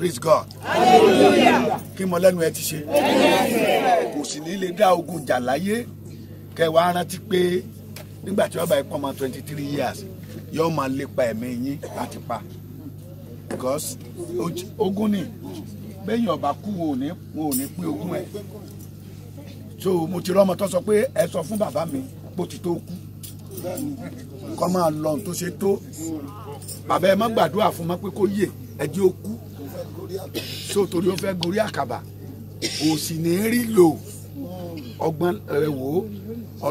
Praise God. Hallelujah. kí mo lẹ́nu ẹ ti ṣe. kò sì ní lè dá ogun jà láyé kẹwàá rántí pé nígbà tí wọ́n bá kọ́ ọmọ twenty three years yóò máa lépa ẹ̀mí yín láti pa because ogun ni bẹ́yìn ọba kú wọn ò ní wọn ò ogun ẹ̀ so mo ti rọ́ ọmọ tó sọ pé ẹ sọ fún bàbá mi bó ti tó kú kọ́ máa lọ tó ṣe tó bàbá ẹ má gbàdúrà fún mọ́ pé kó yè ẹdí ó kú so torí ó fẹ́ gorí àkàbà òsì ní rí lò ọgbọ́n rẹ̀ wò ó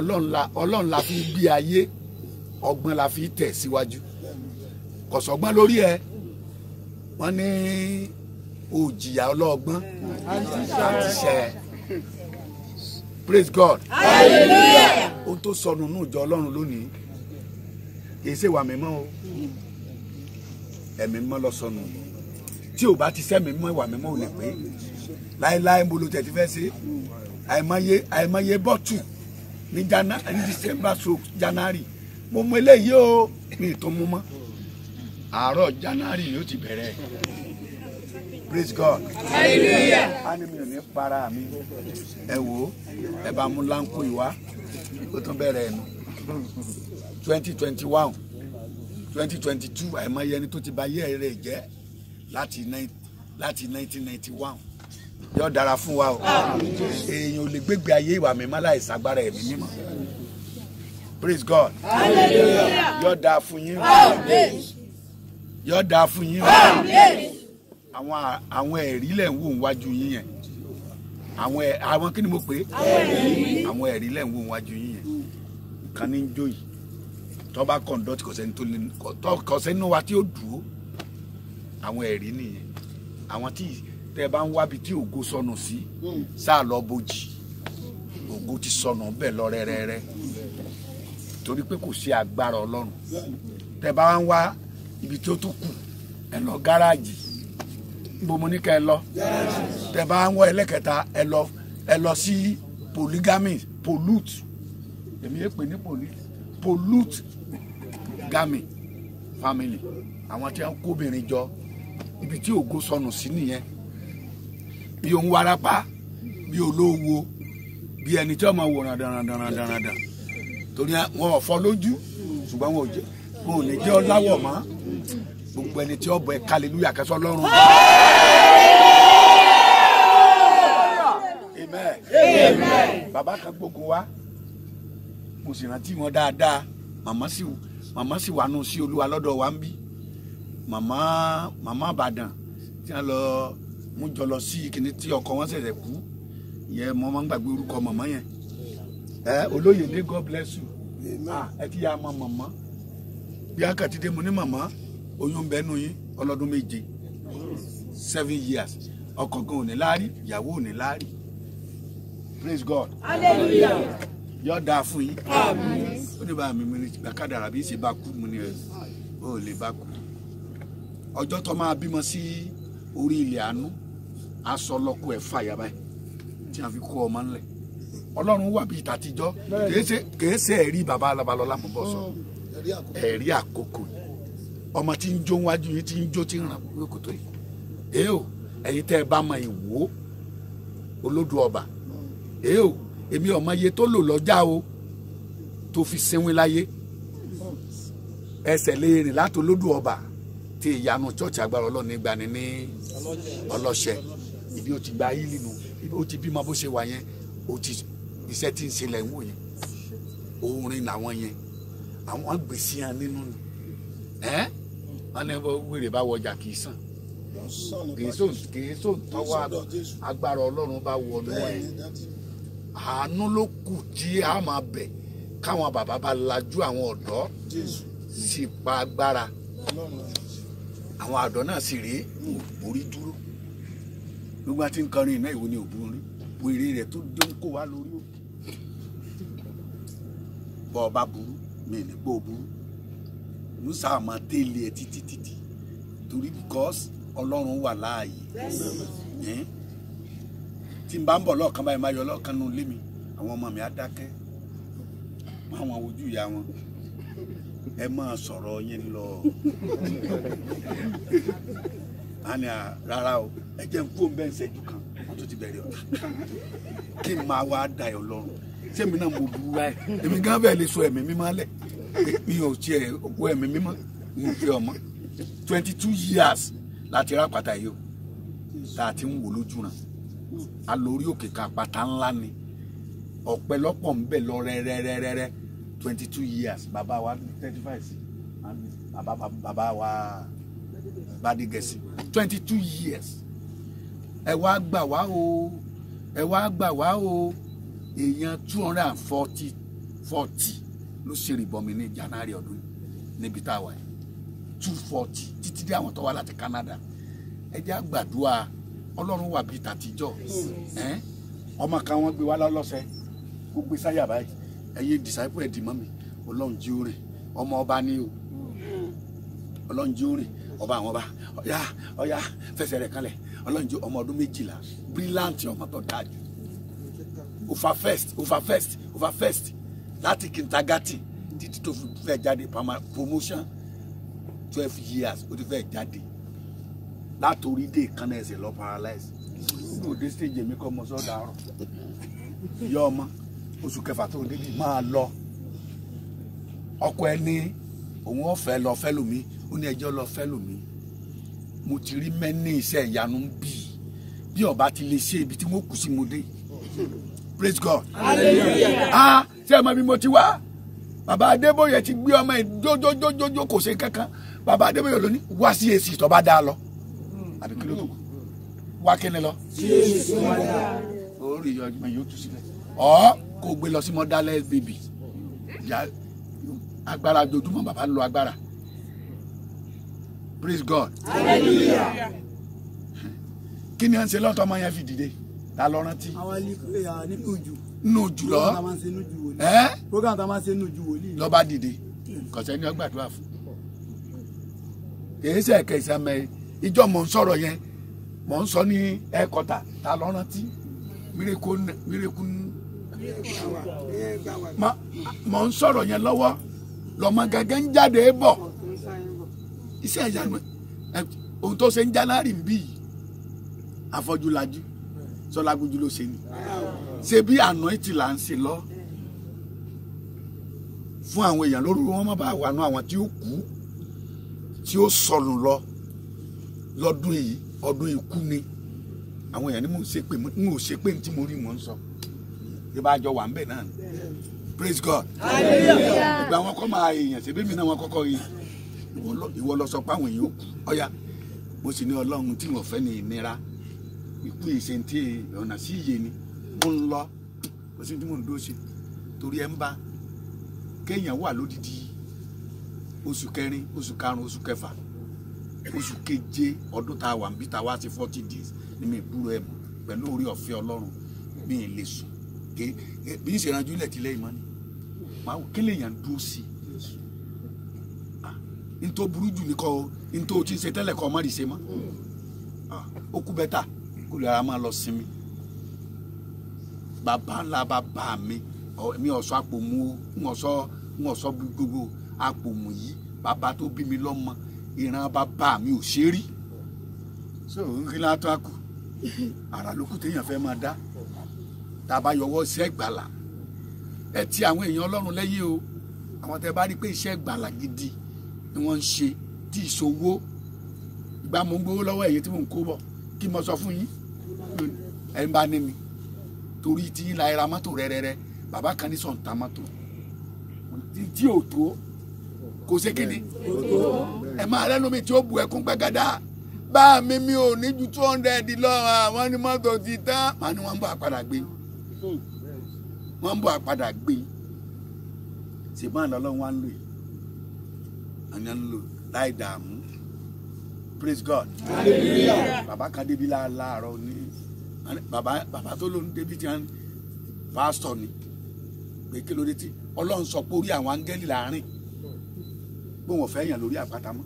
ọlọ́run la fi gbé ayé ọgbọ́n la fi tẹ̀ síwájú kọ̀sọ́gbọ́n lórí ẹ wọ́n ní òjìyà ọlọ́gbọ́n àti ṣẹ́ praise God hallelujah ohun tó sọnù nù ìjọ ọlọ́run lónìí kì í ṣe wà mímọ́ o ẹ̀mí mímọ́ lọ sọnù tí ò bá ti sẹ́mi mímọ́ ìwà mímọ́ ò lè pé láéláé mo lo tẹ̀sí fẹ́ ṣe àìmọye àìmọye bọ́tù ní jana ní december so january mo mọ eléyìí o mi ì tó mú mọ́ àárọ̀ january yóò ti bẹ̀rẹ̀ praise God. hallelujah. a mi ò ní para mi ẹ wo ẹ bá mú láńkó ìwá ó tún bẹ̀rẹ̀ ẹnu twenty twenty one twenty twenty two àìmọye ẹni tó ti bà yé rẹ̀ jẹ́ láti nineteen ninety one yóò dára fún wa o èèyàn ò lè gbégbé ayé ìwà mímọ́ láì ṣàgbára ẹ̀mí mímọ́ praise God hallelujah yóò dáa fún yín yóò dáa fún yín àwọn àwọn ẹ̀rí lẹ̀ ń wò wájú yín yẹn àwọn ẹ̀ àwọn kí ni mo pè é àwọn ẹ̀rí lẹ̀ ń wò wájú yín yẹn kan ní jó yìí tó bá conduct kọ̀sẹ́ni tó lè kọ̀sẹ́ni wa tí ó dúró àwọn ẹ̀rí nìyẹn àwọn tí tẹ bá ń wábi tí ògo sọnù sí hmm. sáà lọ bojì ògo ti sọnù bẹ́ẹ̀ lọ rẹ́rẹ́rẹ́ torí pé kò sí agbára ọlọ́run tẹ bá ń wá ibi tí ó tún kù ẹ lọ gáràjì níbo mo ní kẹ́ ẹ lọ tẹ́ bá ń wọ ẹlẹ́kẹta ẹ lọ polygamy èmi yẹ pè ní pollute pollute gamy family àwọn tí wọn kóbìnrin jọ ibi tí ògo sọnù sí nìyẹn bí òun warapa bí olówó bí ẹni tí wọn máa wòran darandarandarandan torí wọn ò fọ́ lójú ṣùgbọ́n wọn ò ní jẹ́ ọ láwọ̀ mọ́ gbogbo ẹni tí ó bọ ẹ kàlélúyà kẹsọ lọ́rùn. amen. Baba, kan gbogbo wa mo sì rántí wọn dáadáa màmá sì màmá sì wà nù sí olúwa lọ́dọ̀ wa ń bí màmá màmá àbàdàn tí wọn lọ mú jọ lọ sí kìnní tí ọkọ wọn ṣẹ̀ṣẹ̀ kú yẹn mo máa ń gbàgbé orúkọ màmá yẹn ẹ olóyè dé god bless you ah, ẹ ti yà á mọ màmá bí akatidé mo ní màmá oyún ń bẹnu yín ọlọ́dún méje seven years ọkọ gan ò ní láárí ìyàwó ò ní láárí praise God hallelujah yóò dáa fún yín ó ní bá mi mi ní kádàrà bí ṣe bá kú mu ni ó lè bá kú ọjọ́ tó máa bímọ sí orí ilẹ̀ àánú aṣọ ọlọ́kù ẹ̀ fàyà báyìí tí a fi kó ọmọ ńlẹ̀ ọlọ́run wà bíi tàtijọ́ kèése ẹ̀rí baba alábalọ́lá mọ̀ bọ́ sọ ẹ̀rí àkókò yìí ọmọ tí ń jó wájú yìí tí ń jó tí ń ràn wíwí kòtò yìí èyí o ẹ̀yin tẹ́ ẹ bá mọ ìwò olódù ọba èyí o èmi ọmọ iye tó lò lọ́jà o tó fi sinwin láyé ẹsẹ̀ lè láti olódù ọba tí ìyanu church agbára ọlọ́run nígbà ni ní ọlọ́ṣẹ ibi ó ti gba ayélu nù ibi ó ti bímọ bó ṣe wà yẹn ó ti iṣẹ́ tí ń ṣe lẹ̀ ń wò yẹn orin làwọn yẹn àwọn gbèsè yẹn nínú ni Eh? wọn ní wèrè bá wọjà kì í sàn kì í sò kì í sò tọwọ́ agbára Ọlọ́run bá wọnú ẹ àánú ló kù tí a máa bẹ̀ káwọn bàbá bá lajú àwọn ọ̀dọ́ sì pa agbára àwọn àdọ́ náà sì rèé borí dúró gbogbo àti nkanrin iná ìwo ni òbúrò rí wèrè rẹ tó dé ń wa lórí o bọ ọba burú mi ní pé o burú ń sàmọ tẹ̀lé ẹ títí títí torí because ọlọ́run wà láàyè tí n bá ń bọ̀ lọ́ọ̀kan báyìí máa yọ lọ́ọ̀kan nù lé mi àwọn ọmọ mi á dákẹ́ má wọn wojú ìyá wọn ẹ máa sọ̀rọ̀ yín lọ àní rárá o ẹ jẹ́ n fóun bẹ́ẹ̀ ṣẹ́jú kan wọ́n tún ti bẹ̀rẹ̀ ọ̀tá kí n máa wá dayọ̀ lọ́rùn sẹ́mi náà mo bu wá ẹ̀ èmi gán bẹ́ẹ̀ lè so ẹ̀mí mi lẹ̀ mi ò tiẹ̀ owó ẹ̀mí mímọ́ mi ò fi ọmọ twenty two years láti rà pàtà yìí o tá a ti ń wò lójú ràn a lọ orí òkè kan àpáta ńlá ni ọ̀pẹ̀lọpọ̀ ń bẹ̀ lọ rẹ́rẹ́rẹ́rẹ́ twenty two years bàbá wa thirty five sí bàbá bàbá wa Bádégẹ̀sì twenty two years ẹ wá gbà wá o ẹ wá gbà wá o èèyàn two hundred and forty forty ló ṣèrìbọmi ní january ọdún níbi tá a wà yìí two forty títí dé àwọn tó wá láti Canada ẹ jẹ́ àgbàdua ọlọ́run wà bíi tàtijọ́ ọmọ kan wọ́n gbé wá lọ́lọ́sẹ̀ ó gbé sáyà báyìí ẹ̀yin disciple ẹ̀ dì mọ́ mi ọlọ́run jí ó rìn ọmọ ọba ní o ọlọ́run jí ó rìn ọba àwọn ọba ọ̀yá ọ̀yá fẹsẹ̀ rẹ̀ kanlẹ̀ ọlọ́run jí ọmọ ọdún méjìlá brilliant ọmọ tó dáa jù over first over first over first láti kìntagati títí tó fi fẹ́ jáde promotion twelve years ó ti fẹ́ jáde látòrí dé ìkànnì ẹsẹ̀ lọ paralyze nínú òde stage èmi kọ́ mọ sọ́dà ọ̀rọ̀ yọ ọmọ oṣù kẹfà tó débi máa lọ ọkọ ẹ ní òun ọ̀fẹ́ lọ fẹ́ lómi ó ní ẹjọ́ lọ fẹ́ lómi mo ti rí mẹ́ni iṣẹ́ ìyanu ń bì bí ọba ti lè ṣe ibi tí wọ́n kù sí mo dé praise God hallelujah. Ah, tí ẹ mọ bí mo ti wá bàbá adébóyè ti gbé ọmọ yìí jójójójójó kò ṣe kankan bàbá adébóyè ló ní wá sí èsì tó bá dáa lọ àbí kí ló tó wá kíni lọ. sí èsì tó bá dáa. orí ìyọ̀jùmọ̀ yóò tú sílẹ̀ ọ kò gbé lọ sí mọ́dálẹ́ bèbí agbára dojúmọ́ bàbá lo agbára praise God. hallelujah. kí ni à ń ṣe lọ́tọ́ ọmọ yẹn fi dìde ta lọ́rántí. àwọn ẹni eh, kò yà á jù nùjù lọ ẹ program tá a máa ṣe nùjù wòlíì lọ́ba dìde kọ̀sẹ́ ni ọgbà tó wà fún kìí ṣe ẹ̀kẹ́ ìsàmẹ́ ìjọ mò ń sọ̀rọ̀ yẹn mò ń sọ ní ẹ̀kọ́ta ta lọ́ rántí mirekun mò ń sọ̀rọ̀ yẹn lọ́wọ́ lọ́mọ gẹ́gẹ́ ń jáde bọ̀ iṣẹ́ ìyanu ohun tó ṣe ń jánárì ń bì yìí afọ́júlajú sọlágbójú ló ṣe ni ṣe bí ànáìtì là ń ṣe lọ fún àwọn èèyàn lórí wọn má bàa wà nú àwọn tí ó kú tí ó sọnù lọ lọ́dún yìí ọdún ikú ni àwọn èèyàn ni mò ń ṣe pé n ò ṣe pé n tí mo rí mò ń sọ ìbájọ wà ń bẹ náà ni praise God ìgbà wọn kọ́ máa èèyàn ṣe bíbí náà wọn kọ́kọ́ rí ìwọ lọ sọ pé àwọn èèyàn ó kú ọ̀yà mo sì ní ọlọ́run tí mo fẹ́ ní ìnira ikú ìṣe ti ọ̀nà sí iye ni mo ń lọ kò sí tí mò ń dúró ṣe torí ẹ ń bá kéèyàn wà lódìdí oṣù kẹrin oṣù karùn oṣù kẹfà oṣù keje ọdún tá a wà níbi tá a wá sí forty days ni mi dúró ẹ mọ pẹ̀lú orí ọ̀fẹ́ Ọlọ́run mi ì lè sùn ké bí n ṣèranjú ilẹ̀ tilẹ̀ ìmọ̀ ni màá wò kílè yàn dúró sí i n tó burú jù ní kọ n tó ti ṣe tẹ́lẹ̀ kọ́ ọmọdé ṣe mọ́ ó kú bẹ́tà kó lè ra máa lọ sinmi baba ńlá baba mi mi ò sọ àpòmù o n ò sọ n ò sọ gbogbo àpòmù yìí bàbá tó bí mi lọ́mọ ìran bàbá mi ò ṣe rí so nkìlá tó a kù ara ló kù téèyàn fẹ́ máa dá tàbá yọwọ́ iṣẹ́ ìgbàlà ẹ ti àwọn èèyàn ọlọ́run lẹ́yìn o àwọn tẹ bá rí pé iṣẹ́ ìgbàlà gidi ni wọ́n ń ṣe tí ìṣòwò ìgbà mo ń gbowó lọ́wọ́ ẹ̀yìn tí mò ń kó bọ̀ kí mo sọ fún yín ẹ̀ ń bá ní ni torí tí ń la ẹra mọ́tò rẹ́rẹ́rẹ́ bàbá kan ní sọ̀ǹtà mọ́tò tí ò tó kò ṣe kíni ẹ máa rẹ́nu mi tí ó bu ẹkún gbàgádá bá mi mi ò ní ju two hundred lọ àwọn ní mọ́tò ti tán màá ní wọ́n ń bọ̀ àpàdà gbé wọ́n ń bọ̀ àpàdà gbé ṣèbọn lọ́lọ́run wá ń lò yìí àná ń lò láì dààmú praise God bàbá kan débi láàárọ̀ ní bàbá bàbá tó lóun débi ti hàn pásítọ̀ ni pé kí ló dé tí ọlọ́run sọ pé orí àwọn áńgẹ́lì láàrin pé wọ́n fẹ́ yàn lórí àpáta mọ́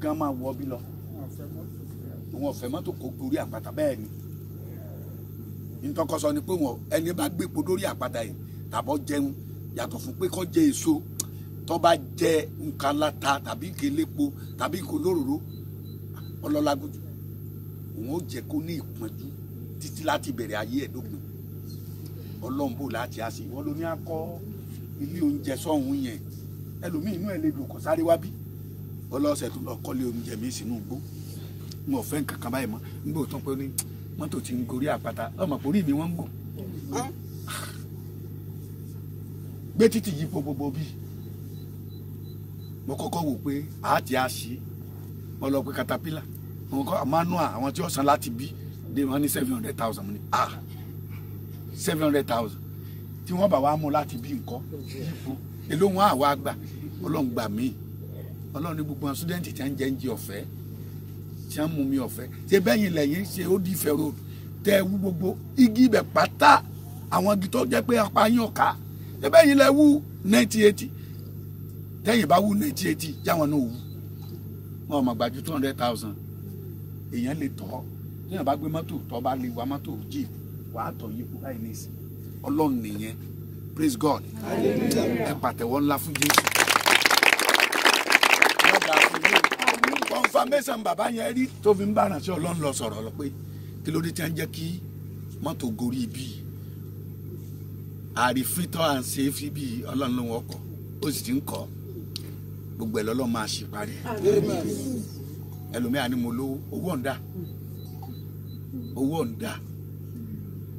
gan máa wọ bí lọ wọn fẹ́ mọ́tò kó gorí àpáta bẹ́ẹ̀ ni ntọ́kọ́sọ ni pé wọn ẹni bá gbépo lórí àpáta yìí tàbọ̀ jẹun yàtọ̀ fún pé kó jẹ èso tó bá jẹ nǹkan láta tàbí kelepo tàbí kò lóróró ọlọ́lágójú òun ó jẹ kó ní ìpọ́njú titi láti bẹ̀rẹ̀ ayé ẹ̀ dópin ọlọ́run bò láti àṣẹ ìwọ ló ní akọ́ ilé oúnjẹ sọ́hún yẹn ẹlòmíì inú ẹ̀ lè dùn kó sáré wá bí ọlọ́sẹ̀ tó lọ kọ́lé oúnjẹ mi sínú igbó n ò fẹ́ nǹkan kan báyìí mọ́ nígbà tó ń pẹ́ ní mọ́tò tí ń gorí àpáta ọmọ àpòrí mi wọ́n ń gùn gbé títì yìí gbogbogbò bíi mo kọ́kọ́ wò pé àá ti àṣì ọlọ́pẹ́ katapila àwọn manual àwọn tí ó san láti bí dé wọn ní seven hundred thousand money. ah seven hundred thousand tí wọ́n bá wa mú láti bí nǹkan èló wọn àwa gbà ọlọ́run gbà mí ọlọ́run ní gbogbo àwọn sùdẹ́ǹtì tí wọ́n jẹ́ ń jẹ ọ̀fẹ́ tí wọ́n mú mi ọ̀fẹ́ ṣé bẹ́yìn lẹ́yìn ṣe ó di ìfẹ́ road tẹ wú gbogbo igi ibẹ̀ pátá àwọn igi tó jẹ́ pé apá yín ọ̀ka ṣé bẹ́yìn lẹ wú ninety eighty tẹ́yìn bá wú ninety eighty jáwọn náà wú wọn ò mà gbàjú two hundred thousand èèyàn lè tọ́ téèyàn bá gbé mọ́tò tó bá lè wa mọ́tò jeep wà á tọ̀ yípo báyìí ní ìsìn ọlọ́run nìyẹn praise God ẹ pàtẹ́wọ́ ńlá fún Jésù. confirmation bàbá yẹn rí tó fi ń bá ránṣẹ́ ọlọ́run lọ sọ̀rọ̀ lọ pé kí ló dé tí wọ́n jẹ́ kí mọ́tò gorí ibi àrífítọ́ à ń ṣe é fi bí ọlọ́run ló ń wọkọ̀ ó sì ti ń kọ́ gbogbo ẹ̀ lọ́lọ́ máa ṣe ẹlòmíà ni mo lówó owó ń owó ọ̀ǹda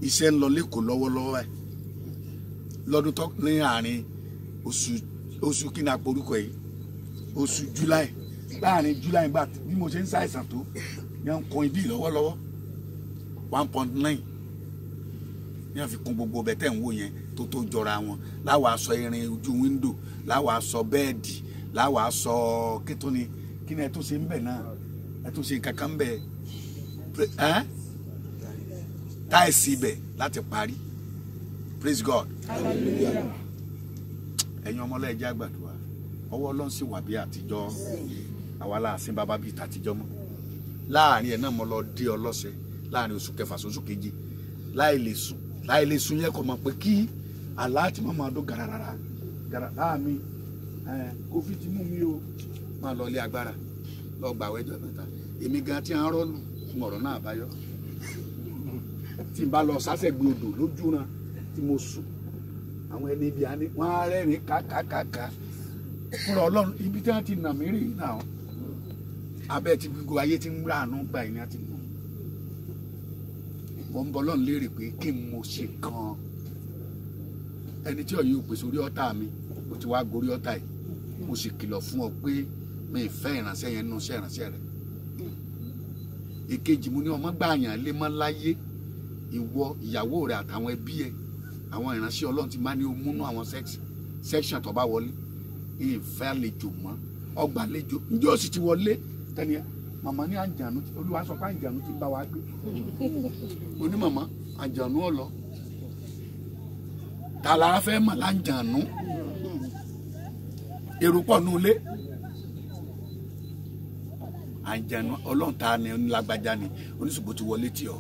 iṣẹ́ ń lọ lẹ́kọ̀ọ́ lọ́wọ́lọ́wọ́ ẹ̀ lọ́dún tó ní àárín oṣù oṣù kí àporúkọ yìí oṣù july láàrin july gbà bí mo ṣe ń ṣàìsàn tó ní à ń kọ́ ibi lọ́wọ́lọ́wọ́ one point nine ní à fi kún gbogbo ọbẹ̀ tẹ̀ ń wò yẹn tó tó jọra wọn láwa sọ irin ojú windo láwa sọ bẹ́ẹ̀dì láwa sọ kí tó ni kí ni ẹ tó ṣe ń bẹ̀ náà ẹ tó ṣe kankan ń bẹ̀ ẹ́ táìsì ibẹ̀ láti parí praise God ẹ̀yin ọmọlẹ́yìn jẹ́ àgbàdua ọwọ́ ọlọ́run sì wà bí àtijọ́ àwa láàsín bàbá bíi tàtijọ́ mọ́ láàrin ẹ̀ náà mo lọ dé ọlọ́sẹ̀ láàrin oṣù kẹfà oṣù keje láì lè sùn láì lè sùn yẹn kò mọ̀ pé kí aláàtì má máa dún gararara gararara mi kófí ti mú mi o máa lọ ilé agbára lọ gbàwẹ́jọ́ mẹ́ta èmi gan ti ń rọ́ọ̀lù mọ̀rọ̀ náà àbáyọ tí n bá lọ sásẹ̀gbẹ́ odò lójúran tí mo sùn àwọn ẹni ibi àní wọn á rẹ́rìn kákákáká fúnra ọlọ́run ibi tí wọ́n ti nà mí rí náà abẹ́ ti gbogbo ayé ti ń ràánú gba ìyá ti nù mo ń bọ ọlọ́run léèrè pé kí n mo ṣe kan ẹni tí ọ̀yẹ́ òpè sórí ọ̀tá mi mo ti wá gorí ọ̀tá yìí mo sì kìlọ̀ fún ọ pé mi fẹ́ ìránṣẹ́ yẹn nù ṣe ìránṣẹ́ rẹ̀ èkejì mo ní ọmọ gbàyàn lé mọ́ láyé ìwọ ìyàwó rẹ àtàwọn ẹbí ẹ àwọn ìránṣẹ́ Ọlọ́run ti máa ní omúnú àwọn section tó bá wọlé ìfẹ́ àlejò mọ́ ọgbà àlejò ǹjẹ́ ó sì ti wọlé tẹ́ni màmá ní àǹjànú olúwa sọ pé àǹjànú ti bá wa gbé onímọ̀mọ́ àǹjànú ọ̀lọ́ tààlà fẹ́ mọ̀ láǹjànú èrò pọ̀ nulẹ̀ àǹjànú ọlọ́run ta ni onílágbájá ni oníṣòwò ti wọlé tì ọ́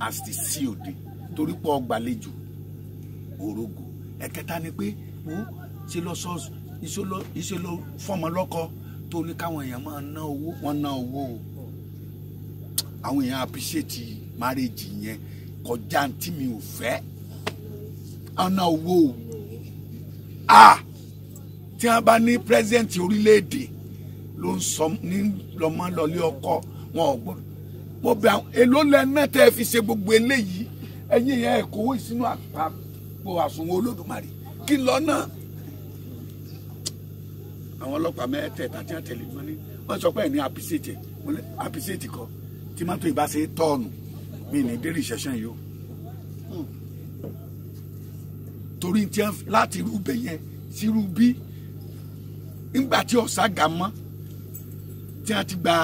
as the sea òde torí pé ọgbàlejò òrògò ẹ̀kẹta ni pé wo ṣe lọ sọ́ọ̀sì iṣẹ́ ló fọmọ lọ́kọ tó ní káwọn èèyàn máa ná owó wọn ná owó o àwọn èèyàn appreciate marriage yẹn kọjá tí mi ò fẹ́ ọ̀nà owó o ah tí wọ́n bá ní president orílẹ̀-èdè ló ń sọ ní lọ́mọ ọkọ wọn ò gbọ́dọ̀ mo bẹ̀ àwọn èló lẹ́nà tẹ́ ẹ fi ṣe gbogbo eléyìí ẹ̀yin yẹn ẹ̀ kówó ìsínú àpapọ̀ àsùnwọ̀n olódùmarè kí lọ́nà àwọn ọlọ́pàá mẹ́tẹ̀ẹ̀ta tí wọ́n tẹ̀lé wọn ní wọ́n sọ pé ẹ̀ ní àpìsẹ́tì àpìsẹ́tì kọ tí mọ́tò ìbáṣe tọ́ọ̀nù mi ní dérí ìṣẹ̀ṣẹ̀ yìí o torí tí wọ́n láti irú bẹ̀ yẹn sí irú bí ńgbà tí ọ̀sà gà mọ́ tí wọ́n ti gba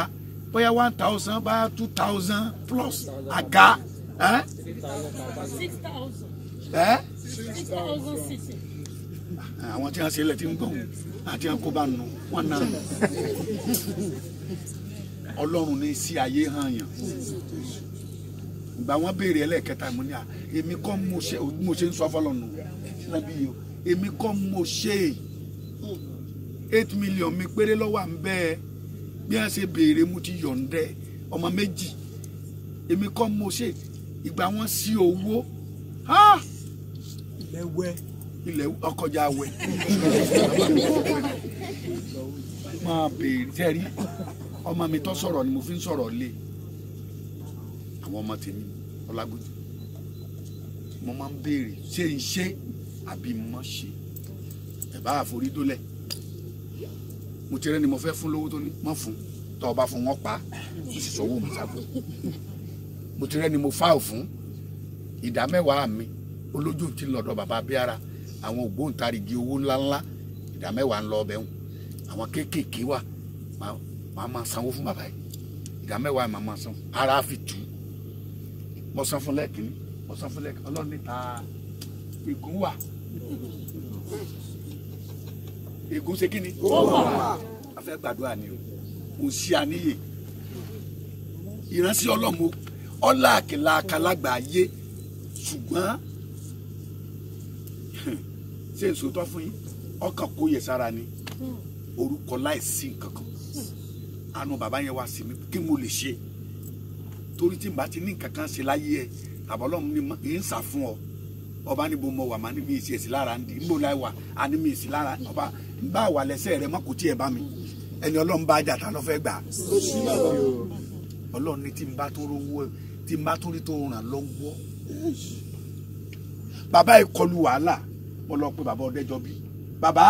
bóyá one thousand bá two thousand plus àga. àwọn tí wọ́n ṣe ilẹ̀ tí ń gbọ̀n àti wọn kó bá nù wọn náà ọlọ́run ní sí ayé hàn yàn ìgbà wọn béèrè ẹlẹ́ẹ̀kẹta mo ní à èmi kọ́ mo ṣe mo ṣe ń sọ fọlọ́nù lábí yìí èmi kọ́ mo ṣe eight million mi péré lọ́wọ́ à ń bẹ́ẹ̀ bí a ṣe béèrè mo ti yọ̀ǹdẹ ọmọ méjì èmi kọ́ mo ṣe ìgbà wọn sí owó ilẹ̀ wẹ ilẹ̀ ọkọjà wẹ máa béèrè tẹ́rí ọmọ mi tó sọ̀rọ̀ ni mo fi ń sọ̀rọ̀ lé àwọn ọmọ tèmi ọlágójì mo máa ń béèrè ṣé n ṣe àbí mo ṣe ẹ̀ bá àforídólẹ̀ mo ti rẹ́ ni mo fẹ́ fún lówó tó ní mọ́ fún tọ́ ọba fún wọn pa mo sì sọ owó mi sábò mo ti rẹ́ ni mo fáwọ̀ fún ìdá mẹ́wàá mi olójú ti lọ́dọ̀ bàbá abíára àwọn ògbóǹtarìgì owó ńláńlá ìdá mẹ́wàá ń lọ ọbẹ̀ hùn àwọn kéékèèké wà màá máa sanwó fún bàbá yìí ìdá mẹ́wàá màá máa san ara fi tù ú mo san fún lẹ́ẹ̀kínní mo san fún lẹ́ẹ̀kínní ọlọ́run níta ègún wà ègún ṣe kíni. a fẹ́ gbàdúrà ni o kò sí àníyè ìránṣẹ́ ọlọ́mọ ọlá àkìlà àkàlàgbà ayé ṣùgbọ́n ṣé n sòótọ́ fún yín ọkàn kó yẹ sára ni orúkọ láìsí nǹkan kan àánú bàbá yẹn wá sí mi kí mo lè ṣe torí tí n bá ti ní nǹkan ṣe láyé ẹ àbọ̀lọ́mù ni n sà fún ọ ọba níbo mo wà má ní mi ìsì ẹ̀sì lára ń di níbo láì wà á ní mi ìsì lára ọba bá wà lẹ́sẹ̀ rẹ mọ́ kò tí ẹ bá mi ẹni ọlọ́run bá jàtà lọ́ fẹ́ gbà ọlọ́run ni tí n bá tó rówó tí n bá tó rí tó ràn lọ́wọ́ bàbá ìkọlù wàhálà mo lọ pé bàbá ọdẹjọ bí bàbá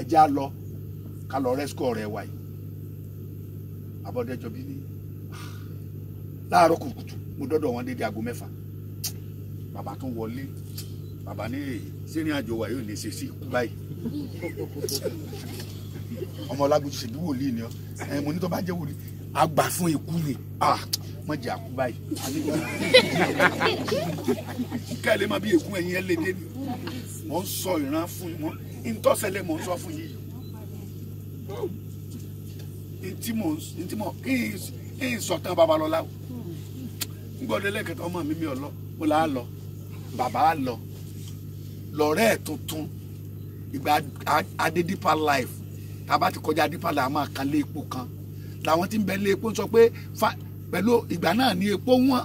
ẹjẹ á lọ ká lọ rẹ wà yìí bàbá ọdẹjọ bí ah, kùtùkùtù mo bàbá ní èyí sẹ́ni àjò wa yóò ní ṣe sí ikú báyìí ọmọ ọlágùn ṣèlú wòlíì ni ọ ẹ mo ní tó bá jẹ́ wòlíì àgbà fún ikú ni mọ jẹ àkú báyìí ká ẹ lè má bí èkú ẹ̀yin ẹ lè dé ni mò ń sọ ìran fún mọ ntọ́sẹ̀lẹ̀ mò ń sọ fún yìí ntí mò ntí mò kí n sọ̀tàn babalọ́lá o ń gbọ́dọ̀ lẹ́kẹ̀tọ́ ọmọ mi mi ò lọ mo là á lọ bàbá á lọ lọ́rẹ́ ẹ̀ tuntun ìgbà adé deeper life tá a bá ti kọjá deeper life a máa kan lé epo kan làwọn tí ń bẹ lé epo ń sọ pé pẹ̀lú ìgbà náà ní epo wọn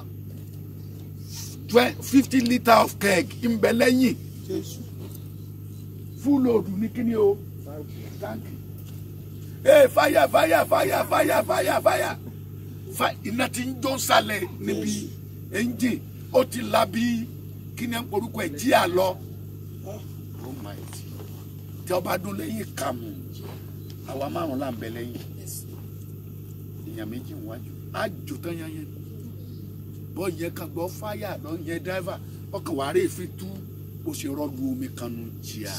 fifty litre of keg ń bẹ lẹ́yìn full load ní kíni o tanki ee fire fire fire fire fire fire iná ti ń jó sálẹ̀ níbi engine ó ti la bí kíni ẹ̀ ń porúkọ ẹ̀ jíà lọ tí ọba dún lẹ́yìn kàmù àwa márùn là ń bẹ lẹ́yìn èèyàn méjì ń wájú àjò tán yẹn yẹn bọ́ yẹn kan gbọ́ fáyà lọ yẹn dáìvà ọkàn wàá rí èéfín tú bó ṣe rọ́ọ̀dù omi kan nu jìyà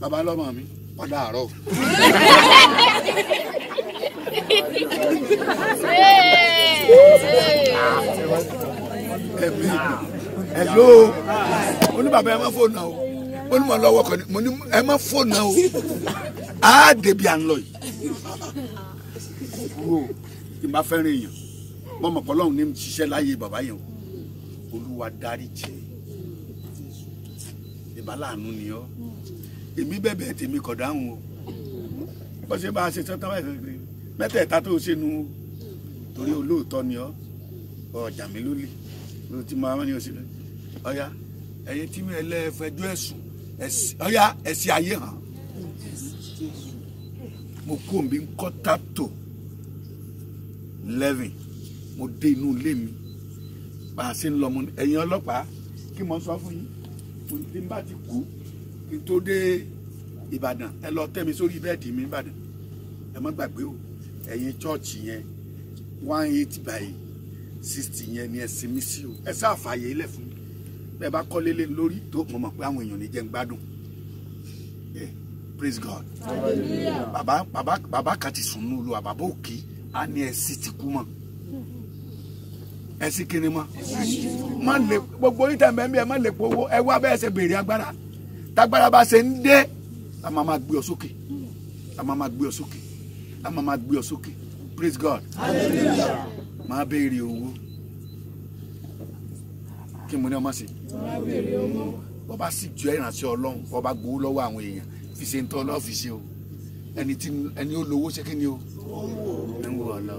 babalọ́mọ mi padà àárọ̀. ẹ̀mí ẹ̀ oníbàbá ẹ̀ máa fò náà o ó ní mò ń lọ́wọ́ kan ní mo ní ẹ má fóònù náà o á débi à ń lọ yìí kúrò kí n bá fẹ́ràn èèyàn mo mọ̀ pọ́lọ́hún ní ṣiṣẹ́ láyé bàbá yẹn o olúwa dáríjì ìbálàánú ni ọ́ èmi bẹ̀bẹ̀ tèmi kọ̀ dáhùn o bó ṣe bá a ṣe tán táwọn ẹ̀sìn mẹ́tẹ̀ẹ̀ta tó ṣe nu torí olóòótọ́ ni ọ́ ọjà mi ló lè ló máa ń ní oṣù lọ ọ̀ya ẹ̀yin tí mi ẹ̀ lẹ́ fẹjọ́ ẹ̀sùn ọ̀yà ẹ̀sìn ayé hàn mo kú òǹbí ń kọ́ eleven mo dé inú ilé mi bá a ṣe ń lọ mo ní ẹ̀yin ọlọ́pàá kí mo sọ fún yín mo ní bí n bá ti kú kí n tó dé Ìbàdàn ẹ lọ tẹ́ mi sórí bẹ́ẹ̀dì mi Ìbàdàn ẹ má gbàgbé o ẹ̀yin chọ́ọ̀chì yẹn one eight by sixty yẹn ni ẹ sinmi sí o ẹ sáà fààyè ilẹ̀ fún mi bẹ́ẹ̀ bá kọ́lé lé lórí tó mọ̀ mọ̀ pé àwọn èèyàn ní jẹ́ ń gbádùn praise God bàbá bàbá bàbá kan ti sùn nílùú wa òkè á ní ẹsì ti kú mọ́ ẹsì kiri mọ́ má lè gbogbo oníta mẹ́mí ẹ má lè powó ẹ wá bẹ́ẹ̀ ṣe béèrè agbára tágbára bá ṣe ń dé a máa máa gbé ọ sókè a máa máa gbé ọ sókè a máa máa gbé ọ sókè praise God máa béèrè owó kí mo ní ọmọ sí. bọ́ bá sì jọ ìrànṣẹ́ ọlọ́run bọ́ bá gbowó lọ́wọ́ àwọn èèyàn fi ṣe ń tọ́ lọ́ọ́ fi ṣe o ẹni tí ẹni ó lówó ṣe kí ni o. ẹ ń wò ọ lọ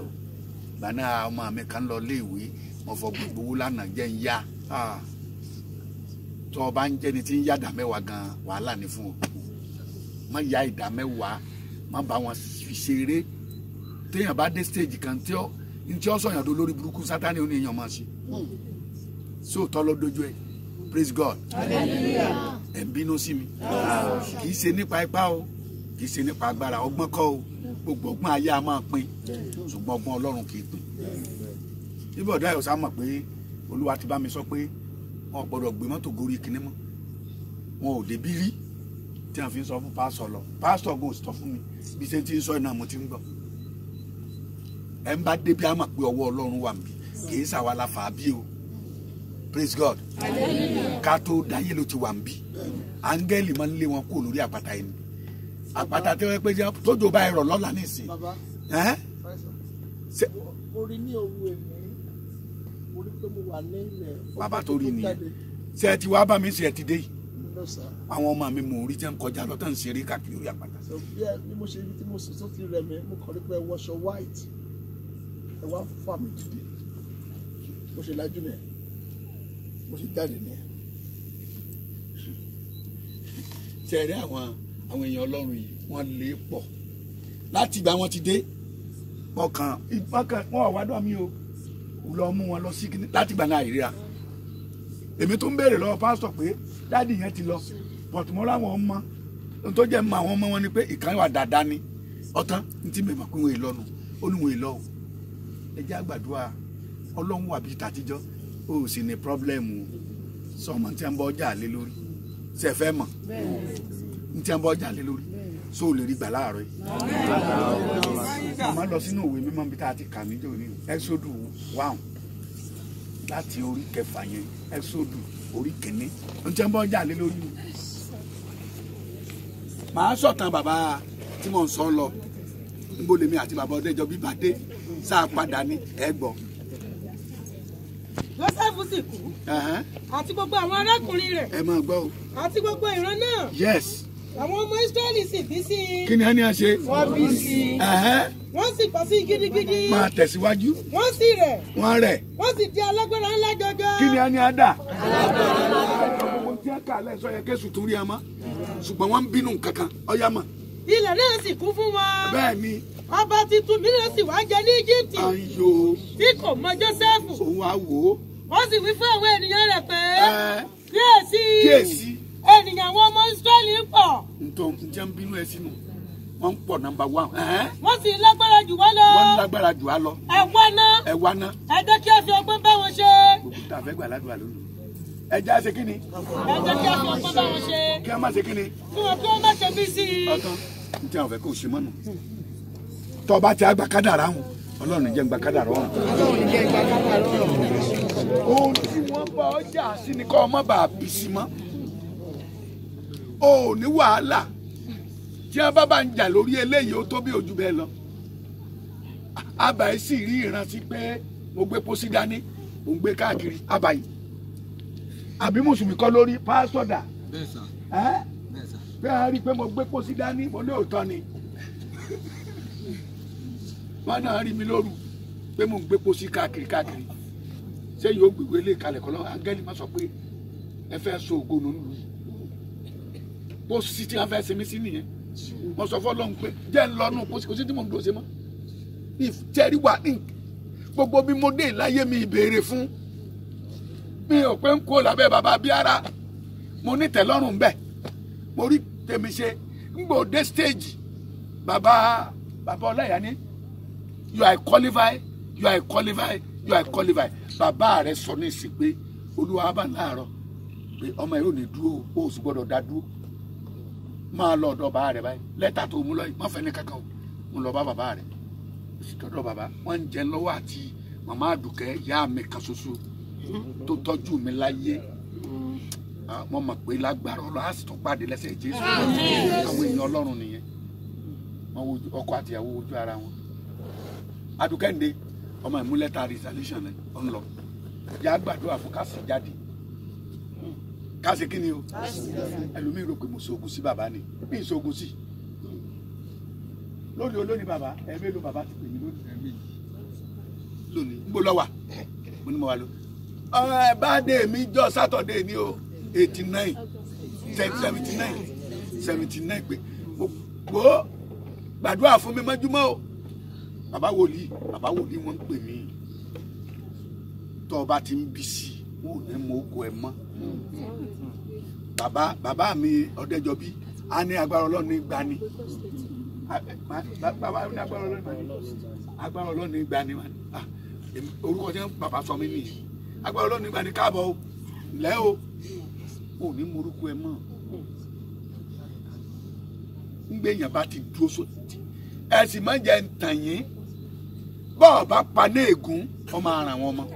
gbaná ọmọ mi kan lọ léèwé mo fọ gbogbo lánàá jẹ́ ń yá ah! tọ́ ọ bá ń jẹ́ni tí ń yá ìdámẹ́wàá gan wàhálà ni fún o má yá ìdámẹ́wàá má bá wọn fi ṣeré téèyàn bá dé stage kan tí ọ ní tí ọ sọ̀yàn tó lórí burúkú sátani ó máa ṣe sóòótọ́ ló dojú ẹ praise God ẹ̀ ń bínú sí mi kì í ṣe nípa ipá o kì í ṣe nípa agbára ọgbọ́n kọ́ o gbogbo ọgbọ́n ayé a máa pin ṣùgbọ́n ọgbọ́n Ọlọ́run kì í pin níbo ọ̀dọ́ àyọ̀sá mọ̀ pé Olúwa ti bá mi sọ pé wọn gbọ́dọ̀ gbé mọ́tò gorí kinní mọ́ wọn ò débi rí tí wọn fi ń sọ fún pásítọ̀ lọ pásítọ̀ gan ò sì tọ́ fún mi bí ṣe ti ń sọ iná mo ti ń gbọ́ ẹ ń bá débi àmọ̀ pé ọwọ́ Ọlọ́run wà mí kì í ṣàwa la bí o praise God ká tó dáyé ló ti wà ń bí áńgẹ́lì máa ń lé wọn kúrò lórí àpáta ẹni àpáta tí wọ́n pé tójò bá ẹ̀rọ lọ́la nísìn. orí ní òru èmi orí pé mo wà ní Baba. bàbá tó rí nìyẹn ṣe ẹ ti wá bá mi ṣe ẹ ti dé yìí àwọn ọmọ mi mò ń rí jẹ́ ń kọjá lọ tó ń ṣeré káàkiri orí àpáta. sọ bí ẹ bí mo ṣe rí tí mo sọ sókè rẹ mi mo kàn rí pé ẹ wọṣọ white ẹ wá fà mí dìde mo ṣe lajú nìyẹn mo sì jáde nìyẹn tẹ̀rí àwọn àwọn èèyàn ọlọ́run yìí wọ́n lè pọ̀ láti ìgbà wọn ti dé ọkàn ìpákan wọn ò mi o lọ mú wọn lọ sí kíní láti ìgbà náà ìríra èmi tó ń béèrè lọ́wọ́ pásítọ̀ pé dáàdì yẹn ti lọ pọ̀tùmọ́ra wọn mọ ohun tó jẹ́ mọ àwọn ọmọ wọn ni pé ìkànnì wà dáadáa ni ọ̀tán ní tí mẹ́mọ̀ pé wọ́n èlọ́nu ó ní wọ́n èlọ́ o ẹ jẹ́ àgbàdua ọlọ́run wà bíi tàtijọ́ o ò sì ní pọ́blẹ́mù sọmọ tí wọ́n bọ́ jà lé lórí ṣe fẹ́ mọ̀ tí wọ́n bọ́ jà lé lórí so o lè rí gbà láàárọ̀ yìí màmá lọ sínú òwe mímọ́ bí tá a ti kà níjọ ní ẹ́sódù wáhùn láti orí kẹfà yẹn ẹ́sódù orí kìíní tí wọ́n bọ́ jà lé lórí màá sọ̀tàn bàbá tí mò ń sọ lọ níbo lèmi àti bàbá ọdẹjọ bíbá dé sáà padà ní ẹgbọ. Tábùsìkú àti gbogbo àwọn arákùnrin rẹ̀ ẹ máa gbọ́ o àti gbogbo ìran náà yes àwọn ọmọ Ísírẹ́lì sì bí sí i kí ni a ní a ṣe wọ́n bí sí i wọ́n sì pọ̀ sí gidigidi máa tẹ̀síwájú wọ́n sì rẹ̀ wọ́n rẹ̀ wọ́n sì di alágbára ńlá jọjọ kí ni a ní a dà alágbára ńlá gbogbo tí a kà á lẹ̀ sọ yẹ kẹ́sù torí a mọ́ ṣùgbọ́n wọ́n ń bínú kankan ọ̀yá mọ̀ ilẹ̀ náà sì kún fún wọn. bẹ́ẹ̀ni. ọba tuntun mìíràn sì wá jẹ ní Íjíbítì. ayo. tí kò mọ Jósẹ́fù. òun á wò ó ó sì wí fún àwọn ènìyàn rẹ̀ pé eh, kíyèsí kíyèsí ènìyàn àwọn ọmọ Ísírẹ́lì ń pọ̀. nítorí jẹ́ ń bínú ẹ sínú wọ́n ń pọ̀ nọ́mbà wá. Eh? wọ́n sì lágbára jù wá lọ. wọ́n lágbára jù wá lọ. ẹ wá ná. ẹ wá ná. ẹ jẹ́ kí ẹ fi ọgbọ́n bá wọn ṣe. gbogbo tá a fẹ́ gbà ládùúgbà lónìí. ẹ jẹ́ àṣẹ kí ni. ẹ jẹ́ kí a fi ọgbọ́n bá wọn ṣe. kí a má ṣe kí ni. fún wọn kí wọ́n má ṣe bí sí i. ọtán n tí àwọn fẹ́ kó o ṣe mọ́ nù. tọ́ ti àgbà kádàrá hùn ọlọ́run jẹ́ gbà kádàrá hùn. ọlọ́run jẹ́ gbà kádàrá hùn ohun tí wọ́n bá ọjà sí ni kọ́ ọmọ bá bì sí mọ́ o ò ní wàhálà tí wọ́n bá bá ń jà lórí eléyìí ó tó bí ojú bẹ́ẹ̀ lọ àbáyé sì rí ìrántí pé mo gbé pósí dání mo ń gbé káàkiri àbáyé àbí mùsùlùmí kọ́ lórí pásọ̀dà bẹ́ẹ̀ a rí pé mo gbé pósí dání mo ní òótọ́ ni wọn náà rí mi lóru pé mo gbé pósí káàkiri káàkiri ṣé yóò gbégbé ilé ìkalẹ̀ kọ́ lọ́wọ́ áńgẹ́lì má sọ pé ẹ fẹ́ so ògo nínú yìí bó sì ti afẹ́ sinmi sí nìyẹn mo sọ fọ́ lọ́hùn pé jẹ́ ń lọ́nu kò sí tí mò ń dúró ṣe mọ́ ìtẹ́rí wà ní gbogbo bí mo dé láyé mi ìbéèrè fún mi ò pé ń kó lábẹ́ bàbá bí ara mo ní tẹ̀lọ́rùn bẹ́ẹ̀ mo rí tèmi ṣe ń gbò dé stage Baba, baba, ọláyà ni you are qualified you are qualified you are qualified bàbá rẹ sọ ní ìsìn pé olúwa bá láàárọ̀ pé ọmọ ẹ ò ní dúró o sì gbọ́dọ̀ dá dúró máa lọ ọ̀dọ̀ bàbá rẹ báyìí lẹ́tà tó mú lọ́yìn wọ́n fẹ́ ní kankan o mo lọ bá bàbá rẹ o sì tọ́jú bàbá wọ́n ń jẹ lọ́wọ́ àti màmá àdùkẹ́ ìyá mi kan ṣoṣo tó tọ́jú mi láyé wọ́n mọ̀ pé lágbára ọlọ́ á sì pàdé lẹ́sẹ̀ jésù àwọn èèyàn ọlọ́run nìyẹn ọkọ àtìyàwó ojú ara wọn àdùkẹ́ ń de ọmọ ìmúlẹ̀ ta resolution rẹ ó ń lọ yà á gbàdúrà fún ká sì jáde ká sì kí ni o ẹlòmíì rò pé mo sọ oògùn sí bàbá ni bí n sọ oògùn sí lónìí olónìí bàbá ẹ̀mí ló bàbá ti pè mí lónìí lónìí ń bọ́ mo ní mo wà lọ. ẹ bá dé mi jọ sátọ̀dé ni o eighty nine seventy nine seventy nine pé gbogbo gbàdúrà fún mi mọ́júmọ́ o bàbá wòlíì bàbá wòlíì wọ́n ń pè mí tó o bá ti ń bí sí i wọn ò ní mọ oko ẹ mọ́ bàbá bàbá mi ọ̀dẹ́jọbí a ní agbára ọlọ́ni gbani bàbá ní agbára ọlọ́ni gbani agbára ọlọ́ni gbani ah, orúkọ tí bàbá sọ mí nìyí agbára ọlọ́ni gbani káàbọ̀ o lẹ́ o ò ní morúkọ ẹ mọ́ ń gbé yàn bá ti dúró sóti ẹ sì má jẹ́ ntàn yín bọ́ọ̀ bá paná ègún ọmọ aràn wọn mọ́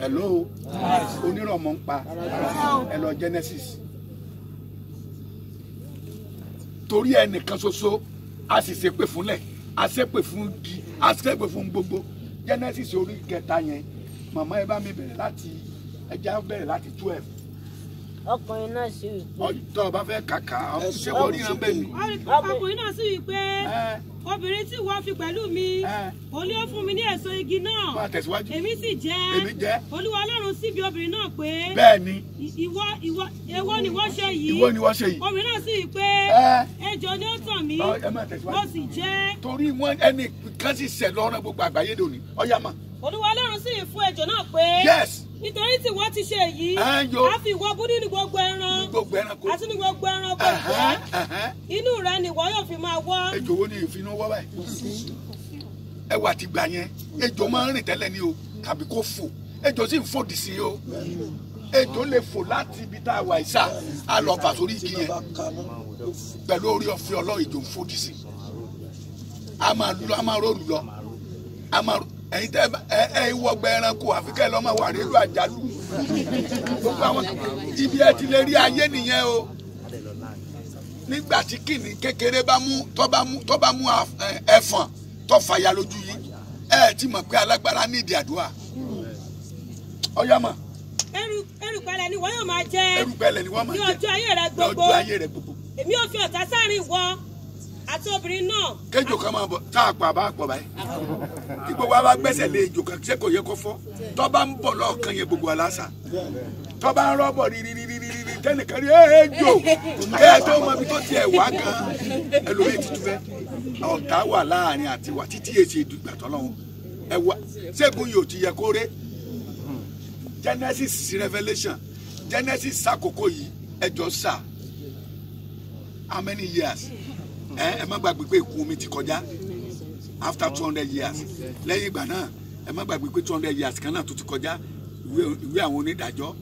hello onírọ̀mọ́ ń pa hello genesis torí ẹnìkan ṣoṣo a sì ṣépè fúnlẹ̀ a ṣépè fún di a ṣépè fún gbogbo genesis orí kẹta yẹn màmá ẹ bá mi bẹ̀rẹ̀ láti ẹ bẹ̀rẹ̀ láti twelve ọkùnrin náà sì wí pé. ọjọ́ ọba fẹ́ kàkà ṣé wọ́n rí ọbẹ̀ mi. ọkùnrin náà sì wí pé obìnrin tí wọ́n fi pẹ̀lú mi òun ni ó fún mi ní èso igi náà èmi sì jẹ́ olúwa ọlọ́run sì bi obìnrin náà pé bẹ́ẹ̀ni ìwọ ìwọ èwo ni wọ́n ṣe yìí ìwọ ni wọ́n ṣe yìí obìnrin náà sì wí pé ejò ni ó tàn mí ó sì jẹ́. torí wọn ẹnì kan sì ṣẹ̀ lọ́rùn gbogbo àgbáyé lónìí ọ̀yá mà. olúwa ọlọ́run sì fún ejò náà pé. yes nítorí tí wọ́n ti ṣe yìí a fi ìwọ bú nínú gbogbo ẹran àti ní gbogbo ẹran gbogbo inú rẹ ni ìwọ yóò fi máa wọ́. ejò wo ni ìfinú wọ́ báyìí ẹwà ti gbà yẹn ejò máa ń rìn tẹ́lẹ̀ ni o tàbí kó fò ejò sì ń fòdì sí i o ejò lè fò láti ibi tá a wà ìsà a lọ bà sórí igi yẹn pẹ̀lú orí ọ̀fẹ́ ọlọ́ ejò ń fòdì sí i a máa lọ a máa rọrùn lọ ẹ̀yin tẹ ẹ ẹ wọgbẹ ẹranko àfi kẹ lọ́mọ wà nílùú àjálù gbogbo àwọn ibi ẹ ti lè rí ayé nìyẹn o nígbà tí kìnnì kékeré bá mú tó bá mú tó bá mú ẹfọ̀n tó fàya lójú yìí ẹ ti mọ̀ pé alágbára ní ìdí àdúrà ọyá mà. ẹrù ẹrù pẹ̀lẹ́ ni wọn yóò máa jẹ ẹrù pẹ̀lẹ́ ni wọn máa jẹ ní ọjọ́ ayé rẹ gbogbo èmi ò fi ọ̀tá sáárín wọ àti obìnrin náà. kéjò kan máa bọ tá a pa àbá àpọ báyìí kí gbogbo wa bá gbẹ́sẹ̀ lé ejò kan ṣé kò yẹ kó fọ́ tó bá ń bọ̀ lọ́ọ̀kan yẹ gbogbo aláṣà tó bá ń rọ́bọ̀ rírírírírí tẹ́nìkan rí ejò kẹ́ẹ̀ tó mọ ibi tó tiẹ̀ wá gan ẹlòmíì ti tu fẹ́ ọ̀tá wà láàrin àti wà títí èsì ìdùgbà tọ́lọ́hún ẹ wá ṣẹ́gun yóò ti yẹ kó ré Genesis Revelation Genesis sakoko yìí ẹjọ sá how many years ẹ má gbàgbé pé ikú omi ti kọjá after two hundred years lẹ́yìn ìgbà náà ẹ má gbàgbé pé two hundred years kan náà tó ti kọjá ìwé àwọn onídàájọ́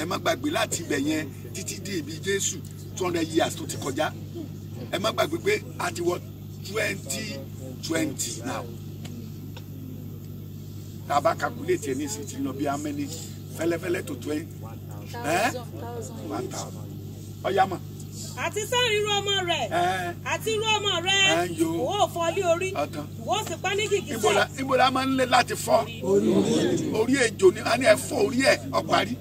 ẹ má gbàgbé láti ibẹ̀ yẹn títí dé ibi Jésù two hundred years tó ti kọjá ẹ má gbàgbé pé a ti wọ twenty twenty now tá a bá calculate ẹni sì ti lọ bí amẹ́ni fẹ́lẹ́fẹ́lẹ́ tó twenty ẹ́ one thousand ọ̀yá mọ̀ àti sẹ́rin irú ọmọ rẹ̀ àti irú ọmọ rẹ̀ ìwọ ò fọ́ lé orí ìwọ ò sì pa ní kìkìtì. ibo la máa ń lé láti fọ́ orí ejò ni a ní ẹ fọ́ orí ẹ ọ̀parí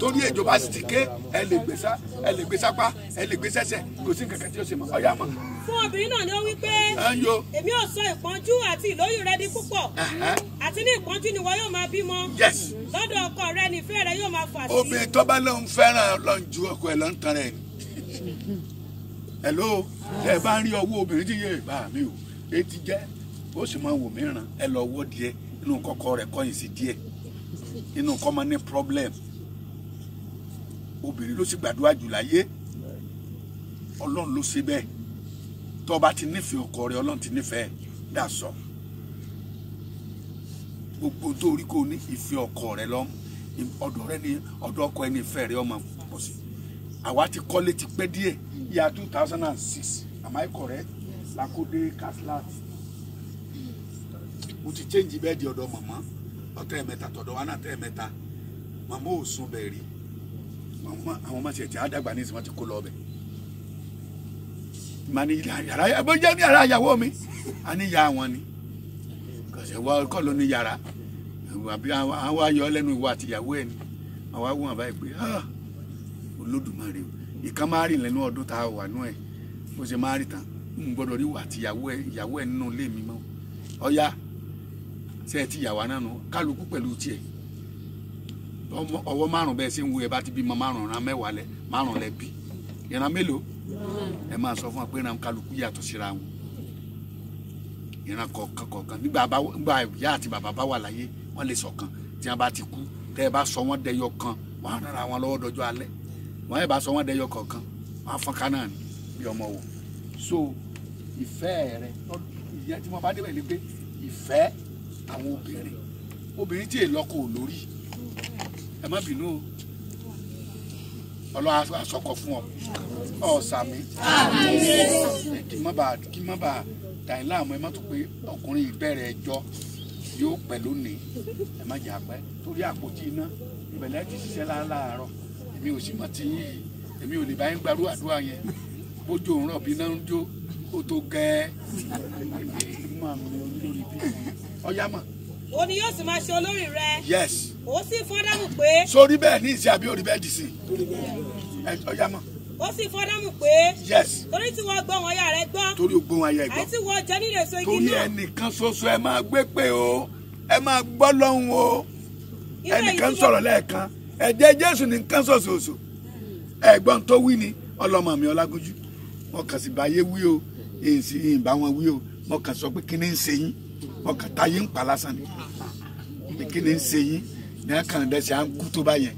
torí ejò bá sì ti ké ẹ lè gbé sá ẹ lè gbé sápá ẹ lè gbé sẹ́sẹ̀ kò sí kankan tí ó ṣe mọ́ ọ̀yá mọ́. fún obìnrin náà ni ó wí pé èmi ò sọ ìpọ́njú àti ìlóyún rẹ di púpọ̀ àti ní ìpọ́njú ni wọn yóò máa bímọ lọ́dọ̀ ọkọ rẹ nífẹ̀ẹ́ rẹ yóò máa fà sí. obìnrin tó bá lóun fẹ́ràn ọlọ́run ju ọkọ ẹ̀ lọ́ntàn rẹ̀ ni hello ẹ bá ń rí ọwọ́ obìnrin tí yéé bá mi o etí jẹ́ ó sì máa wò mí ràn ẹ lọ wọ́ díẹ̀ inú kọ́kọ́ rẹ̀ kọ́yìn sí díẹ̀ inú kọ́ máa ní problem obìnrin ló sì gbàdúrà jù láyé ọlọ́run ló ṣe bẹ́ẹ̀ tó bá ti nífẹ̀ẹ́ ọkọ rẹ ọlọ́run ti nífẹ̀ẹ́ dà sọ gbogbo tó rí kó ní ìfẹ́ ọkọ rẹ lọ ọ̀dọ̀ rẹ ni ọ̀dọ̀ ọkọ ẹni ìfẹ́ rẹ ọmọ pọ̀ sí àwa ti kọ́lé ti pẹ́ díẹ̀ year two thousand and six am I correct lakode kaslat mo ti change bẹ́ẹ̀dì ọ̀dọ̀ màmá ọ̀tẹ́ ẹ̀mẹ́ta tọ̀dọ̀ wa náà tẹ́ ẹ̀mẹ́ta Mama ò sùn bẹ́ẹ̀ rí màmá àwọn ọmọ tiẹ̀ tí a dàgbà ní ìsìn wọn ti kó lọ ọbẹ̀ màá ní yàrá bó jẹ́ ní yàrá ìyàwó mi a ní ya wọn ni kọ̀sẹ̀ wá kọ́ ló ní yàrá àwọn ayọ̀ lẹ́nu ìwà àtìyàwó ẹ̀ ni àwọn àwọn àbáyé pé ah olódùmarè o ìkan máa rìn lẹ́nu ọdún tá a wà nú ẹ̀ bó ṣe máa rìn tán n gbọ́dọ̀ rí wà tìyàwó ẹ̀ ìyàwó ẹ̀ nínú ilé mi mọ́ ọ̀ya ṣe ẹ ti yàwá náà nù kálukú pẹ̀lú tiẹ̀ ọwọ́ márùn bẹ́ẹ̀ ṣe ń wo ẹ bá ti bímọ márùn ran mẹ́wàá lẹ márùn lẹ bí ìran mélòó ẹ máa sọ fún wa pé ran kálukú yàtọ̀ síra wọn ìran kọ̀ọ̀kan kọ̀ọ̀kan nígbà ìyá àti bàbá bá wà láyé wọ́n lè ṣọ̀kan tí wọ́n bá ti kú tẹ́ ẹ bá sọ wọ́n dẹyọ kan wọ́n á rán ara wọn lọ́wọ́ dọjọ́ alẹ́ wọn yẹ bá sọ wọn dẹyọ kọ̀ọ̀kan wọn afọnká náà ni bí ọmọ wò so ìfẹ́ rẹ ìyẹn tí wọn bá débẹ̀ ni pé ìfẹ́ àwọn obìnrin obìnrin tí èlọkọ ò lórí ẹ má bínú o ọlọ́wọ́ àsọkọ̀ fún ọ ọ̀sàmì kí má bàa kí má bàa dàí láàmú ẹ má tó pé ọkùnrin ìbẹ̀rẹ̀ ẹjọ́ yóò pẹ́ lónìí ẹ má jà pẹ́ torí àpótí iná ìbẹ̀lẹ́ ti ṣiṣẹ́ láàárọ̀ èmi ò sì mọ̀ tí yín yìí èmi ò lè bá yín gbarú àdúrà yẹn bójú òun ràn bí náà ń jó ó tó gẹ́ẹ́. ọ̀yá mọ̀. o ni yóò sì máa ṣe olórí rẹ. yes. ó sì fọ́dámù pé. sórí bẹ́ẹ̀ ní ìsìn àbí orí bẹ́ẹ̀ dì sí i ọ̀yá sì fọdámù pé. yes. torí tí wọ́n gbọ́ wọn ya rẹ gbọ́. torí o gbọ́ wọn ya ìgbọ́. àti wọ́n jẹ nílé so igi náà. torí ẹnìkan ṣoṣo ẹ máa gbé pé o ẹ máa gbọ́ lọ́hùn o ẹnìkan sọ̀rọ̀ lẹ́ẹ̀kan ẹ̀jẹ̀ jésù ní nǹkan ṣoṣooṣo ẹ̀gbọ́n tó wí ni ọlọ́mọ mi ọlágójú mo kàn sì báyé wí o èsì ìbá wọn wí o mo kàn sọ pé kíni ń ṣe yín mo kàn táyé ń pa lásán ni kíni ń ṣe yín ní akànnì dẹ́sẹ̀ à ń kú tó bá yẹn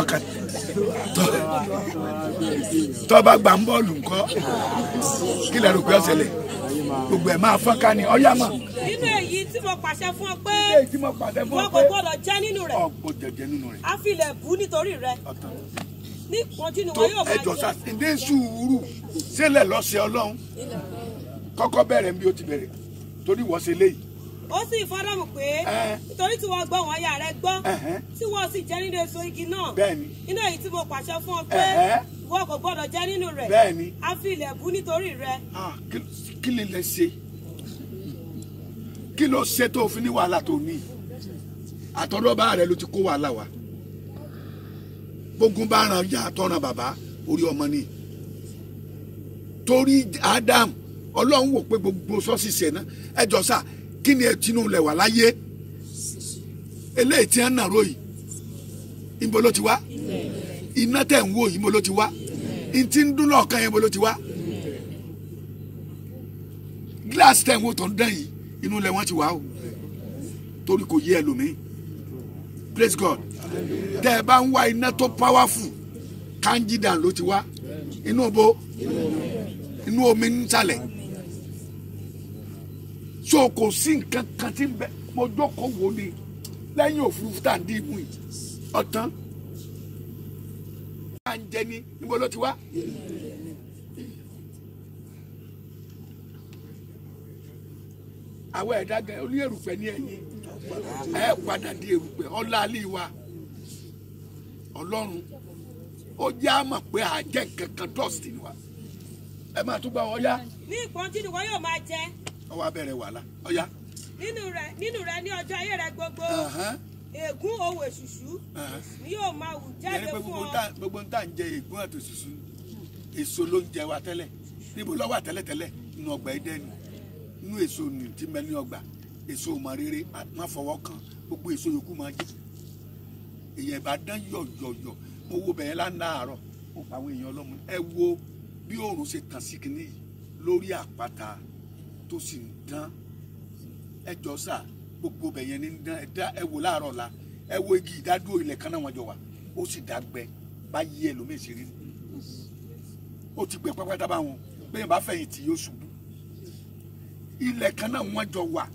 ọkàn tọ́ba gbà ń bọ́ọ̀lù ńkọ́ kí lẹ́nu pé ọ̀sẹ̀ lẹ̀ gbogbo ẹ̀ máa fọ́n ká ni ọ̀yá mọ̀. nínú èyí tí mo pàṣẹ fún ọ pé wọn kò gbọdọ̀ jẹ nínú rẹ̀ a fi ilẹ̀ bù nítorí rẹ̀ ní ìpọ́njú ni wọn yóò máa jẹ. ẹjọ sá sùúrù sílẹ̀ lọ́sẹ̀ ọlọ́run kọ́kọ́ bẹ̀rẹ̀ bí ó ti bẹ̀rẹ̀ torí wọ́n ṣe léyìí ó sì fọ́dọ̀mù pé nítorí tí wọ́n gbọ́ wọn ya rẹ gbọ́ tí wọ́n sì jẹ nínú èso igi náà nínú èyí tí mo pàṣẹ fún ọ pé ìwọ kò gbọ́dọ̀ jẹ nínú rẹ̀ a fi ilẹ̀ bú nítorí rẹ. kí lè lè ṣe kí ló ṣe tó fi ní wàhálà tó ní àtọ́dọ́ rẹ ló ti kó wàhálà wa gbógun bá ran ya àtọ́ran bàbá orí ọmọ ni torí Adam ọlọ́run wò pé gbogbo sọ́ọ̀sì ṣẹ̀ náà ẹ jọ sáà kí ni ẹtí inú lẹ̀ wà láyé eléyìí tí wọ́n ń nàró yìí ibo ló ti wá iná tẹ̀ ń wò yìí ibo ti wá ntí ń dún lọ́ọ̀kan yẹn ibo ló ti wá gíláàsì tẹ̀ ń wò tó ń dán yìí inú lẹ̀ wọ́n ti wá o torí kò yé ẹlòmíì praise God tẹ́ ẹ bá ń wá iná tó powerful kanjidan ló ti wá inú bo inú omi ń sàlẹ̀. so kò sí nǹkan kan tí ń bẹ wò ni lẹ́yìn òfurufú tá à ń dí imú yìí ọ̀tán à ń jẹ ní níbo ló ti wá. àwọn ẹ̀dá gan oní èrùpẹ̀ ní ẹ̀yìn padà di èrùpẹ̀ ọlá alẹ́ wa ọlọ́run ó jẹ́ àmọ̀ pé ni wa ẹ máa tún gbà wọ́n yá. ní ìpọ́njú ni wọ́n wọ́n wá bẹ̀rẹ̀ wàhálà ọ̀yá. nínú rẹ nínú rẹ ní ọjọ́ ayé rẹ gbogbo ègún owó èṣùṣù ni yóò máa wù jáde fún ọ. gbogbo ń tà ń jẹ ègún àti òṣùṣù èso ló ń jẹ wa tẹ́lẹ̀ níbo ló wà tẹ́lẹ̀tẹ́lẹ̀ nínú ọgbà Édẹ́nì nínú èso nù tí mẹ ní ọgbà èso mọ rere má fọwọ́ kan gbogbo èso yòókù máa jẹ èyàn Ìbàdàn yọ̀yọ̀yọ̀ mo wo bẹ̀yẹn lánàárọ̀ mo pa àwọn èèyàn ọlọ́mọ ẹ wo bí oòrùn ṣe tàn sí kìnnìyí lórí àpáta tó sì ń dán ẹ jọ sà gbogbo bẹ̀ yẹn ní ń dán ẹ wò láàárọ̀ la ẹ wo igi ìdádúró ilẹ̀ kan náà wọ́n jọ wà ó sì dàgbẹ́ bá yí ẹlòmíì sí rí ó ti gbẹ pápátá bá wọn bẹ́ẹ̀ bá fẹ̀yìntì yóò ṣubú ilẹ̀ kan náà wọ́n jọ wà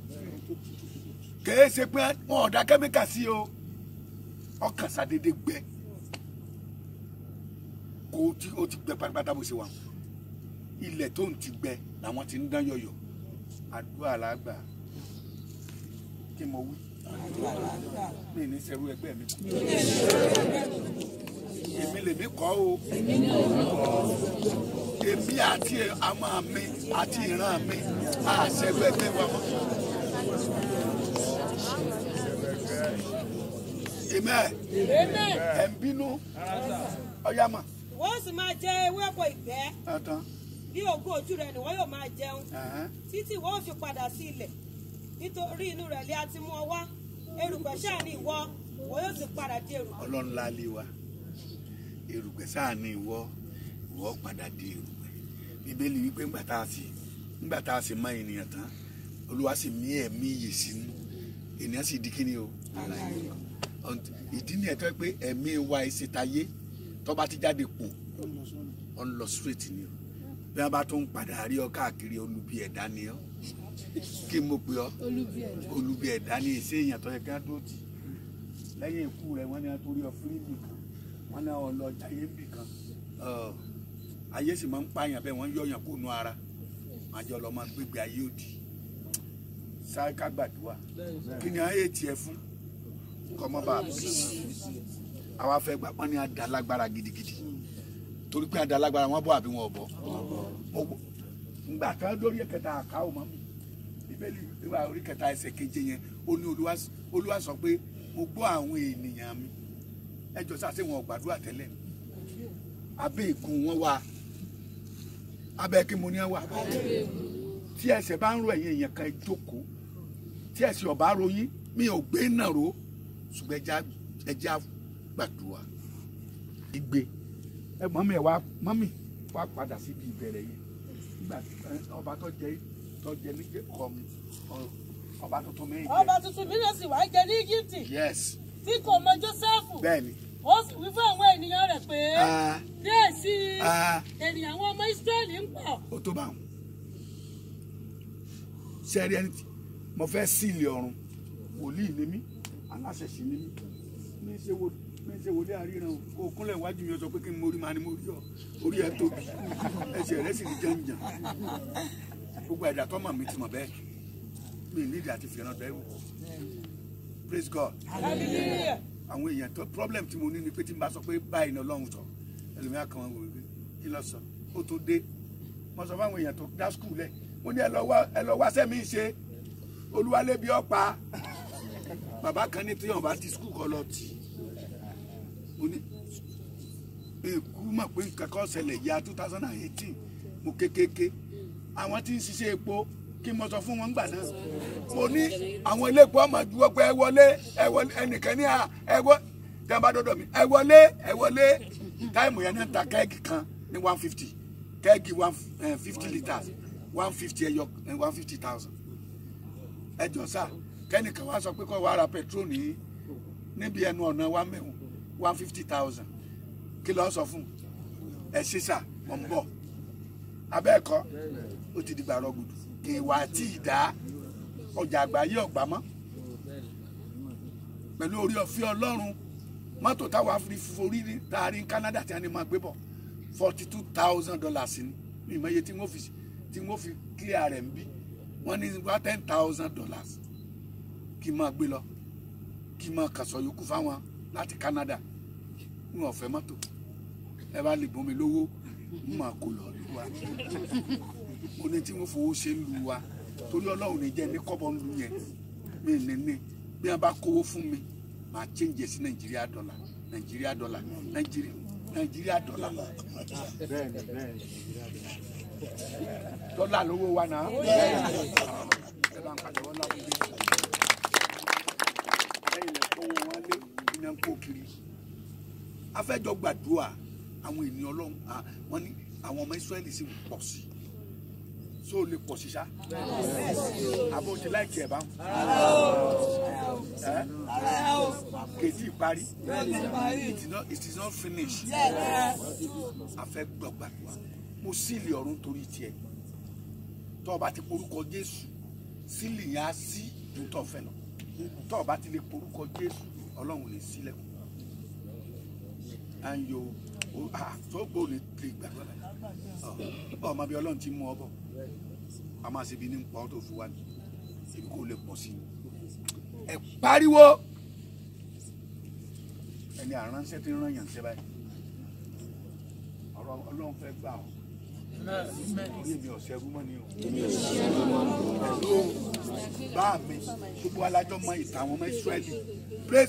kèé ṣe pé wọn ò kẹ́míkà sí o ọkàn ṣàdédé gbẹ kò ó ti gbẹ pátápátá bó ṣe wà ilẹ̀ tó ń ti gbẹ làwọn ti ń dán yọ̀yọ̀ àdúrà làgbà kí mo wí mi ní sẹ́rú ẹgbẹ́ mi èmi lèmi kọ́ o èmi àti àmọ́ mi àti ìran mi àṣẹgbẹ́gbẹ́ wa mọ́. Amen. Amen. Ẹ̀ ń bínú ọ̀yá mà. Wọ́n sì máa jẹ ewéko ìgbẹ́ bí ògo ojú rẹ nìwọ yóò máa jẹun títí ìwọ ò fi padà sí ilẹ̀ nítorí inú rẹ̀ lé a ti mú ọ wá erùpẹ̀ ṣáà ni ìwọ ìwọ yóò sì padà di erùpẹ̀. ọlọ́run la lé wa erùpẹ̀ ṣáà ni ìwọ ìwọ padà di erùpẹ̀ bíbélì wípé ńgbà tá a sì ńgbà tá a sì mọ ènìyàn tán olúwa sì mí ẹ̀mí iyè sínú ènìyàn sì di kíni o ìdí nìyẹn tó yẹ pé ẹ̀mí wa ìṣètayé tó bá ti jáde pò ọ̀ ń lọ straight ni o bí a bá tún padà rí ọ káàkiri olubi ẹ̀dá ni ọ kí mo pè ọ olubi ẹ̀dá ni ìṣe èèyàn tó yẹ kí á dúró tì lẹ́yìn ikú rẹ wọ́n ní atorí ọ fúrídì kan wọ́n ní ọ lọ jayé bì kan ayé sì máa ń pààyàn bẹ́ẹ̀ wọ́n ń yọ̀yàn kó nu ara àjọ lọ máa gbégbé ayé òdì sáré ká gbàdúrà kí ni ayé tiẹ̀ fún kọ́mọ́ bá a bí àwa fẹ́ gbà wọ́n ní adà lágbára gidigidi torí pé adalágbára wọn bọ àbí wọn bọ. ngbà kan lórí ẹ̀kẹta àkáwò mọ́ mi bíbélì ìwà orí kẹta ẹsẹ̀ keje yẹn ó ní olúwa sọ pé mo gbọ́ àwọn ènìyàn mi ẹjọ́ sáà sí wọn gbàdúrà tẹ́lẹ̀ mi abẹ́ ìkùn wọn wà abẹ́ kí mo ní wà tí ẹsẹ̀ bá ń ro ẹ̀yìn èèyàn kan jókòó tí ẹsẹ̀ ọ̀bá ròyìn mi ò gbé náà ro ṣùgbọ́n ẹja gbàdúrà igbe ẹ mọ́mí ẹ wá mọ́mí wá padà síbi ìbẹ̀rẹ̀ yẹn nígbà ọba tó jẹ tó jẹ ní kọ̀ọ̀mù ọba tuntun mi. ọba tuntun mi ló sì wá jẹ ní Íjíbítì. yes. tí kò mọ Jósẹ́fù. bẹ́ẹ̀ni ó sì wí fún àwọn ènìyàn rẹ̀ pé déèsì ènìyàn àwọn ọmọ Ísírẹ́lì ń pọ̀. ó tó bá wọn sẹ́rí ẹni tí mo fẹ́ sílẹ̀ ọ̀run wòlíì ni mí aláṣẹ̀ṣì ni mí ní í ṣe wòlíì ṣe wòlé àríran o kúnlẹ̀ wájú mi sọ pé kí n mórí máa ní mórí ọ orí ẹ tóbi ẹsẹ̀ rẹ sì ní jàǹjàn gbogbo ẹ̀dá tó mọ̀ mi ti mọ̀ bẹ́ẹ̀ mi nídìí àti fìràn bẹ́ẹ̀ praise God àwọn èèyàn tó problem tí mo ní ni pé tí n bá sọ pé báyìí ni Ọlọ́run sọ ẹlòmíà kan wò wípé kí lọ sọ ó tó dé mo sọ fáwọn èèyàn tó dá skul lẹ mo ní ẹ lọ wá sẹ́mi ṣe olúwalébi ọ̀pá bàbá kan ní tí yọ̀nba ti skul kọ lọ tì í mo ní èkú mọ̀ pé nǹkan kan ṣẹlẹ̀ ya two thousand and eighteen mo kékeré àwọn tí ń ṣiṣẹ́ epo kí mo sọ fún wọn gbà náà mo ní àwọn ilé epo àmọ́ ju ọgbẹ́ ẹ wọlé ẹ wọlé ẹnìkan ní ẹ wọ tẹ bá dọdọ mi ẹ wọlé ẹ wọlé táìmù yẹn náà ta kẹ́ẹ̀gì kan ní one fifty kẹ́ẹ̀gì one eh, fifty litres one fifty ẹyọ eh, one fifty thousand ẹ jọ sá kẹ́nìkan wá sọ pé kọ́ wàá ra petrol ní níbi ẹnu ọ̀nà wa mẹ́wọ̀n one fifty thousand kí ló sọ fún ẹ ṣíṣà mọ̀ ń bọ̀ abẹ́ẹ̀kọ́ ó ti di gbàrọ̀ gbòdò ìwà àti ìdá ọjà àgbáyé ọ̀gbà mọ́ pẹ̀lú orí ọ̀fẹ́ ọlọ́run mọ́tò táwa forí taari Canada tí a ní máa gbé bọ̀ forty two thousand dollars ni ní ìmọ̀ye tí wọ́n fi tí wọ́n fi clear rẹ̀ ń bí wọ́n ní wá ten thousand dollars kí n máa gbé lọ kí n máa kàṣọ yòókù fáwọn láti Canada ń ọ̀fẹ́ mọ́tò ẹ bá lè m'ma lówó ń máa kó wa mo ní tí wọ́n fowó ṣe lu wa torí ọlọ́run ní jẹ́ ní kọ́bọ̀ ń yẹn mi ní ní bí wọ́n bá kówó fún mi màá change sí Nàìjíríà dọ́là Nàìjíríà dọ́là Nàìjíríà dọ́là dọ́là lówó náà ń kó kiri afẹ́jọ́ gbàdúrà àwọn ènìyàn ọlọ́run wọn ní àwọn ọmọ Ísírẹ́lì sì pọ̀ sí so lè pọ̀ sí sá àbò ti láìkí ẹ̀ bá wọn kèjì parí it is not finished afẹ́jọ́ gbàdúrà mo sílì ọ̀run torí tiẹ̀ tó o bá ti porúkọ Jésù sílì yẹn á sí ju tó o fẹ́ lọ tó o bá ti lè porúkọ Jésù ọlọ́run ní sílẹ̀kùn ayo àtọ́gbò lè tè gbàgbọ́ ọmọ bíi ọlọ́run ti mú ọ bọ̀ a máa ṣe bí ní nǹkan tó fi wá ní èmi kò lè pọ̀ sí i ẹ pariwo ẹni àránṣẹ́ tí ń rán yàn ṣe báyìí ọlọ́run fẹ́ gbà ọ́ praise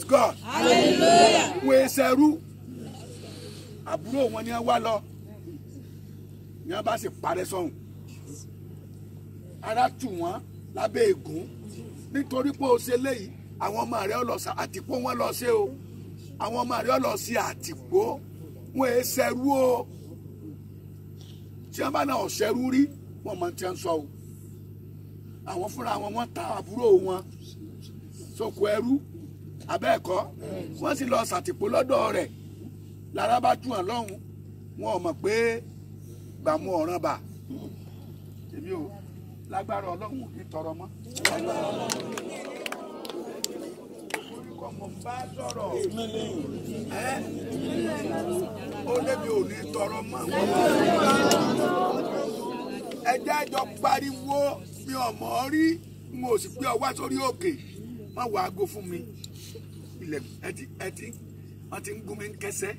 God hallelujah wo ẹsẹ̀rú àbúrò wọn ni wá lọ ni wọn bá sì parẹ́ sọ́hùn ara tù wọ́n lábẹ́ ègún nítorí pé o ṣe léyìí àwọn ọmọ rẹ lọ sí àtìpó wọn lọ sí o àwọn ọmọ rẹ lọ sí àtìpó wọn èsẹ̀rú o tí wọ́n bá na ọ̀sẹ̀ rú rí wọ́n máa ti ń sọ o àwọn fúnra wọn wọ́n ta àbúrò wọn sóko ẹrú abẹ́ẹ̀kọ́ wọ́n sì lọ sàtìpó lọ́dọ̀ rẹ̀ lára bá jù hàn lọ́hùn wọn ò mọ̀ pé gbàmú ọ̀ràn bà èmi ò lágbára ọlọ́run ò ní tọrọ mọ́ kọ́ mo bá sọ̀rọ̀ ẹ́ ó lébi ò tọrọ mọ́ ẹjẹ́ àjọ pariwo mi ò rí n sì gbé ọ sórí òkè má wàá aago fún mi ilẹ̀ ẹtí ẹtí wọ́n ti ń gún mi ń kẹsẹ́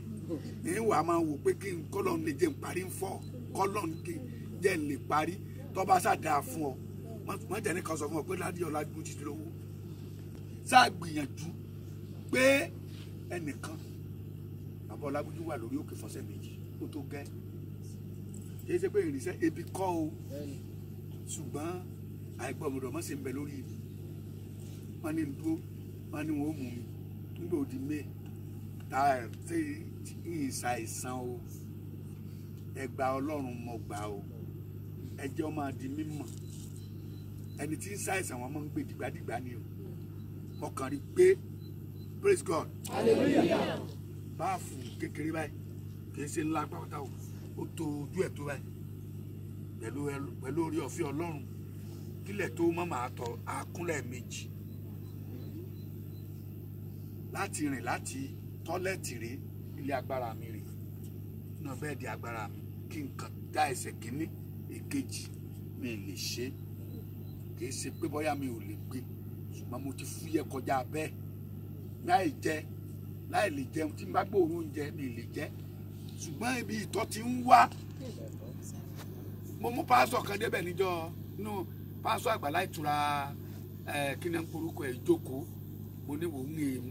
ní wàá máa wò pé kí n kọ́lọ́n lè jẹ́ n parí ń fọ́ kọ́lọ́n kí n jẹ́ n lè parí tọ́ba ṣàdá fún ọ mọ̀tẹ́ni kan sọ fún ọ pé ládìyọ̀ lágbó ti lówó ṣáà gbìyànjú pé ẹnìkan bàbá ọlágbójú wà lórí òkè fọ́sẹ̀ méjì ó tó gẹ́ kì í ṣe pé ìrìnsẹ̀ ebi kọ́ o ṣùgbọ́n àìgbọ́mọdọ̀ mọ́ sí ń bẹ lórí ibi wọ́n ní dúró wọ́n ní wọ́n mú mi nígbà òdì may ta ṣe ìṣàìsàn o ẹgbà ọlọ́run mọ̀ gbà o ẹjẹ́ ọmọ àdì mímọ̀ ẹni tí ń ṣàìsàn wọn máa ń gbèdìgbàdìgbà ni o ọkàn rí pé praise God báàfù kékeré báyìí kì í ṣe ńlá pápátá o ó to ojú ẹ̀ tó báyìí pẹ̀lú pẹ̀lú orí ọ̀fẹ́ ọlọ́run kílẹ̀ tó mọ́ màá tọ akúnlẹ̀ méjì láti rìn láti tọ́lẹ̀tì rè ilé agbára mi rè náà bẹ́ẹ̀ di agbára mi kí nǹkan dá ẹsẹ̀ kínní èkejì mi lè ṣe kì í ṣe pé bóyá mi ò lè gbé ṣùgbọ́n mo ti fúyẹ́ kọjá bẹ́ẹ̀ láì jẹ láì lè jẹun tí n bá gbóòórùn oúnjẹ mi lè jẹ ṣùgbọ́n ibi ìtọ̀ ti ń wá mo mú pásọ kan débẹ̀ níjọ́ nínú pásọ àgbàlá ìtura kíni orúkọ ẹ̀ jókòó mo ní wò ń gbé e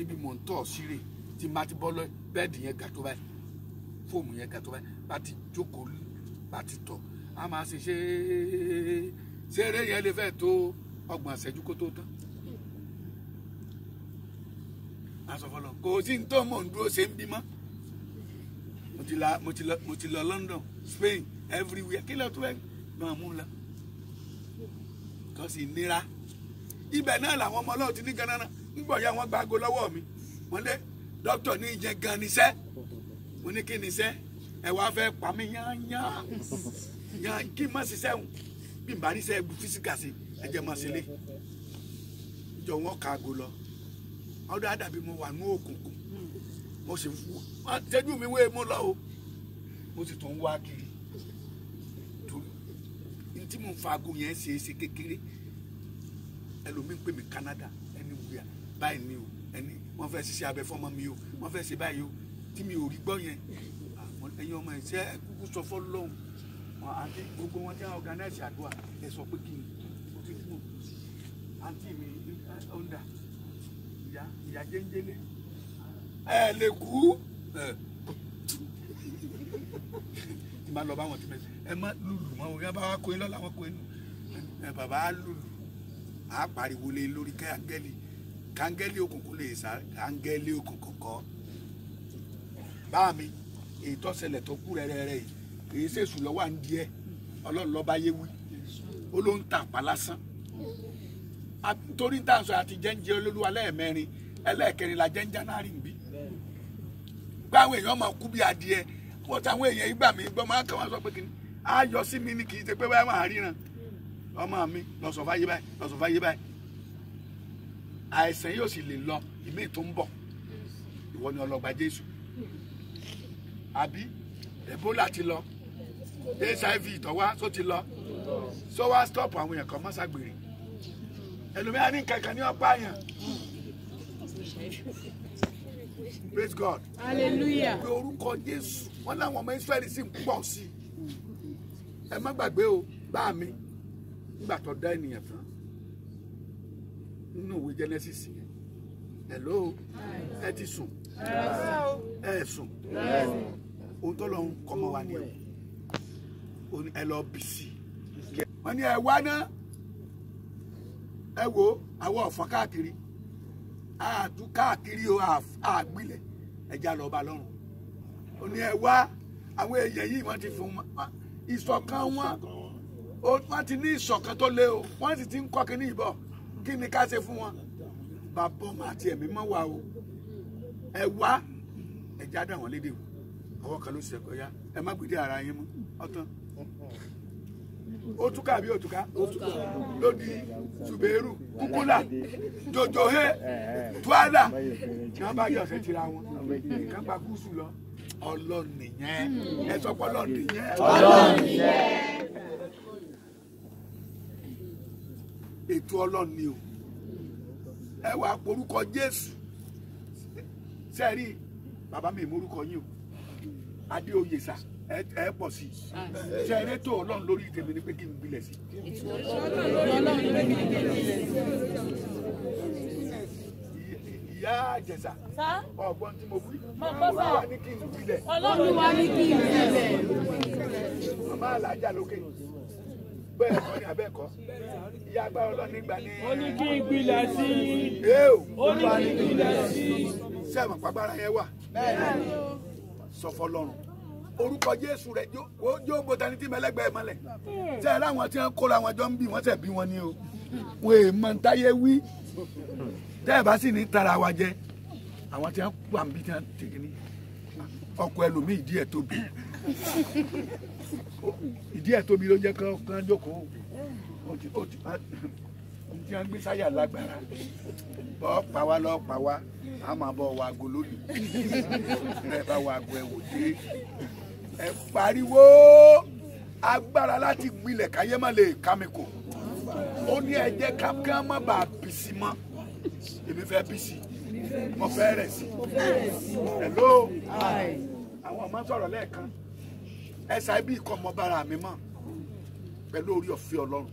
ibi mò ń tọ̀ síre tí má ti bọ́ lọ bẹ́ẹ̀dì yẹn gàtó báyìí fóòmù yẹn gàtó báyìí bá ti jókòó bá ti tọ̀ a máa ṣe ṣe ṣeré yẹn lè fẹ́ tó ọgbọ̀n ìṣẹ́jú kó tó tán asọ̀fọ̀lọ̀ kò sí ní tó mò ń dúró ṣe ń bí mọ́ mo ti lọ London Spain everywhere kí ló tún fẹ́ máa mú lọ kàn sí nira ibẹ̀ náà làwọn ọmọ ọlọ́run ti ní gan náà ń gbọ̀ ya wọ́n gba aago lọ́wọ́ mi wọ́n lé dókítà ní ìjẹ gan níṣẹ́ mo ní kí níṣẹ́ ẹ wá fẹ́ pa mí yányá yán kí n má ṣiṣẹ́ hùn bí n bá níṣẹ́ físíkà sí ẹ jẹ́ máa ṣe lé ìjọ wọn ka aago lọ ọdún àdàbí mo wà ní òkùnkùn mo sì fún tẹ́jú mi wé mo lọ o mo sì tún wá kiri torí tí mo fa aago yẹn ṣe é ṣe kékeré ẹlòmíín pè mí Canada ẹni wúyà báyìí ni o ẹni wọ́n fẹ́ ṣiṣẹ́ abẹ fọ́mọ mi o wọ́n fẹ́ ṣe báyìí o tí mi ò rí gbọ́ yẹn ẹ̀yin ọmọ ìṣe kúkú sọ fọ́ lọ́hùn àti gbogbo wọn tí wọ́n organize àdúrà ẹ sọ pé kí n mo ti àǹtí mi ọ̀ndà ìyá ìyá jẹnjẹlé. ẹ lè kú tí máa lọ bá wọn tí mẹsẹ ẹ má lùlù mọ òun yẹn bá wá kó in lọ́la wọn kó in ẹ bàbá á lùlù á pariwo lé lórí kángẹ́lì kángẹ́lì òkùnkùn lè sá kángẹ́lì òkùnkùn kọ́ bá mi ètò ọ̀sẹ̀lẹ̀ tó kú rẹ́rẹ́rẹ́ yìí kì í ṣèṣù lọ́wọ́ à ń di ẹ ọlọ́run lọ́ba yé wí ó ló ń tàpá lásán torí tá à ń sọ àti jẹ́ńjẹ́ olólùwà lẹ́ẹ̀mẹrin ẹlẹ́ẹ̀kẹrin la jẹ́ńjẹ́ náà rìn bí. pé àwọn èèyàn máa kú bí adìẹ wọ́n ti àwọn èèyàn ìgbà mi gbọ́ máa kàn wọ́n sọ pé kìíní á yọ sí mi ní kì í ṣe pé báyìí wọ́n á ríran ọmọ mi lọ́sọ̀ fáyé báyìí lọ́sọ̀ fáyé báyìí àìsàn yóò sì lè lọ ìmí tó ń bọ̀ ìwọ ni ọlọ́gba Jésù àbí Ebola ti lọ hiv ìtọ́wá tó ti lọ sọ wá stop àwọn èèyàn kan mọ́ságbèrè ẹlòmíràn ní kankan ní ọ̀pá yẹn praise God hallelujah pé orúkọ Jésù wọn láwọn ọmọ Ísírẹ́lì sì ń pọ̀ sí i ẹ má gbàgbé o bá mi nígbà tó dá ènìyàn tán nínú ìwé Genesis yẹn hello ẹ ti sùn ẹ sùn ohun tó lọ kọ́ mọ́ wa ni ẹ lọ bìsì wọ́n ní ẹ wá náà ẹ wo àwọn ọ̀fọ́n káàkiri àdú káàkiri o àgbilẹ̀ ẹja lọ́ba lọ́rùn ó ní ẹ wá àwọn èèyàn yìí wọ́n ti fún wọn ìṣọ̀kan wọn wọ́n ti ní ìṣọ̀kan tó lé o wọ́n sì ti ń kọ́ kí ìbọ̀ kí ni ká ṣe fún wọn bàbá ọmọ àti ẹ̀mí mọ́ wa o ẹ wá ẹja dà wọ́n lédè o àwọn kan ló ṣe ẹ̀kọ́ ya ẹ má gbèdé ara yín mọ́ ọ̀tán otuka àbí otuka lódì ṣùgbẹ́rù kúkúlà jòjòhé tuwádà náà bá yọ̀ ọ̀sẹ̀ tira wọn nǹkan gba gúúsù lọ ọlọ́run nìyẹn ẹ sọ pé ọlọ́run nìyẹn. ọlọ́run nìyẹn. ètò ọlọ́run ni o ẹ wàá porúkọ jésù sẹ́ẹ̀rí bàbá mi ìmúrúkọ yín o adéoyè sáà ẹ pọ̀ sí i ṣe eré tó ọlọ́run lórí ìtẹ̀mí ni pé kí n gbilẹ̀ sí ìyá àjẹsà ọgbọ́n tí mo wí ọlọ́run wa ní kí n gbilẹ̀. ọlọ́run wa ní kí n gbilẹ̀. màmá alájà lókè bẹ́ẹ̀ kọ́ ni abẹ́kọ́ ìyá agbára ọlọ́run nígbà ní. ó ní kí n gbilẹ̀ sí i. ó ní kí n gbilẹ̀ sí i. sẹ́ẹ̀mù pàgbára yẹn wà. sọ fọlọ́run orúkọ jésù rẹ yóò bo tani tí mẹlẹgbẹ mọlẹ hmm. ṣe ẹ láwọn tí wọn kóra wọn jọ ń bí wọn ṣe bí wọn ni o wọn èèmọ ntáyé wí tẹ ẹ bá sì ní tara wa jẹ àwọn tí wọn wà ń bí tí wọn tèké ní ọkọ ẹlòmíì ìdí ẹ tóbi ìdí ẹ tóbi ló jẹ kán kán jókòó tí wọn gbé sáyà lágbára bọ pa wá lọ pa wá a máa bọ wàgò lónìí bẹ́ẹ̀ bá wàgò ẹ wò dé ẹ pariwo agbára láti gbilẹ̀ káyé má lè ká mi kò ó ní ẹ jẹ́ ká kí wọ́n má bàa bìsì mọ́ èmi fẹ́ bìsì mo fẹ́ rẹ̀ sí hello àwọn ọmọ sọ̀rọ̀ lẹ́ẹ̀kan ẹ̀sà ibi ìkọ́ ọmọ bára mi mọ́ pẹ̀lú orí ọ̀fẹ́ ọlọ́run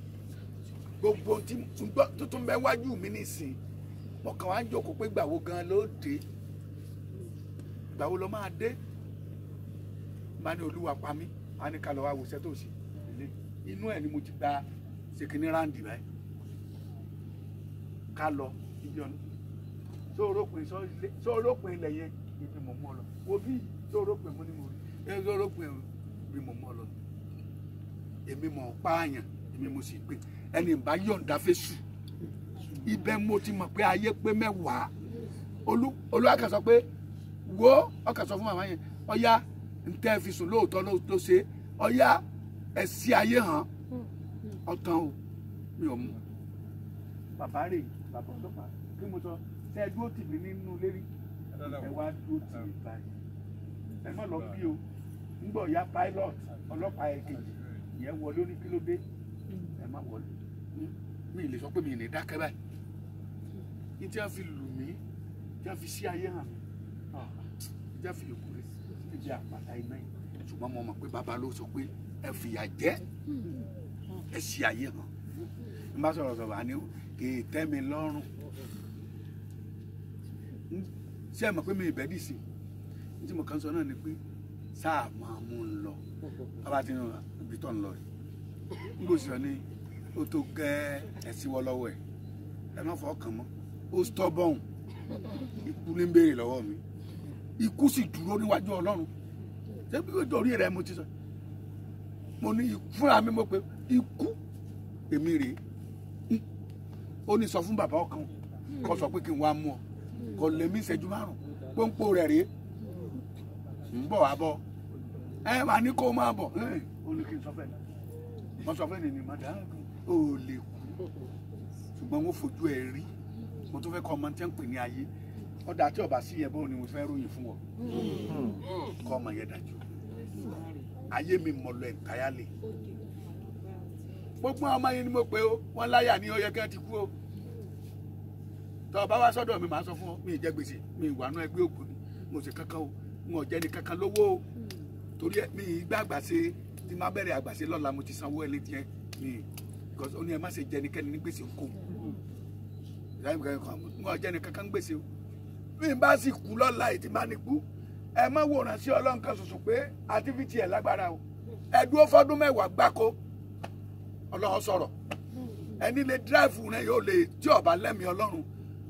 gbogbo tí tuntun bẹ wájú mi nísìn mo kàn wá ń jókòó pé gbàwo gan ló dé gbàwo ló máa dé mani ní olúwa pa mí á ní ká lọ wá tó ṣe inú ẹ̀ ni mo ti gba ṣèkínní ráǹdì rẹ̀ ká lọ ibi ọ̀nà sóorópin sóorópin ilẹ̀ yẹn ibi mò ń mọ́ lọ wo bí sóorópin mo ní mo rí sóorópin ibi mò ń mọ́ lọ èmi mọ̀ ọ́ pààyàn èmi mo sì pè ẹni bá yọ̀ǹda fésù ibẹ̀ mo ti mọ̀ pé ayé pé mẹ́wàá olú olú àkàsọ pé wo ọkà sọ fún màmá yẹn ọ̀ya ntẹ́ fi sùn lóòótọ́ ló ṣe ọ̀yá ẹ̀sí ayé hàn ọ̀tàn o mi ò mú. bàbá rè bàbá ọlọ́pàá kí mo sọ ṣe ẹ dúró tì mí nínú lérí ẹ wá dúró tì mí báyìí ẹ má lọ bí o ńgbọ ya pilot ọlọ́pàá ẹ̀kejì ìyẹn wọlé ó ní kí ló dé ẹ má wọlé mi lè sọ pé mi ì ní dákẹ́ báyìí ní tí wọ́n fi lù mí tí wọ́n fi sí ayé hàn mi ah, tí wọ́n fi yòókù rẹ̀ jẹ́ àpáta iná yìí ṣùgbọ́n mo mọ̀ pé bàbá ló sọ pé ẹ fìyà jẹ́ ẹ ṣì ayé hàn n bá sọ̀rọ̀ sọ̀rọ̀ àní kì í tẹ́ mi lọ́rùn ṣé ẹ mọ̀ pé mi ìbẹ́ dì sí ní tí mo kàn sọ náà ni pé sáà máa mú un lọ bàbá ti ràn ibi tó ń lọ rẹ̀ n kò sì sọ ní ó tó gẹ́ ẹ̀sìn wọ lọ́wọ́ ẹ̀ ẹ má fọ́ ọkàn mọ́ ó stọ́ bọ́ùn ikú ní ń béèrè lọ́wọ́ mi ikú sì dúró níwájú ọlọ́run ṣé bí wọ́n torí rẹ̀ mo ti sọ mo ní fúnra mi mo pé ikú èmi rèé ó ní sọ fún bàbá ọkàn kó sọ pé kí n wá mú ọ kó lè mí ìṣẹ́jú márùn pọ́npọ́ rẹ̀ rèé ń bọ̀ wá bọ̀ ẹ wà ní kó máa bọ̀ ó ní kí n sọ fẹ́ ni mo sọ fẹ́ ni ni màdá ó lè kú ṣùgbọ́n wọ́n fojú ẹ̀ rí mo tún fẹ́ kọ́ ọmọ tí ń pè ní ayé ọ̀dà tí ọba sí yẹn bó ni mo fẹ́ ròyìn fún ọ hmm. kọ́ ọmọ yẹn dájú ayé mi mọ̀ lọ ẹ̀ńtáyálè gbogbo ọmọ yẹn ni mo pe ó wọn láyà ni ó yẹ kí wọn ti kú ó tọ́ ọba wá sọ́dọ̀ mi màá sọ fún ọ mi ì jẹ gbèsè mi ì wà nú ẹgbẹ́ òkú mo sì kankan o mo jẹ ní kankan lówó o torí ẹ mi ì àgbàṣe tí má bẹ̀rẹ̀ àgbàṣe lọ́la mo ti sanwó ẹ létí ẹ mi because ó ní ẹ má ṣe jẹ ẹnikẹ́ni ní gbèsè òkú ìyá mi kàn mo jẹ ní kankan gbèsè o bí n bá sì kú lọ́la ètí máa ní kú ẹ mọ́ wòran sí ọlọ́run kan ṣoṣo pé àti fi tiẹ̀ lágbára o ẹ dúró fọ́dún mẹ́wàá gbáko ọlọ́run sọ̀rọ̀ ẹni lè dráìfù rẹ yóò lè tí ọba lẹ́mìí ọlọ́run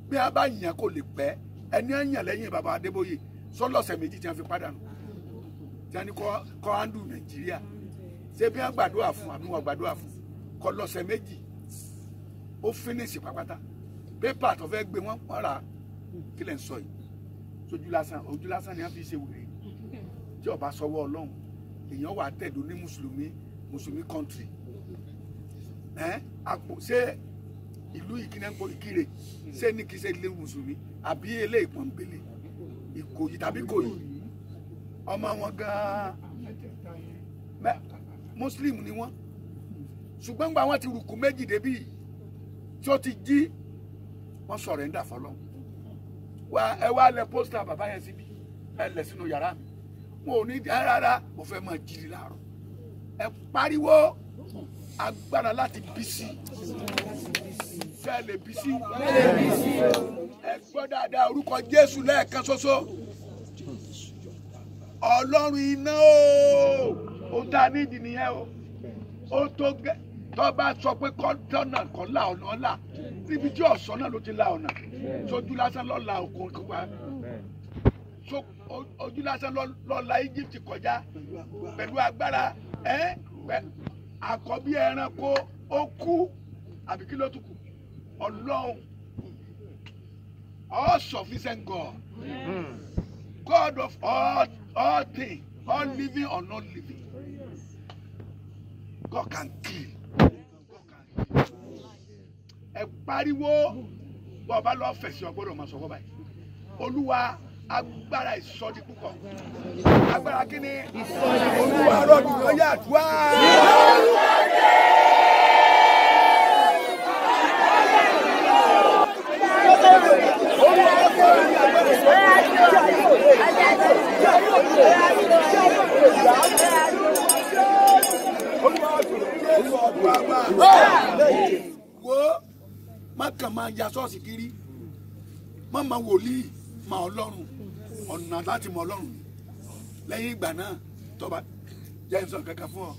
bí a bá yàn kó lè pẹ́ ẹni á yàn lẹ́yìn bàbá Adébóyè sọlọ́sẹ̀ méjì tí wọ́n fi padà nù tí wọ́n ní kọ́ áńdù Nàìjíríà ṣé bí wọ́n gbàdúrà fún àbí wọ́n gbàdúrà fún kọ́ lọ́sẹ̀ méjì ó fínísì pápátá pépà tó fẹ́ gbé wọ́n pọ́nra kí lẹ ń sọ yìí sójú lásán ojú lásán ni a fi ṣe wèrè tí ọba sọwọ́ ọlọ́run èèyàn wà tẹ̀dó ní mùsùlùmí mùsùlùmí kọ́ńtì ẹ̀ àpò ṣé ìlú ìkínẹ́pọ̀ ìkírè ṣé ní kí ṣe ilé mùsùlùmí àbí ilé ìpọ̀nbélé ìkòyí tàbí kòyí ọmọ wọn gan-an muslim ni wọn ṣùgbọ́n gba wọn ti rùkú méjì débí tí ó ti jí wọn sọ̀rẹ́ńdà fọlọ́run wá ẹ wá lẹ pósítà bàbá yẹn síbi ẹ lẹ sínú yàrá mi wọn ò ní rárá mo fẹ́ máa jírí láàárọ̀ ẹ pariwo agbára láti bísí fẹ́ lè bísí ẹ gbọ́ dáadáa orúkọ Jésù lẹ́ẹ̀kan ṣoṣo Ọlọ́run iná o ó dá nídìí nìyẹn o ó tó gẹ́ tọ́ bá sọ pé kọ́ tọ́nà ọ̀nà ọ̀la níbi tí ọ̀sán náà ló ti la ọ̀nà sójú lásán ló la òkun wa ojú lásán ló la Egypt kọjá pẹ̀lú agbára ẹ àkọ́bí ẹranko ó kú àbí kí ló tún kù ọlọ́run all sufficient God God of all all things all living or not living God can kill ẹ pariwo bọ́ ọba lọ fẹ̀sìn ọgbọ́dọ̀ máa sọ̀rọ̀ báyìí olúwa agbára ìsọjí púpọ̀ agbára kíni olúwa rọ̀dùn lọ́yà àdúrà. Whoa! má kàn máa ya ṣọ́ọ̀ṣì kiri má máa wòlíì máa ọlọ́run ọ̀nà láti mọ ọlọ́run lẹ́yìn ìgbà náà tọ́ba jẹ́ nsọ kankan fún ọ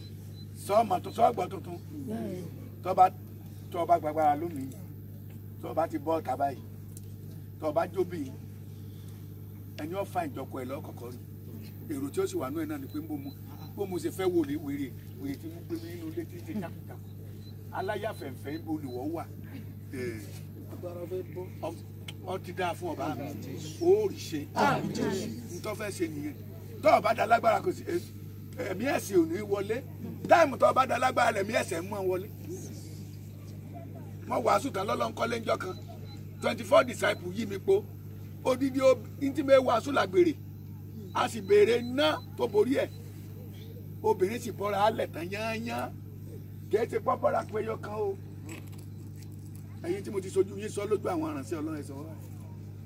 sọ́ọ̀mà tó sọ́ọ̀gbọ́ tuntun tọ́ba tọ́ba gbàgbára lónìí tọ́ba ti bọ́ ọ̀tá báyìí tọ́ba jóbi ẹni ọ̀fà ìjọkọ̀ ẹ̀ lọ́kọ̀ọ̀kọ̀ rí èrò tí ó sì wà nú ẹ̀ náà ni pé ń bò mu bó mo ṣe fẹ́ wòlíì wèrè wèrè tí mo gbé mi nínú létí ti jákujàku aláyàfẹ̀fẹ̀ ń bo olùwọ́ wà ọ ti dáa fún ọba mi ó rí ṣe ntọ́ fẹ́ ṣe nìyẹn tọ́ ọba da lágbára kò sí e, ẹ̀mí ẹ̀sìn ò ní wọlé táìmù tọ́ ọba da lágbára lẹ̀mí ẹ̀sẹ̀ mú ọ wọlé wọ́n wàásù tán lọ́lọ́ńkọ́lé ńjọ́ kan twenty four disciples yí mi po odidi ntìmẹ̀ wàásù làgbèrè a sì béèrè ná tó borí ẹ̀ obìnrin sì bọ́ra alẹ̀ tán yányán kì í ṣe pọ́ bọ́ra péyọ kan o ẹ̀yin tí mo ti sojú yín sọ lójú àwọn aránṣẹ́ Ọlọ́run ẹsẹ wọn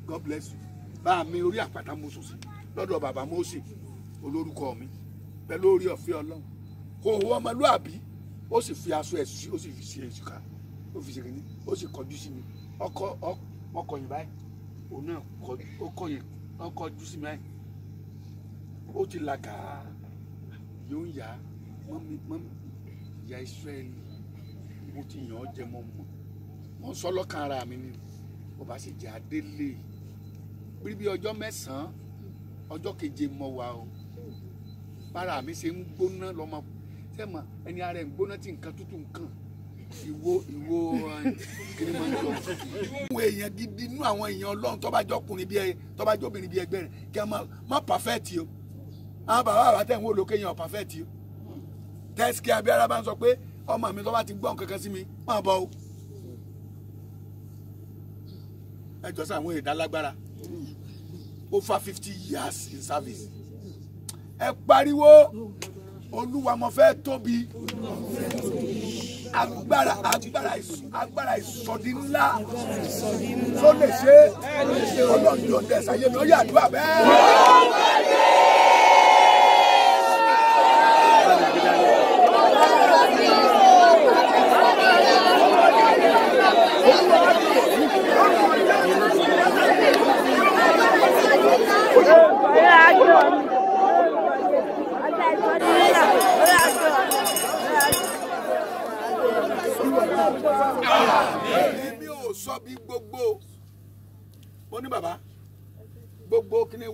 God bless you bá mi orí àpáta mo sùn sí lọ́dọ̀ bàbá Mósè olórúkọ mi pẹ̀lú orí ọ̀fẹ́ Ọlọ́run kò wọ ọmọlúàbí ó sì fi aṣọ ẹ̀sùn ó sì fi ṣe èṣù ká ó fi ṣe kìíní ó sì kọjú sí mi ọkọ ọkọyìn báyìí òun náà ọkọyìn ọkọjú sí mi báyìí ó ti làgàá yóò ń yá mọ́mí mọ́mí ìyá Ísírẹ́lì mo ti yàn ọ́ jẹ mọ́ mọ́ mo ń sọ lọ́kàn ara mi ni bó bá sì jẹ́ adélé bí bí ọjọ́ mẹ́sàn-án keje mọ wa o bára mi ṣe ń gbóná lọ́mọ sẹ́mọ̀ ẹni ara ẹ̀ ń gbóná tí nǹkan tútù ń kàn ìwo ìwo kiri máa ń jọ ìwọ èèyàn gidi inú àwọn èèyàn ọlọ́run tó bá jọ ọkùnrin bí ẹ tó bá jọ obìnrin bí ẹgbẹ́ rẹ̀ kí ẹ má má pàfẹ́ẹ̀tì o àwọn bàbá bàbá tẹ̀ ń wò lókè yẹn ọ̀ pàfẹ́ẹ̀tì o tẹ́sí kí abiyara bá ń sọ pé ọmọ mi tó bá ti gbọ́ nǹkan sí mi má bọ̀ o ẹ jọ sí àwọn ìdálágbára over fifty years in service ẹ pariwo olúwa mo fẹ́ tóbi agbára agbára agbára ìsọdí ńlá tó lè ṣe olóòtú ọ̀dẹ̀ ṣàyẹ̀mí ó yà àdúrà bẹ́ẹ̀.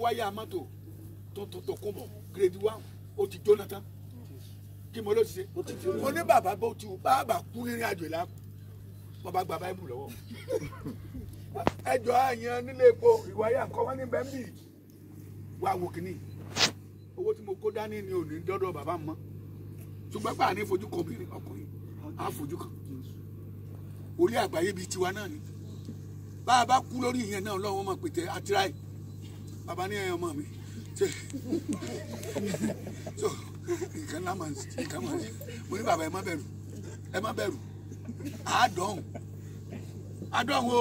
wáyà mọ́tò tó kó mọ̀ grade one o ti jóná tán kí mo ló ti ṣe mo ní bàbá bó ti wù bàbá kú rírìn àjò ìlà mo bá gba báyìí mú lọ́wọ́ ẹjọ́ àyàn nílé epo ìwáyà kọ́ wọ́n ní bẹ́ẹ̀ bì wá wò kínní owó tí mo kó dání ni òní dọ́dọ̀ bàbá mọ́ ṣùgbọ́n pàà ní fojú kan obìnrin ọkùnrin á fojú kan orí àgbáyé bíi tiwa náà ni bá a bá kú lórí ìyẹn náà lọ́wọ́ mọ̀ pété àtìráyìí bàbá ní ẹyọ ọmọ mi ṣe so nǹkan náà máa ń ṣe nǹkan máa ń ṣe mo ní bàbá ẹ má bẹ̀rù ẹ má bẹ̀rù àádọ́hùn àádọ́hùn o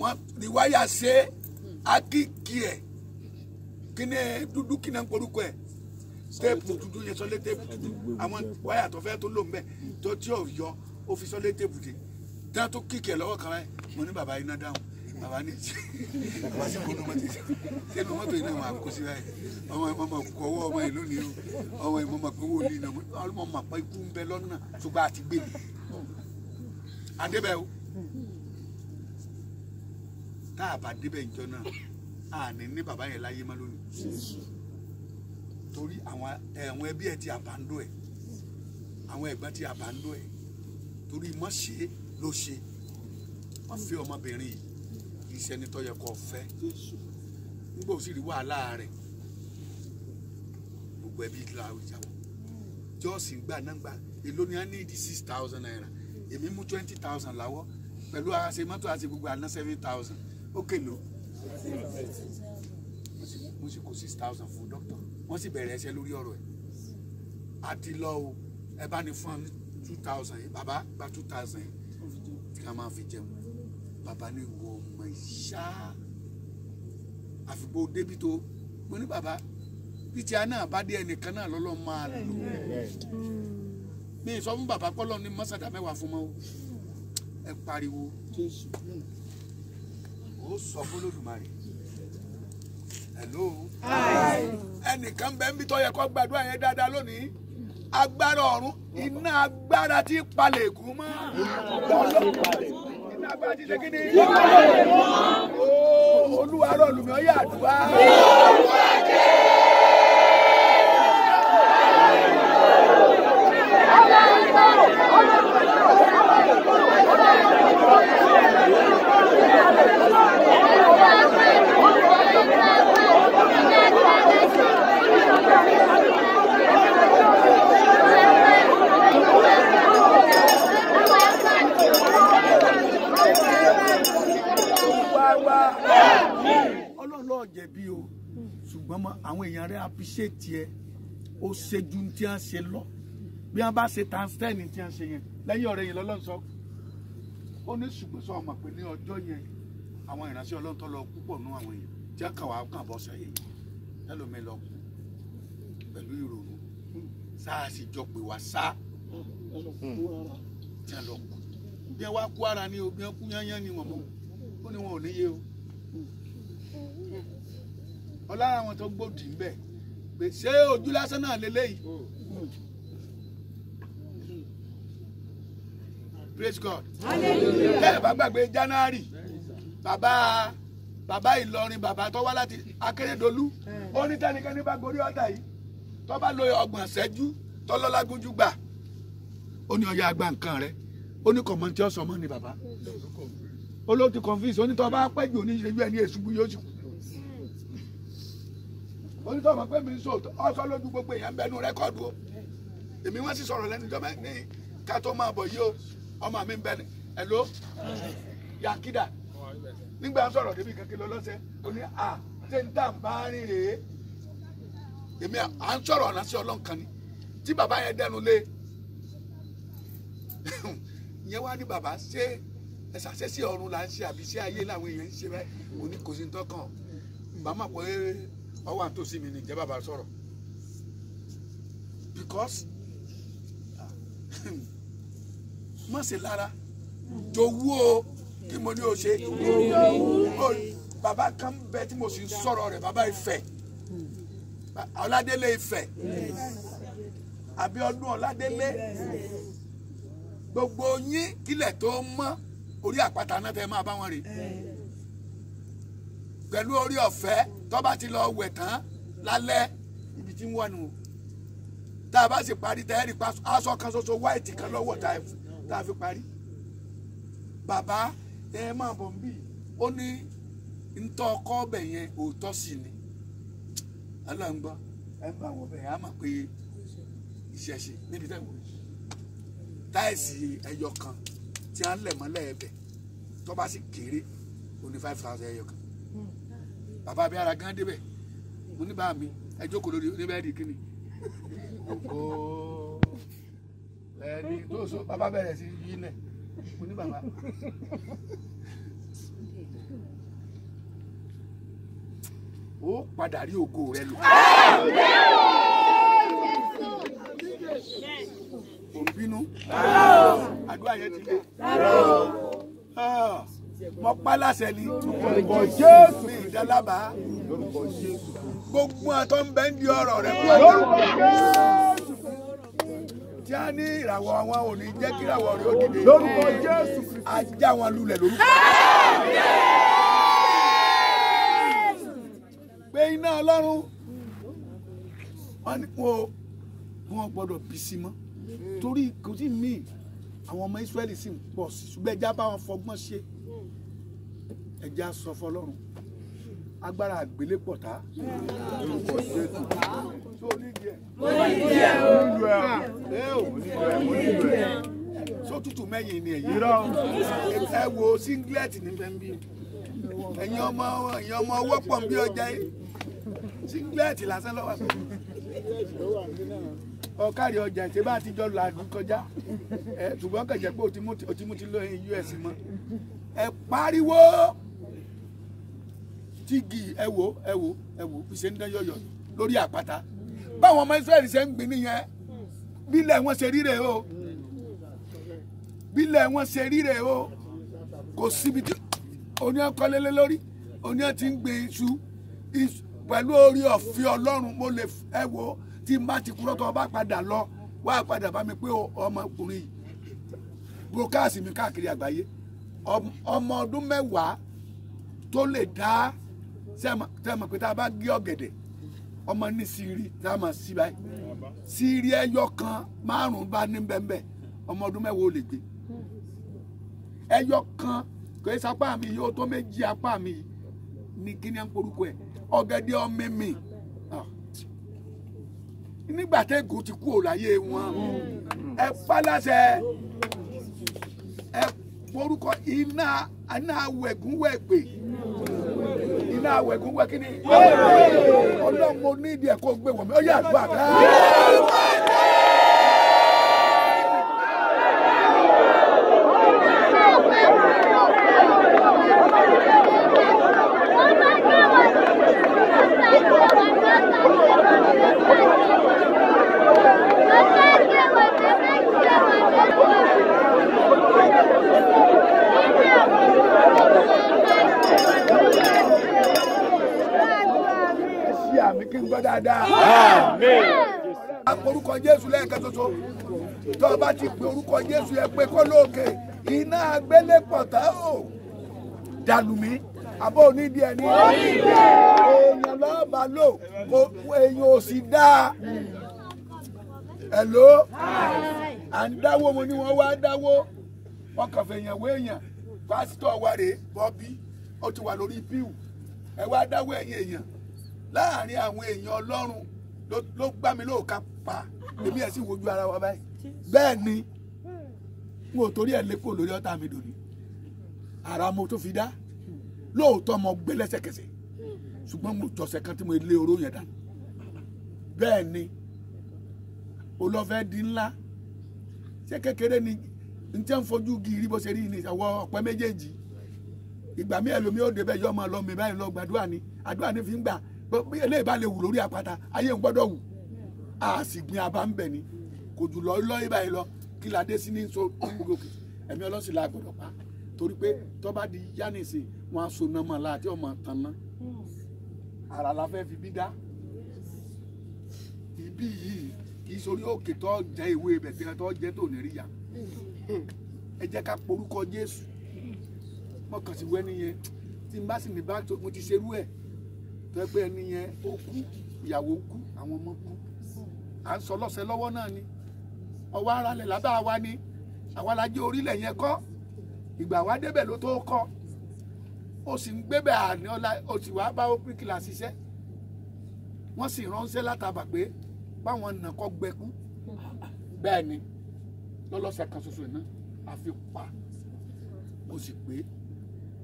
wọ́n ní wáyà ṣe akíkì ẹ̀ kí ni dúdú kí ni orúkọ ẹ̀ téèpù dúdú yẹn sọlé téèpù dúdú àwọn wáyà tó fẹ́ tó lò ń bẹ̀ tó tí ò yọ ó fi sọlé téèpù dé tí wọ́n tó kíkì ẹ̀ lọ́wọ́ kan rẹ̀ mo ní bàbá iná dáhùn àwa ní ìjì àwa sì kó mọ́tò sínú mọ́tò yìí náà wà kó sí báyìí ọmọ ẹ̀ mọ́mọ́ kọ́ ọwọ́ ọmọ ìlú ni o ọmọ ẹ̀ mọ́mọ́ pé wòlíì náà ọmọ mọ̀ pé ikú ń bẹ lọ́nà ṣùgbọ́n àti gbé mi adébẹ̀ o tá a bá débẹ̀ ìjọ náà àní ní bàbá torí àwọn ẹbí ẹ ti àbándó ẹ e. àwọn ẹ̀gbọ́n ti àbándó ẹ e. torí mọ̀ ṣe ló ṣe wọ́n fi ọmọbìnrin yìí sẹ́ni tó yẹ kó fẹ́ nígbà ó sì rí wàhálà rẹ̀ gbogbo ẹbí la ìjàwọ̀ jọ́ọ̀sì gbà náà gbà èló ni a ní di six thousand naira èmi mú twenty thousand láwọ́ pẹ̀lú àṣẹ mọ́tò àti gbogbo àná seven thousand ó kèlò mo sì kó six thousand fún dókítà wọ́n sì bẹ̀rẹ̀ ẹsẹ̀ lórí ọ̀rọ̀ ẹ̀ àti lọ o ẹ bá ní fún two thousand yìí bàbá gba two thousand yìí ká máa fi jẹun bàbá ní wọ ọmọ ìṣá àfìgbò débi tó mo ní bàbá bí tí a ẹnìkan náà lọ́lọ́ máa lò mi sọ fún bàbá pọ́lọ́ ní mọ́sàdá mẹ́wàá fún mọ́ ẹ pariwo ó sọ fún Olódùmarè hello ẹnìkan bẹ́ẹ̀ ń bí tó yẹ kó gbàdúrà yẹn dáadáa lónìí agbára ọ̀run iná agbára tí palẹ̀ ègún mọ́ ọlọ́pàá àgbà ti ṣe kí wa. ọlọ́run ló jẹ̀bi o ṣùgbọ́n àwọn èèyàn rẹ̀ appreciate ẹ ó ṣe ju tí wọ́n ṣe lọ bí wọ́n bá ṣe tanstẹ́ẹ̀nì tí wọ́n ṣe yẹn lẹ́yìn ọ̀rẹ́ yìí lọ́lọ́run sọ ó ní ṣùgbọ́n sọ ọmọ pé ní ọjọ́ yẹn àwọn ìránṣẹ́ ọlọ́run tó lọ púpọ̀ nú àwọn èèyàn tí wọ́n kàn bọ́ sẹ́yìn ẹlòmíín lọ kù pẹ̀lú ìrònú sáà sì jọ pé wá sá tí lọ kù bí wọ́n kú ara ni òbí kú yányán ni wọ́n mọ̀ ni wọn ò níye o ọlára àwọn tó gbòdì ń bẹ pé ṣé ojú lásán náà lélẹ́yìí praise God bẹ́ẹ̀ bá gbàgbé January bàbá bàbá Ìlọrin bàbá tó wá láti Akérédolú ó ní tẹnikẹ́ni bá gorí ọ̀tà yìí tó bá lo ọgbọ̀n ṣẹ́jú tó lọ́lágúnjú gbà ó ní ọ̀yà àgbà nǹkan rẹ̀ ó ní kọ̀mọ́ntì ọ̀sán mọ́ ni bàbá olóòtú confuse onítọ̀ bá pẹ́ jù oníṣẹ́jú ẹni èṣùbù yóò sì kú onítọ̀ mọ̀ pé mi ń sọ ọ̀sán lójú gbogbo èèyàn bẹnu rẹ́kọ̀dù o èmi wọ́n sì sọ̀rọ̀ lẹ́nu ìjọba ní ká tó máa bọ̀ yìí o ọmọ mi ń bẹ ni hello yakida nígbà sọ̀rọ̀ débi kékeré lọ́sẹ̀ ó ní à ṣé ń tà ń bá rìn rèé èmi à ń sọ̀rọ̀ ọ̀nà sí ọlọ́nkan ni tí bàbá yẹn dẹnu lé ìyẹn wá ní bàbá ṣé ẹ ṣàṣẹ́sí ọ̀run là ń ṣe àbí iṣẹ́ ayé làwọn èèyàn ń ṣe bẹ́ẹ̀ mo kò sí ní bá má pé ọwọ́ àtòsí mi ní ìjẹ́bàbà sọ̀rọ̀ because má ṣe lára jowú o kí mo ní o ṣe bàbá kan bẹ tí mo sì ń sọ̀rọ̀ rẹ̀ bàbá Ifẹ̀ Ọládélé Ifẹ̀ àbí ọdún Ọládélé gbogbo yín kílẹ̀ tó mọ́ orí àpáta náà tẹ́ máa bá wọn rè pẹ̀lú orí ọ̀fẹ́ tó bá ti lọ wẹ̀ tán lálẹ́ ibi tí ń wọ̀ nù tá a bá sì parí tá ẹ rí aṣọ kan ṣoṣo wáìtì kan lọ́wọ́ tá a fi parí bàbá ẹ máa bọ̀ nbí ó ní ntọ́ ọkọ ọbẹ̀ yẹn òótọ́ sí ni aláǹgbá ẹ bá wọ bẹ̀ yẹn á mọ̀ pé ìṣẹ̀ṣe níbi tẹ̀ wọ̀ táìsì ẹyọ kan tí a ń lẹ̀ mọ́lẹ̀ ẹ̀bẹ̀ tó bá sì kéré ó ní five thousand ẹyọ kan bàbá bí ara gan débẹ̀ mo ní bá mi ẹ jókòó lórí oníbẹ̀ẹ́dì kí ni ẹni tó so bàbá bẹ̀rẹ̀ sí yí nẹ̀ mo ní bàbá. ó padà rí ògo rẹ lò. àmín o. kò ń bínú àdúrà yẹn ti dé ah, mo pa láṣẹ ni orúkọ Jésù mi ìdálábà orúkọ Jésù gbogbo àtọ ń bẹ ń di ọ̀rọ̀ rẹ pọ lórúkọ Jésù tí a ní ìràwọ̀ àwọn ò ní jẹ́ kí ìràwọ̀ rẹ ó dìde lórúkọ Jésù ajá wọn lulẹ̀ lórúkọ pé iná Ọlọ́run wọn gbọ́dọ̀ bí sí mọ́ torí kò tí mi àwọn ọmọ Ísírẹ́lì sì ń pọ̀ sí ṣùgbọ́n ẹja bá wọn fọgbọ́n ṣe ẹja sọ fọlọ́run agbára àgbélépọ̀ tá lórúkọ Jésù tó onídìí ẹ̀ onídìí ẹ̀ onílù ẹ̀ onílù ẹ̀ onílù ẹ̀ sótútù mẹ́yìn ni èyí rọ ẹ wo singlet ní bẹ́ẹ̀ bí ẹ̀yin ọmọ ẹ̀yin ọmọ ọwọ́ pọ̀ bí ọjà yìí singlet lásán lọ́wọ́ àgbẹ̀ ọkàrí ọjà ṣe bá ti jọ làánú kọjá ẹ ṣùgbọ́n kẹ̀jẹ̀ pé òtí mú ti lọ ẹyin us mọ́ ẹ pariwo tígi ẹ wò ẹ wò ẹ wò fi ṣe ń dán yọ̀yọ̀ lórí àpáta báwọn ọmọ israẹli ṣe ń gbìn nìyẹn bílẹ̀ wọn ṣe ríre o bílẹ̀ wọn ṣe ríre o kò síbi tí oní ọkọlélé lórí oní ọtí ń gbìn iṣu pẹ̀lú orí ọ̀fin ọlọ́run mo lè ẹ tí n bá ti kúrò tó bá padà lọ wá padà bá mi pé ọmọkùnrin yìí broadcast mi káàkiri àgbáyé ọmọ ọdún mẹ́wàá tó lè dá sẹ́mọ̀ pé tá a bá gé ọ̀gẹ̀dẹ̀ ọmọ ní sírí tá a mọ̀ sí báyìí sírí ẹyọ kan márùn-ún bá ní bẹ́ẹ̀ ọmọ mi yóò tó méjì apá mi ní kíni à ń porúkọ ọ̀gẹ̀dẹ̀ nígbà tẹ́gùn ti kú òláyé wọn ẹ falasẹ ẹ forúkọ iná iná wẹ̀gún wẹ̀gbẹ̀ iná wẹ̀gún wẹ̀kíní ọlọ́run mo ní ìdí ẹ̀ kó gbé wọ̀n mi ó yà àdúrà dáa. ṣoṣo tó o bá ti pe orúkọ Jésù ẹ pé kọ́ lóòkè iná agbélépọ̀tà ò dàlùmí àbọ̀ onídìí ẹni èèyàn lọ́ọ̀bà lò èèyàn ò sì dáa ẹ̀ló à ń dáwó mo ní wọ́n wá dáwó wọn fẹ̀yàn wé pásítọ̀ wa bọ́bí ó ti wà lórí píù ẹ wá dáwó ẹ̀yìn èèyàn láàrin àwọn èèyàn Ọlọ́run ló gbá mi lóòka pa èmi ẹ̀ sì wojú ara wa báyìí bẹ́ẹ̀ ni n ò torí ẹ̀ lépo lórí ọ̀tá mi dòní ara mo tó fi dá lóòótọ́ mo gbé lẹ́sẹ̀kẹsẹ̀ ṣùgbọ́n mo jọ̀sẹ̀ kan tí mo lé oró yẹn dànù bẹ́ẹ̀ ni olọ́fẹ́ di ńlá ṣé kékeré ni n tẹ́ ń fojú gírí bó ṣe rí ni àwọ ọ̀pẹ méjèèjì ìgbà mi ẹlòmí ó débẹ̀ yọ ọmọ lọ mi báyìí lọ gbàdúrà ni àdúrà ni fi ń gbà eléyìí bá lè wù lórí àpáta ayé ń gbọ́dọ̀ wù a sì gbin abá ń bẹ̀ ni kò jù lọ lọ́ọ́ ibàyí lọ kí la dé sí ní so gbogbo kì ẹ̀mí ọlọ́sìn la gbọ́dọ̀ pa torí pé tọ́ba di yánìsì wọn aṣọ náà mọ̀ láti ọmọ tán ná ara la fẹ́ fi bí dá ibi yìí kì í sori òkè tó jẹ ìwé ibẹ̀ tí tó jẹ tó nírí ya ẹ jẹ́ ká porúkọ Jésù mo kàn sí wẹ́ni yẹn tí n bá sì ní bá mo ti ṣerú ẹ̀ tó ẹ pé ẹni yẹn ó kú ìyàwó kú àwọn ọmọ kú à ń sọ lọ́sẹ̀ lọ́wọ́ náà ni ọwọ́ ara lẹ̀ lábá wa ni àwa la jẹ́ orílẹ̀ yẹn kọ́ ìgbà wa débẹ̀ ló tó kọ́ ó sì ń gbébẹ̀ àní ọlá ó sì wá bá open class ṣiṣẹ́ wọ́n sì ránṣẹ́ látàbà pé báwọn nàkọ́ gbẹkú bẹ́ẹ̀ ni lọ́lọ́sẹ̀ kan ṣoṣo iná àfi pa ó sì pé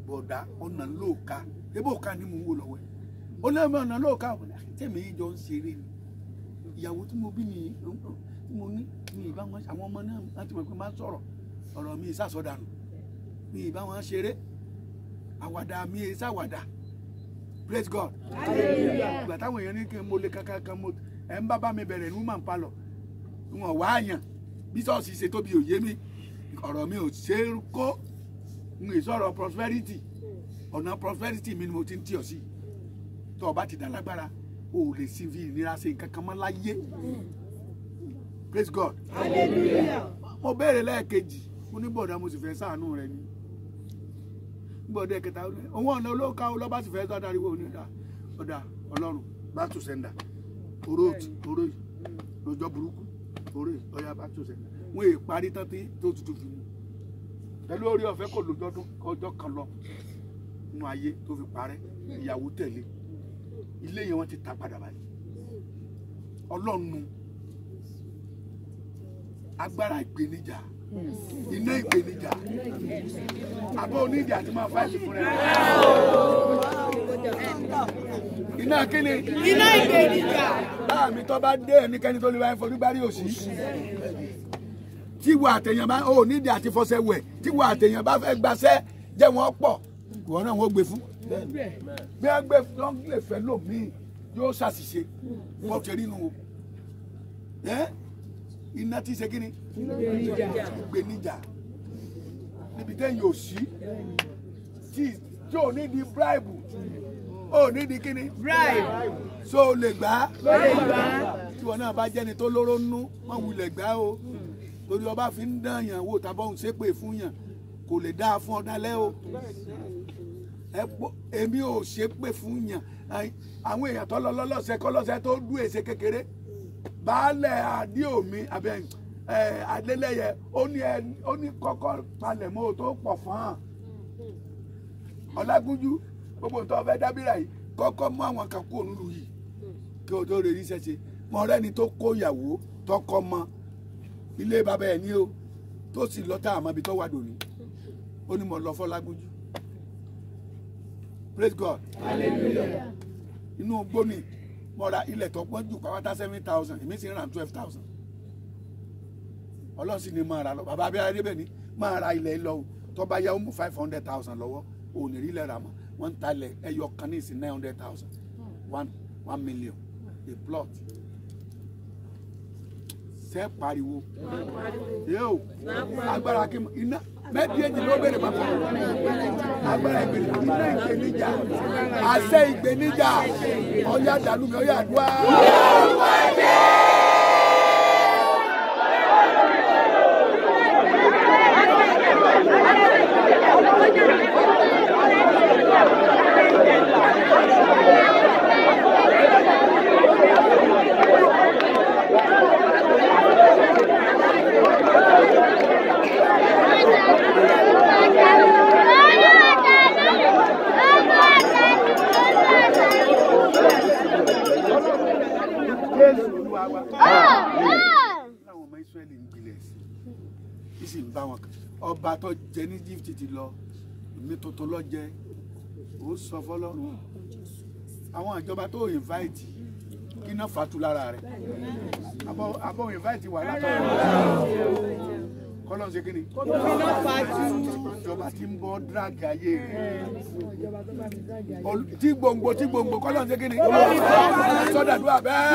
bọ̀dá ọ̀nà lóòka ebó òka ni mò ń wò lọ́wọ́ ẹ̀ ó lẹ́mọ̀ ọ̀nà lóòka tèmi jọ ń ṣeré ni ìyàwó tí mo bí ni tí mo ní ni ìbá wọn àwọn ọmọ náà láti mọ̀ pé máa ń sọ̀rọ̀ mi ìsàsọ̀dànù ni ìbá wọn ṣeré àwàdà mi ìsàwàdà praise God ìgbà táwọn èèyàn ní kí mo lè kankan kan mo ẹ̀ ń bá bá mi bẹ̀rẹ̀ ní woman palọ̀ wọn wá àyàn bísọ̀ọ̀sì ṣe tóbi òye mi ọ̀rọ̀ mi ò ṣe é kó n sọ̀rọ̀ prosperity ọ̀nà prosperity mi ni mo ti ń tì ọ́ sí tó o bá ti dá lágbára o ò lè sinmi ìnira ṣe nǹkan kan láyé praise God hallelujah mo béèrè lẹ́ẹ̀kejì mo ní bọ̀dá mo sì fẹ́ ṣàánú rẹ ni bọ̀dá ẹ̀kẹta òun ọ̀nà olóòka ọlọ́ba sì fẹ́ sọ́dá ariwo onídà ọ̀dà ọlọ́run back to sender oró oró lọ́jọ́ burúkú oró ọ̀yà back to sender wọn èè parí tán tó tutù fi mu pẹ̀lú orí ọ̀fẹ́ kò lójọ́ kan lọ nínú ayé tó fi parẹ́ ìyàwó tẹ̀lé ilé yẹn wọ́n ti ta padà báyìí ọlọ́nu agbára ìgbénijà iná ìgbénijà abọ́ onídìí àti máa fáìlì fún ẹ. iná kíni. iná ìgbénijà. láàmì tó bá dé ẹnikẹ́ni tó lè wáyé forí gbárí òsì tíwọ àtẹ̀yàn bá ò nídìí àti fọṣẹ wẹ̀ tíwọ àtẹ̀yàn bá fẹ́ gbaṣẹ́ jẹ́ wọ́n pọ̀ ìwọ náà wọ́n gbé fún bí ẹgbẹ́ lọ́ngìlẹ̀ fẹ́ lòmíì yóò ṣàṣìṣe bọ́ ṣe nínú o iná tí ṣe kíni ìgbéníjà níbi tẹ́yìn ò sí tí ò ní di bíráìbù ò ní di kíni bíráìbù so o lè gbà á tí wọn náà bá jẹ́ni tó lóró nú wọn wulẹ̀ gbà o torí ọba fi ń dán yàn wò tábọ̀ ń ṣépè fún yàn kò lè dáa fún ọ dálẹ́ o èmi ò ṣe pé fún yàn àwọn èèyàn tó lọ lọ́lọ́sẹ̀ kọ́lọ́sẹ̀ tó dú èsè kékeré baálẹ̀ adéomi abẹ́yìn adélẹ́yẹ ó ní kọ́kọ́ palẹ̀ mọ́ tó pọ̀ fún hàn ọlágúnjú gbogbo nǹkan ọ̀fẹ́ dábìrà yìí kọ́kọ́ mú àwọn kan kúrò nílùú yìí kí o tó rè rí sẹ́sẹ́ mọ ọ̀rẹ́ni tó kó ìyàwó tọkọ mọ ilé bàbá ẹ̀ ní o tó sì lọ́tà àmọ́ ibi tó wà dòní ó ní mo lọ fọ́lágúnjú praise God hallelujah inú gbóni mo ra ilẹ̀ tó pọ́n jù pàápàá seven thousand èmi sì ń ra twelve thousand ọlọ́run sì ni máa ra lọ bàbá abẹ́rẹ́ débẹ̀ ni máa ra ilẹ̀ lọ tó bá yá ó mú five hundred thousand lọ́wọ́ òun ní ilẹ̀ rà mọ́ wọ́n ń ta ilẹ̀ ẹyọ kan ní ìsìn nine hundred thousand one one million a plot ṣe pariwo yóò agbára kí iná mẹ́bí èjì ló bèrè papọ̀ agbára ìgbènijà iná ìgbènijà àṣẹ ìgbènijà ọyá dàlúmi ọyá àdúrà. bá wọn kan ọba tó jẹ ní Íjíbítì ti lọ èmi tuntun lọ jẹ ó sọ fọ́lọ́run àwọn ìjọba tó invite kí náà fàtú lára rẹ abọ́ invite wà látọ̀rọ̀ kọ́lọ́n ṣe kíni. kọ́lọ́n fàtú. ìjọba tí ń bọ́ drag ayé rẹ̀ tí gbòǹgbò tí gbòǹgbò kọ́lọ́n ṣe kíni. sọ́dàdúrà bẹ́ẹ̀.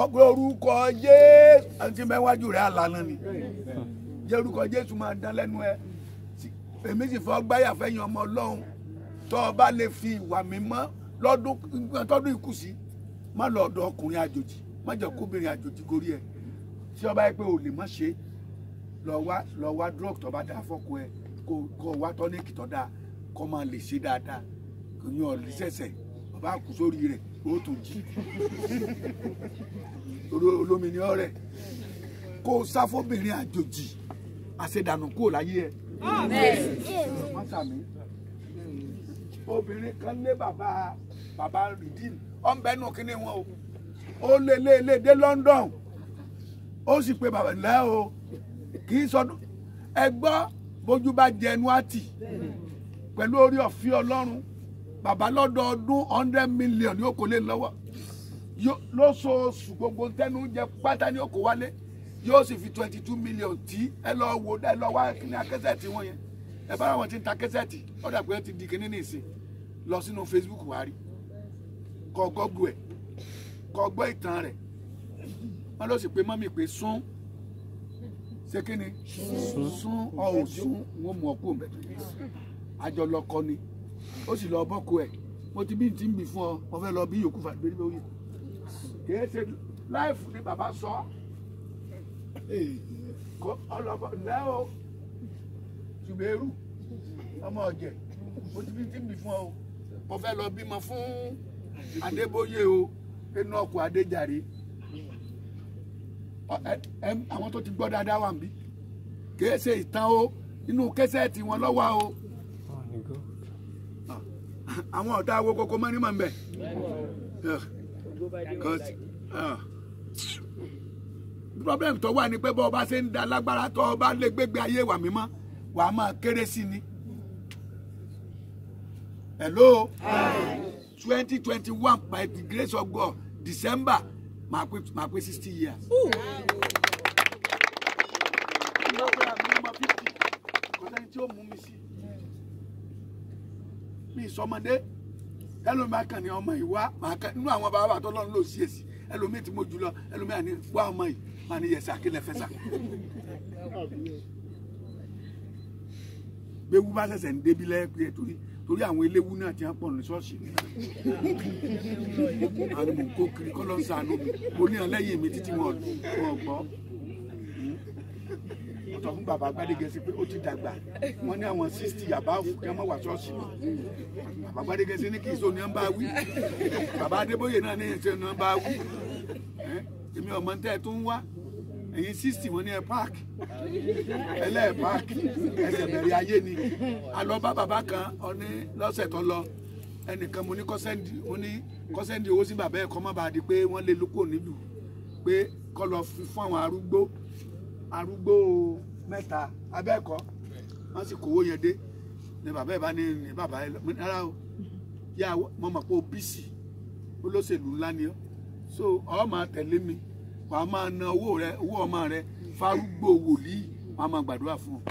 ọgbọ́n orúkọ Jésù àti mẹ́wájú rẹ̀ àlànà ni jẹ́ orúkọ Jésù máa dán lẹ́nu ẹ èmi sì fọ́ gbáyà fẹ́yìn ọmọ Ọlọ́run tó o bá lè fi ìwà mímọ́ tọ́dún ikú sí má lọ ọ̀dọ̀ ọkùnrin àjòjì má jẹ́ kóbìnrin àjòjì gorí ẹ tí o yẹ pé o lè má ṣe lọ wá lọ wá drug tó bá dáa fọ́kọ ẹ kó o wá tọ́níkì tó dáa kó o máa lè ṣe dáadáa kò ní ọ̀ lè ṣẹ̀ṣẹ̀ bàbá kù sórí rẹ̀ ó tún jí olómi ni ọ̀rẹ́ kó o sáfóbìnrin àjòjì àṣedànù kúrò láyé ẹ. obìnrin kan lé bàbá bàbá rìdíìmù ọ̀nbẹ́nu kínní wọn o ó lé lé lé dé London ó sì pe bàbá ńlẹ́ o kì í sọdún ẹ gbọ́ bójú bá jẹnu àtì pẹ̀lú orí ọ̀fíì Ọlọ́run bàbá lọ́dọọdún hundred million yóò kó lé lọ́wọ́ lóṣooṣù gbogbo tẹnu jẹ pátá ni yóò kó wálé yóò sì fi twenty two million tí ẹ lọ wo ẹ lọ wá kíní akẹ́sẹ̀tì wọn yẹn ẹ bá wọn ti ń ta kẹ́sẹ̀tì ọ̀dà pé ti di kíní nìsín lọ sínú Facebook wá rí kọ gọ́gù ẹ̀ kọ gbọ́ ìtàn rẹ̀ wọ́n lọ sí pé mọ́mì pé sún ṣé kíni sún ọ̀ sún wọn mú ọkọ̀ mẹ́tò àjọlọkọ ni ó sì lọ bọ́kọ ẹ̀ mo ti bí ti ń bì fún ọ mo fẹ́ lọ bí yòókù fàgbérí bóyá kì í ṣe láìfù ni bàbá sọ kó ọlọ́bọ̀ lẹ́ o ṣùgbọ́n eru ọmọ ọ̀jẹ̀ mo ti bí ti ń bì fún ọ mo fẹ́ lọ bímọ fún Adébóyè o inú ọkọ̀ Adéjàre àwọn tó ti gbọ́ dáadáa wà ń bí kì ṣe ìtàn o inú kẹsẹ̀tì wọn lọ́wọ́ o àwọn ọ̀tá awo koko mọ́ nbẹ. Ah. problem tó wà ní pé bọ́ọ̀ bá ṣe ń da lágbára tó bá lè gbégbé ayé wà mímọ́ wàá máa kéré sí ni. hello twenty twenty one by the grace of God December màá pé màá pé sixty years. ìyá ọ̀gá mi ní ma fifty kò sẹ́ni tí ó mú mi sí mi ìsọmọdé ẹlòmíà kàn ní ọmọ yìí wá màá kàn nínú àwọn bàbá tó lọ́nà ló sí èsì ẹlòmíà tí mo jù lọ ẹlòmíà ní wá ọmọ yìí màá ní yẹsẹ akílẹ̀ fẹsà. gbẹ̀wú bá ṣẹ̀ṣẹ̀ ń débi lẹ́ẹ̀kú torí torí àwọn eléwu náà ti ń pọ̀ ní ṣọ́ọ̀ṣì mi. àwọn mò ń kó kiri kọ́ lọ́sàn-án mi mo ní ọlẹ́yìn mi títí wọn ò gbọ́ sọ fún bàbá Gbádégẹṣin pé ó ti dàgbà wọ́n ní àwọn sixty yàbá kí wọ́n wà ṣọ́ọ̀ṣì mọ́ bàbá Gbádégẹṣin ní kì í so ní ọ́n bá wí bàbá Adébóyè náà ní ìṣe ní ọ́n bá wí èmi ọmọ tẹ́ ẹ tún wá ẹ̀yin sixty wọ́n ní ẹ park ẹlẹ́ ẹ park ẹsẹ̀ bẹ̀rẹ̀ ayé ni a lọ bá bàbá kan ọní lọ́sẹ̀ tó lọ ẹnìkan mo ní kọ́sẹ́ndì mo ní kọ́sẹ́ndì owó sí bàbá ẹ̀ kọ́ mọ́ bá a di pé wọ́n lé lóko nílùú pé kọ́ lọ fún àwọn arúgbó arúgbó o. mẹ́ta abẹ́ẹ̀kọ́ wọ́n sì kówó yẹn dé ni bàbá ẹ̀ bá ní ní bàbá ẹ̀ ya o yá mo mọ̀ pé o olóṣèlú ńlá ni ọ́ so ọ máa mi wà á máa na owó rẹ owó ọmọ rẹ fárúgbó wòlíì wà á máa gbàdúrà fún ọ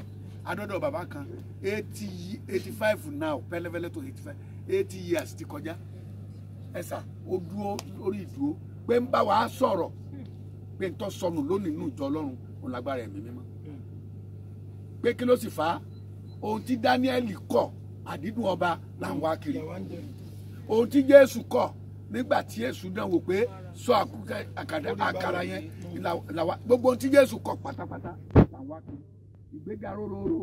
adọ́dọ̀ bàbá kan eighty eighty five now pẹ́lẹ́pẹ́lẹ́ tó eighty five eighty years ti kọjá ẹ̀sà dúró lórí ìdúró pé ń bá wa sọ̀rọ̀ pé ń tọ́ pé kí ló sì fà á ohun tí Dáníẹ́lì kọ̀ àdídùn ọba là ń wá kiri ohun tí Jésù kọ̀ nígbà tí Jésù náà wò pé sọ àkàrà yẹn làwa gbogbo ohun tí Jésù kọ̀ pátápátá là ń wá kiri ìgbéga róróró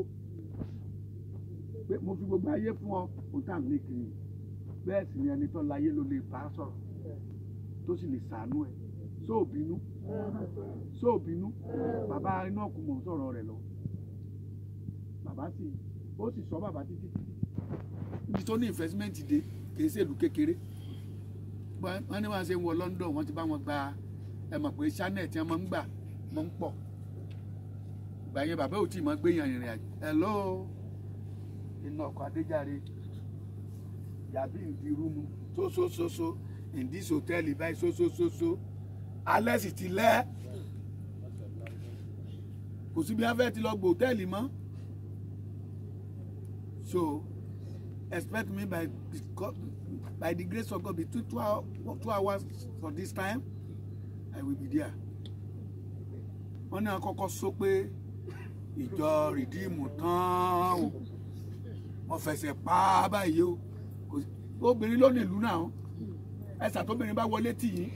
pé mo fi gbogbo ayé fún ọ òun tá à kiri bẹ́ẹ̀ sì ni ẹni tó láyé ló lè bá sọ̀rọ̀ tó sì lè sàánú ẹ̀ sóòbínú sóòbínú bàbá iná kù mọ̀ sọ̀rọ̀ rẹ̀ lọ bàbá sì ó sì sọ bàbá títí títí ibi tó ní investment dé kì í ṣèlú kékeré wọ́n ní wọ́n ṣe ń wọ London wọ́n ti bá wọn gba ẹ mọ̀ pé channel tí wọ́n máa ń gbà máa ń pọ̀ ìgbà yẹn bàbá ò tí ì gbé yan ìrìn àjò hello iná ọkọ̀ adéjàre yàbí ìdí rúmu sósósósó ìdí sòtẹ́ẹ̀lì báyìí sósósósó alẹ́ sì ti lẹ́ kò síbi afẹ́ ti lọ gbòtẹ́ẹ̀lì mọ́. So expect me by by the grace of God between two, hour, two hours for this time I will be there. Wọ́n ní àkọ́kọ́ sọ pé ìjọ rìdíìmù tán o wọ́n fẹsẹ̀ pa á báyìí o obìnrin ló nílùú náà ẹ̀sà tóbìnrin bá wọlé tì yín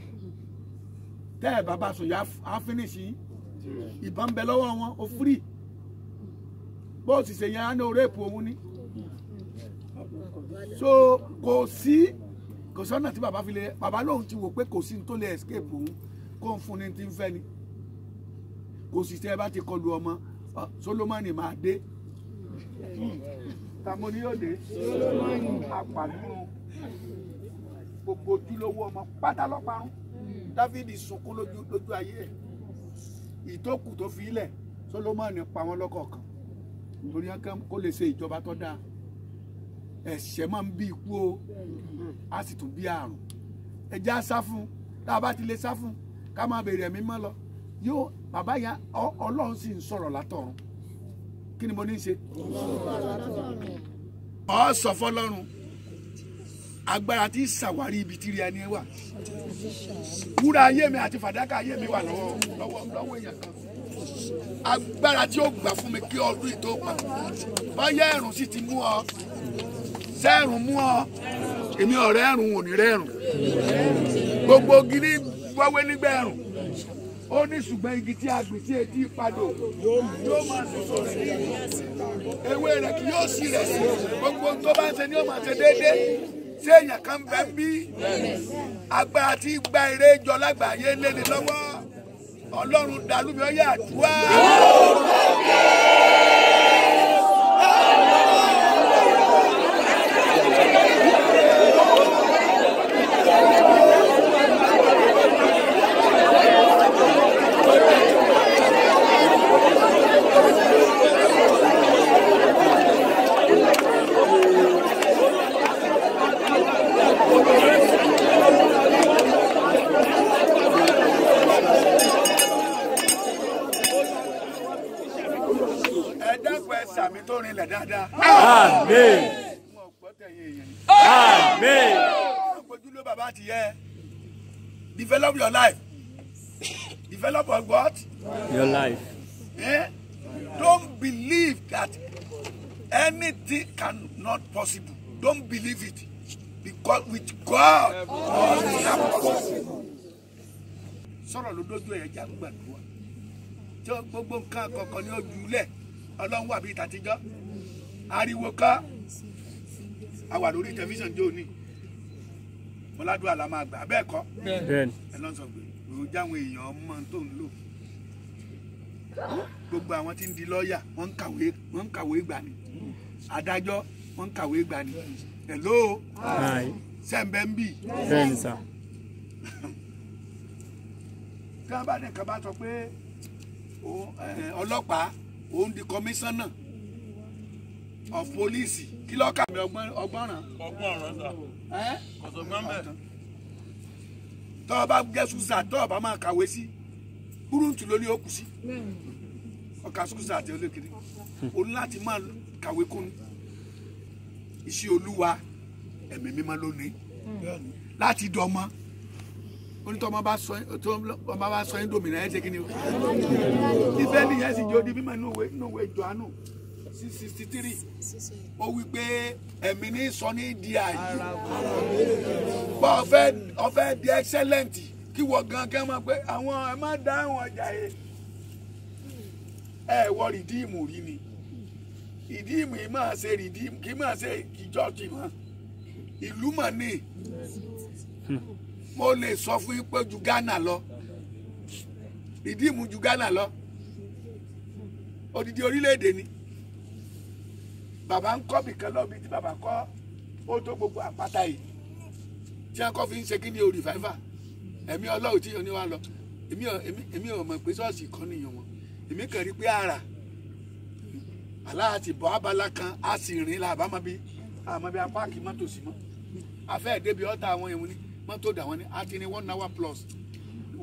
tẹ́ ẹ̀ bàbá sùn yá á fínísì ìbọn bẹ lọ́wọ́ wọn o fúrì bó o sì ṣe yẹn á ní orí èpò òun ni so kò sí kò sọ́nà tí bàbá fi lè bàbá lòun ti wò pé kò sí ní tó lè escape òun kó ń fún ni tí ń fẹ́ ni kò sì tẹ́ ẹ bá ti kọlu ọmọ Solomoni máa dé tàmó ni yóò dé Solomoni apàdúró gbogbo ojúlówó ọmọ pátá lọ́parun Dáfídì sunkún lójú lójú ayé ẹ̀ ìtókù tó fi ilẹ̀ Solomoni pa wọn lọ́kọ̀ọ̀kan torí kó lè ṣe ìjọba tó dáa. ẹ̀ṣẹ̀ máa ń bí ikú o a sì tún bí àrùn ẹjẹ́ á sá fún tá a bá ti lè sá fún ká máa bèrè ẹ̀mí mọ́ lọ yóò bàbá ya ọlọ́run sì ń sọ̀rọ̀ látọ̀run kí ni mo ní ṣe. ọ sọ fọlọ́run agbára tí ibi tí rí ẹni wà wúrà ayé mi àti fàdákà ayé mi wà lọ́wọ́ lọ́wọ́ lọ́wọ́ èèyàn kan agbára tí ó gbà fún mi pa sẹ́rùn mú ọ èmi ọ̀rẹ́ ẹ̀rùn ò ní rẹ́rùn gbogbo igi ní wáwé nígbà ẹ̀rùn ó ní ṣùgbọ́n igi tí a gbìn sí etí ìpadò yóò máa sòsò rẹ̀ ní ewé rẹ̀ kì yóò sì rẹ̀ sí gbogbo tó bá ń ṣe ni yóò máa ṣe déédéé tí èèyàn kan bẹ ń bí agbára tí gba eré jọ lágbàáyé léde lọ́wọ́ ọlọ́run dàlúmi ọyẹ àdúrà. yóò lọ bẹ́ẹ̀. God, with God, all things are possible. Sọ̀rọ̀ ló dójú ẹ̀ jà ń gbàdúrà. Tí gbogbo nǹkan kọ̀ọ̀kan ní ojú ilẹ̀, ọlọ́run wà bíi tàtijọ́. Ariwo ká. A wà lórí tẹlifíṣàn jẹ́ òní. Bọ́ládúrà la máa gbà bẹ́ẹ̀ kọ́. Ẹ lọ sọ pé èròjà àwọn èèyàn mọ tó ń lò. Gbogbo àwọn tí ń di lọ́ọ̀yà, wọ́n ń kàwé gbani. Adájọ́, wọ́n ń kàwé gbani hello Hi. ń bì. bẹ́ẹ̀ni sà. tí wọ́n bá ní kan bá sọ pé eh, ọlọ́pàá òun di kọmíṣánná of police kí lọ́ọ́ kà mí ọgbọ́nràn. ọgbọ́nràn sà. Eh? kọ̀sọ̀gbọ́n bẹ́ẹ̀. tọ́ ọ bá jẹ́ sùsà tọ́ ọ bá máa kàwé sí burúkú lórí òkú sí ọkà sùsà àti olókèrè òun láti máa kàwé kún un iṣẹ́ olúwa ẹ̀mí mímọ́ ló ní láti dọmọ onítọ́mọ bá sọ tó ọmọ bá sọ yín dòmìnà ẹ̀ ṣe kí ni o ibẹ̀ nìyẹn sì jẹ́ odi mímọ́ inú òwe inú òwe Jòhánù six sixty three ó wí pé ẹ̀mí ní sọ ní di àyè bá ọ̀fẹ́ ọ̀fẹ́ di excellent kí wọ́n gangan máa pé àwọn ẹ̀ má dá àwọn ọjà yẹn ẹ̀ wọ́n rìdíìmù rí ni. ìdí yìí máa ṣe máa ṣe ìjọ́ọ̀tì mọ́ ìlú mọ̀ ni mo lè sọ fún yín pé ju Ghana lọ rìdíìmù ju Ghana lọ odidi orílẹ̀-èdè ni bàbá ń kọ́ bìkan lọ́bi tí bàbá kọ́ ó tó gbogbo àpáta tí kọ́ o rìfáìfà ẹ̀mí ọlọ́run tí yóò ní lọ èmi aláàtì bọ́ abala kan a sì rìn la àbámọ́ bí àmọ́ bí apáàkì mọ́tò sí mọ́ àfẹ́ débi ọ̀tá àwọn èèyàn ní mọ́tò dà wọ́n ní a ti ní one hour plus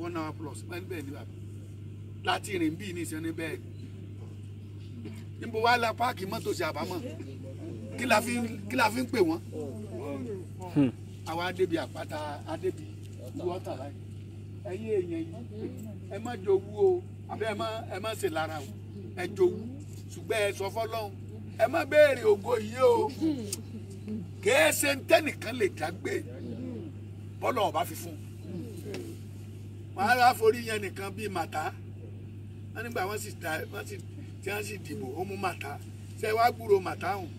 one hour plus bẹ́ẹ̀ ni bàbá láti rìn bíi ní ìsẹ́ni bẹ́ẹ̀ níbo wá la páàkì mọ́tò sí àbámọ́ kí la fi kí la fi ń pè wọ́n hmm. àwa adébi àpáta adébi wú ọ̀tá láì ẹ̀yin èèyàn ẹ má jowú o àbẹ́ ẹ má ẹ má ṣe lára o ẹ jowú ṣùgbọ́n ẹ sọ fọlọ́run ẹ má béèrè ògo yìí o kẹ́ẹ́sẹ̀ ń tẹ́nìkan lè dágbé bọ́lọ̀ ọba fi fún wọn á forí yẹn nìkan bíi màtá wọn nígbà wọn sì tí wọn sì dìbò ó mú màtá ṣe wá gbúrò màtá hùn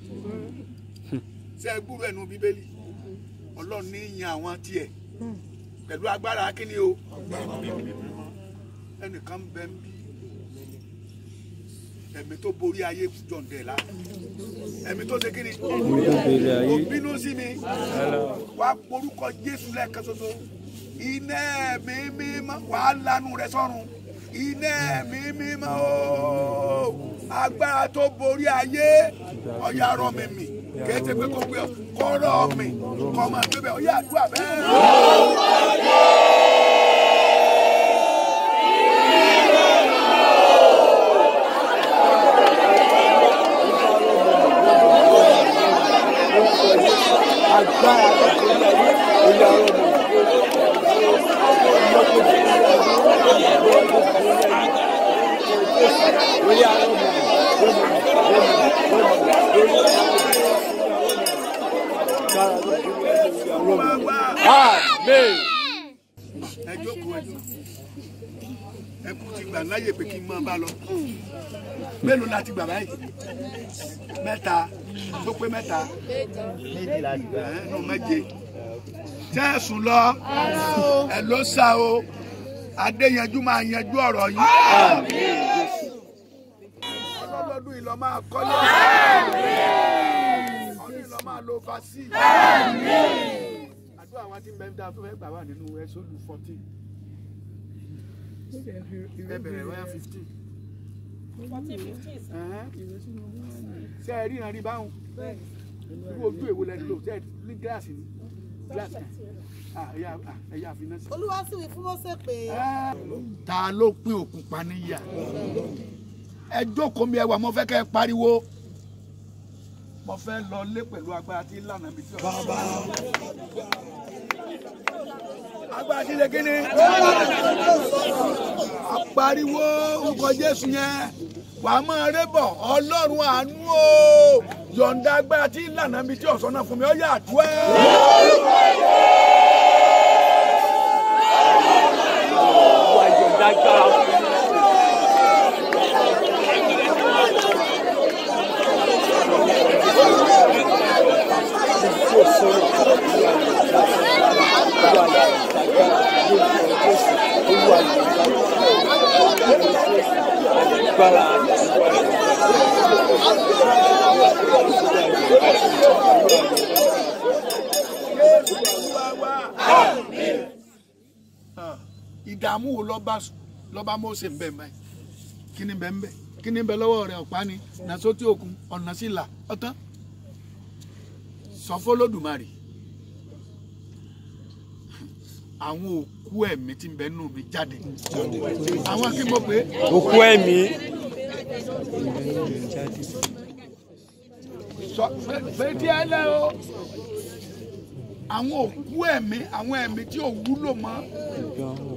ṣe gbúrò ẹnu bíbélì ọlọ́run ní yan àwọn tiẹ̀ pẹ̀lú agbára kíni o ẹnìkan bẹ́ẹ̀ ń bí ẹ̀mí tó borí ayé jọ̀ǹdẹ̀ la ẹ̀mí tó ṣe ni kò sí mi wà á porúkọ Jésù lẹ́ẹ̀kan ṣoṣo iná ẹ̀mí mímọ́ wà á lanu rẹ sọ́run iná ẹ̀mí mímọ́ ooo agbára tó borí ayé ọ̀yà rọ̀ mímì kẹ́tẹ́ pé kò gbé ọ̀rọ̀ mi kọ́ máa gbé bẹ́ẹ̀ ọ̀yà àdúrà bẹ́ẹ̀. agbára tó kọ ní ayé ìlú àwọn ọmọ Amen ẹkùn ti gbà láyè pé kí n máa bá lọ mélòó la ti gbà báyìí mẹ́ta tó pé mẹ́ta ẹnu méje tẹ́ lọ ẹ ló sá o adéyanjú máa yanjú ọ̀rọ̀ yìí ọlọ́dún ìlọ máa kọ́lé ọdún ìlọ máa lo vasí àdúrà wa ti ń bẹ́ẹ̀ dáa tó wà nínú ẹ̀sọ́lù fourteen ẹ bẹ̀rẹ̀ lọ́yà fifteen ṣe ẹ ríran rí báwọn irú ojú èwo lẹ lò ṣe ní gíláàsì ni gíláàsì kan ẹyà ah, ah, sí. olúwa sì wí fún Mósè pé. ta ló pín òkun pa níyà ẹ jókòó mi ẹ mo fẹ́ kẹ́ ẹ pariwo mo fẹ́ lọ lé pẹ̀lú agbára tí lànà mi tí ọ̀rọ̀ agbára ti ṣe kíni. àpariwo orúkọ Jésù yẹn wàá máa rébọ̀ ọlọ́run àánú o yọ̀ǹda agbára tí ìlànà mi tí ọ̀sán náà fún mi ó yà àtúwẹ́. Thank you ìdààmú wo lọ́ba lọ́ba mọ́ọ́sẹ̀ ń bẹ̀ ń báyìí kí ni bẹ̀ ń bẹ̀ kí ni bẹ̀ lọ́wọ́ rẹ̀ ọ̀pá ni nàṣó tí òkun ọ̀nà sí là ọ̀tán sọ fọ́lọ́dùmarè àwọn òkú ẹ̀mí tí ń bẹ nù mí jáde àwọn kí mo pé. òkú ẹ̀mí. sọ pé díẹ̀ lẹ́ o àwọn òkú ẹ̀mí àwọn ẹ̀mí tí ò wúlò mọ́.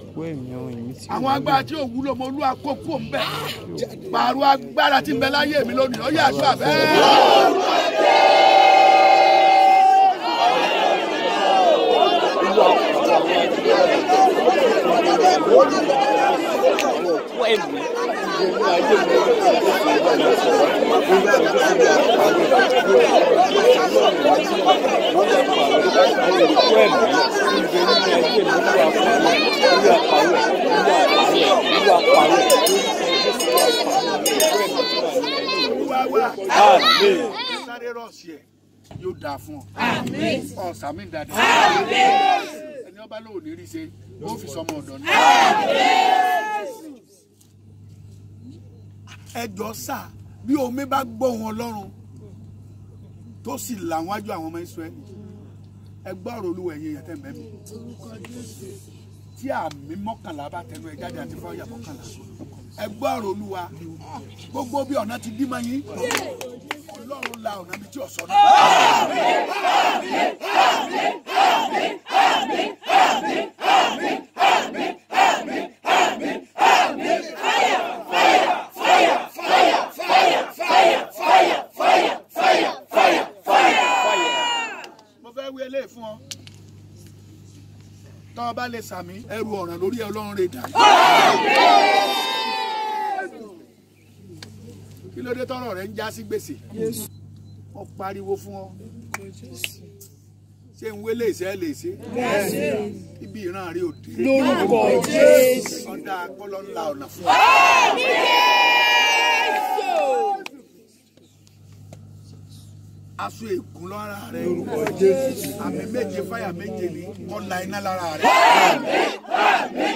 òkú ẹ̀mí àwọn ẹ̀mí tí ò wúlò mọ́. àwọn agbára tí ò wúlò mọ́ olú àkókò ń bẹ. pààrọ̀ agbára tí ń bẹ láyé mi lónìí ọ̀yà àdúrà bẹ́ẹ̀. Amen. òkú ẹ̀mí Amen. Sáré rọ̀ sí Amen. yóò dáa fún ọ. Àmín. Ọ̀sàmì dáadáa. Àmín tán bá lóò ní rí ṣe ó fi sọmọ ọ̀dọ̀ náà. ẹjọ́ sà bí omi bá gbóhùn ọlọ́run tó sì làwọn àjọ àwọn ọmọ Ísírẹ́lì ẹ gbọ́ ọ̀rọ̀ olúwa ẹ̀yin èèyàn tẹ̀ mẹ́mi tí àmì mọ́kànlá bá tẹnu ẹ jáde àti fọ́ọ̀yà mọ́kànlá ẹ gbọ́ olúwa gbogbo bí ọ̀nà ti dí mọ́ yín. Ọlọ́run la ọ̀nà mi tí ò sọnù. àmín àmín àmín àmín àmín àmín àmín àmín àmín àmín àmín fire fire fire fire fire fire fire fire fire fire fire. mo fẹ́ wí eléyìí fún ọ tọ́ ọ bá lè sàmì ẹrù ọ̀ràn lórí Ọlọ́run rẹ̀ dà. àmín kí ló dé tọrọ rẹ ń já sí gbèsè wọn pariwo fún ọ ṣé ń wélé ìṣe lè ṣe ibi ìran rí òde lórúkọ Jésù ọ̀dà kọ́lọ́ ńlá ọ̀nà fún ọ. aṣọ ègún lára rẹ lórúkọ Jésù àmì méje fáyà méje ní ọ̀la iná lára rẹ.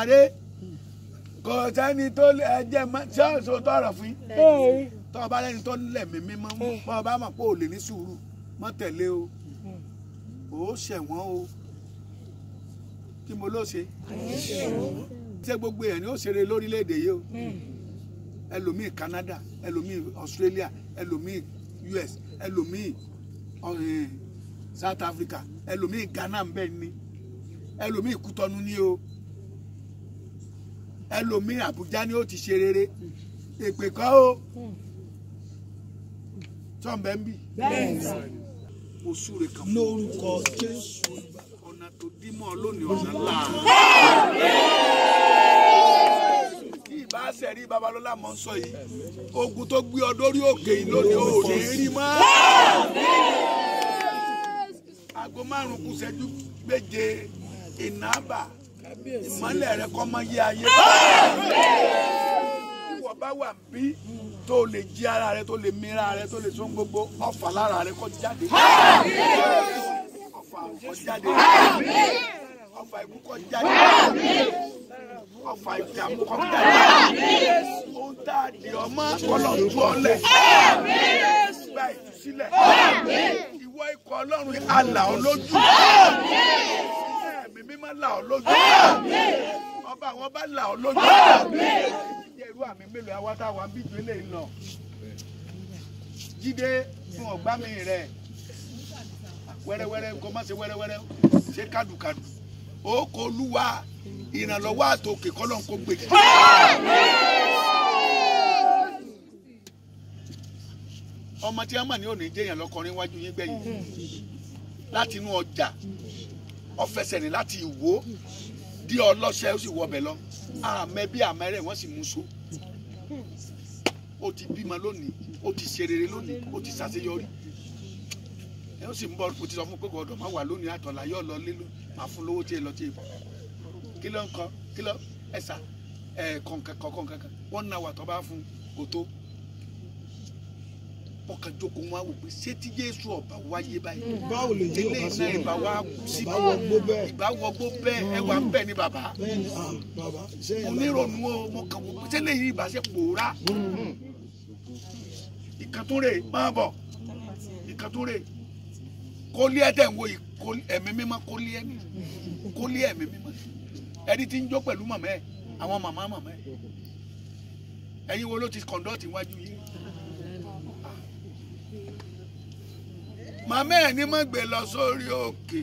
sáré kò sẹ́ni tó ẹjẹ́ ṣọ́ọ̀ṣì tó ọ̀rọ̀ fún yín tó ọba lẹ́ni tó lẹ̀mí mímọ́ mọ́ ọba mọ̀ pé ò lè ní sùúrù mọ́ tẹ̀lé o ò hmm. ṣẹ̀wọ̀n o kí mo ló ṣe ṣé gbogbo èèyàn ni ó ṣeré lórílẹ̀‐èdè yìí o ẹlòmíì Canada ẹlòmíì Australia ẹlòmíì US ẹlòmíì eh, South Africa ẹlòmíì Ghana ń bẹ ni ẹlòmíì Kútọ́nù ni o. Mm ẹlòmíín àbújá ni ó ti ṣe rere èpè kọ́ o tọ́ǹbẹ̀ ń bì. lórúkọ jésù ọ̀nà tó dímọ̀ lónìí ọ̀nà ńlá. kí babalọ́lá mọ̀ ń sọ yìí ogun tó gbé ọ lórí òkè yìí lónìí ò ní rí mọ́. aago márùn-ún kù ṣẹ́jú méje ìnáàbà ìmọ́lẹ̀ rẹ kọ́ mọ́ yé ayé ìwọ bá wà bí tó lè jí ara rẹ tó lè mìíra rẹ tó lè sún gbogbo ọ̀fà lára rẹ kọ́ jáde ọ̀fà kọ́ jáde ọ̀fà ikú kọ́ jáde ọ̀fà ìjàmù kọ́ jáde ohun tá a dì ọmọ kọlọ̀ tú ọ gba ìtúsílẹ̀ ìwọ ikọ̀ ọlọ́run alà ọ bá là ọ́ lójú. ọba àwọn bá là ọ́ lójú. jíjẹ irú àmì mélòó àwa tá a wà bí ìjọlẹ̀ ń lọ. jíde fún ọ̀gbá mi rẹ̀ wẹ́rẹ́wẹ́rẹ́ kó má ṣe wẹ́rẹ́wẹ́rẹ́ ṣe kádùkádù ó kò lúwa ìrànlọ́wọ́ àtòkè kọ́lọ́ ń kó gbè. ọmọ tí a mà ní òní jẹ́yàn lọ́kọrin wájú yín gbẹ̀yìn láti inú ọjà ọ̀fẹsẹ̀ ní láti ìwó di ọlọ́ṣẹ́ ó sì wọ ọbẹ̀ lọ àmẹ́ bí àmẹ́ rẹ̀ wọ́n sì mú so ó ti bímọ lónìí ó ti ṣe rere lónìí ó ti ṣàṣeyọrí ẹ ó sì ń bọ̀ ó ti sọ fún gbogbo ọ̀dọ̀ máa wà lónìí àtọ̀là yóò lọ lé máa fún lówó tí ì lọ tí ì bọ̀ kí ló ń kọ kí ló ẹ̀sà ẹ̀ kọ̀ǹkankan kọ̀ǹkankan wọ́n náwó àtọ́ bá fún kò tó ọkàn jókòó wọn wò pé ṣé tí Jésù ọba wáyé báyìí mm-hmm. báwo lè yí ọba sí ìbá wa kú sí ìbá wọgbó bẹ́ẹ̀ ìbá wọgbó bẹ́ẹ̀ ń bẹ ní bàbá mo nírònú ọmọ kan wò pé ṣé lè yí ìbá pòórá ìkan tó rè máa kó lé ẹ̀dẹ̀ wo ẹ̀mí mímọ́ kó lé ẹ̀mí kó lé ẹ̀mí mímọ́ ẹni tí ń jó pẹ̀lú màmá ẹ̀ àwọn màmá màmá ẹ̀ ẹ̀yin wo ló ti kọ̀ǹdọ̀tì wájú yìí. màmá ẹ̀ ní mọ̀ gbé lọ sórí òkè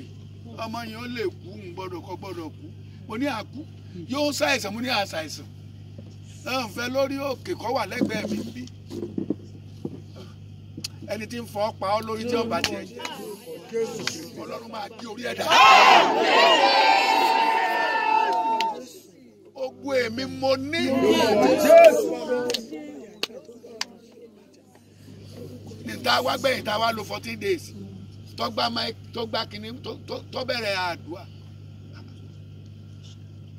ọmọ yẹn ó lè kú ń gbọ́dọ̀ kọ́ gbọ́dọ̀ kú mo ní àkú yóò ṣàìsàn mo ní àṣàìsàn ẹ fẹ́ lórí òkè kọ́ wà lẹ́gbẹ̀ẹ́ mi bí ẹni tí ń fọ́ pa ọ́ lórí tí ọba tiẹ̀ jẹ́ ọlọ́run máa gé orí ẹ̀dá. ogun èmi mo ní. níta wá gbẹ̀yìn tá a wá lò fourteen days tọ́gbà máì tọ́gbà kìíní tọ́bẹ̀rẹ̀ àdúrà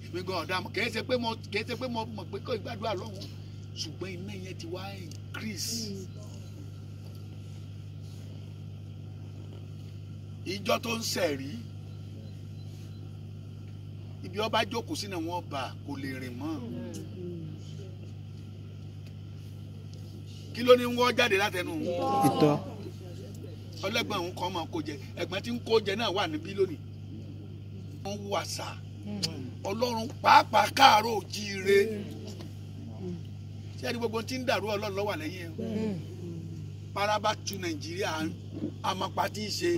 èmi gan ọ̀dà mọ̀ kìí ṣe pé mo kìí ṣe pé mo mọ̀ pé kò gbàdúrà lọ́wọ́ ṣùgbọ́n iná yẹn ti wá increase. ìjọ tó ń sẹ̀rí ibi ọba jókòó sínú wọn bá kò lè rìn mọ́. kí ló ní ń wọ́ jáde látẹnu òun. ìtọ́. ọlẹ́gbọ̀n òun kan máa kó jẹ ẹ̀gbọ́n tí ń kó jẹ náà wà níbí lónìí. wọ́n wú àṣà ọlọ́run pàápàá káàárọ̀ òjíire ṣé ẹni gbogbo tí ń dàrú ọlọ́run ló wà lẹ́yìn ẹ̀ paraba tu nàìjíríà amapa tí ń ṣe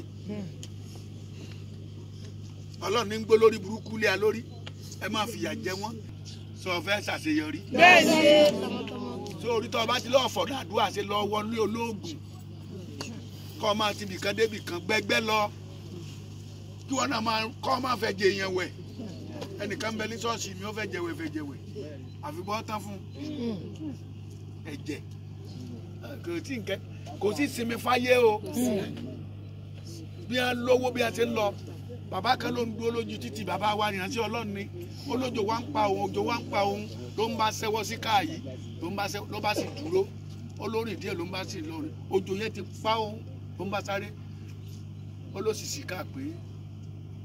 ọlọ́run ní ń gbó lórí burúkú lé a lórí ẹ máa fìyà jẹ wọ́n sọ fẹ́ ṣàṣeyọrí. bẹ́ẹ̀ ni sórí tó o bá ti lọ́ọ́ fọ̀dà àdúrà ṣe lọ́ọ́ wọlé olóògùn kọ́ ọ máa ti bìkan débi kan gbẹ́gbẹ́ lọ kí wọ́n náà máa kọ́ ọ máa fẹ́ jẹ èèyàn wẹ̀ ẹnìkan bẹ ní ṣọ́ọ̀ṣì mi ó fẹ́ jẹwẹ̀ fẹ́ jẹwẹ̀ àfibọ́ tán fún ẹ̀jẹ̀ kò sí nǹkan kò sí sinmi fáyé o bí a lówó bí wọ́n ti ń lọ bàbá kan ló ń dúró lójú títì bàbá wa ìrántí ọlọ́run ni olójó wa ń pa òun òjò wa ń pa òun ló ń bá sẹ́wọ́ sí káà yìí ló bá sì dúró olórin díẹ̀ ló ń bá sì lọrin òjò yẹn ti pa òun ló ń bá sáré olóṣìṣì káà pé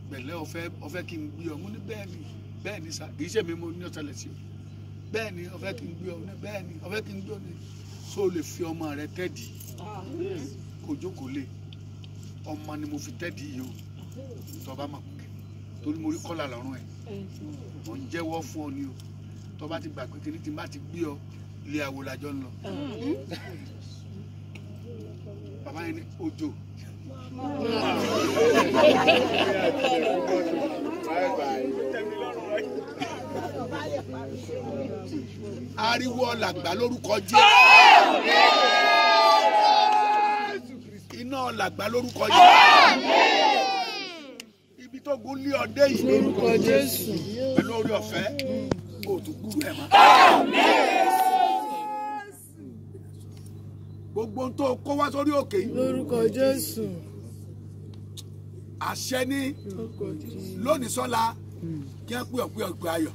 gbẹ̀lẹ́ ọ̀fẹ́ ọ̀fẹ́ kí n gbé ọ mú ní bẹ́ẹ̀ ni bẹ́ẹ̀ ni sà kì í ṣèmi mo ní ọ̀tẹlẹ̀ sí o bẹ́ẹ̀ ni ọ̀fẹ́ kí n gbé ọ ní bẹ́ẹ̀ ni ọ̀fẹ́ kí n gbé ọ ní so o lè fi ọmọ rẹ tẹ́dì kò jókòó lé ọmọ ni mo fi tẹ́dì yìí o tọba mọ̀ torí mo rí kọ́là lọ́rùn ẹ̀ mo ń jẹ́wọ́ fún ọ ni o tọba ti gbà pé kiri ti má ti gbé ọ ilé àwo làjọ ń lọ. bàbá yẹn ní ojo. ariwo ọ̀làgbà lórúkọ jẹ́ iná ọ̀làgbà lórúkọ jẹ́ tógun lé ọdẹ yìí lórúkọ Jésù pẹ̀lú orí ọ̀fẹ́ kò tún gbúrú ẹ̀ mọ́. gbogbo ohun tó kó wá sórí òkè yìí. lórúkọ Jésù. àṣẹ ní lónìí sọ́la kí wọ́n pè ọ́ pé ọgbẹ́ ayọ̀.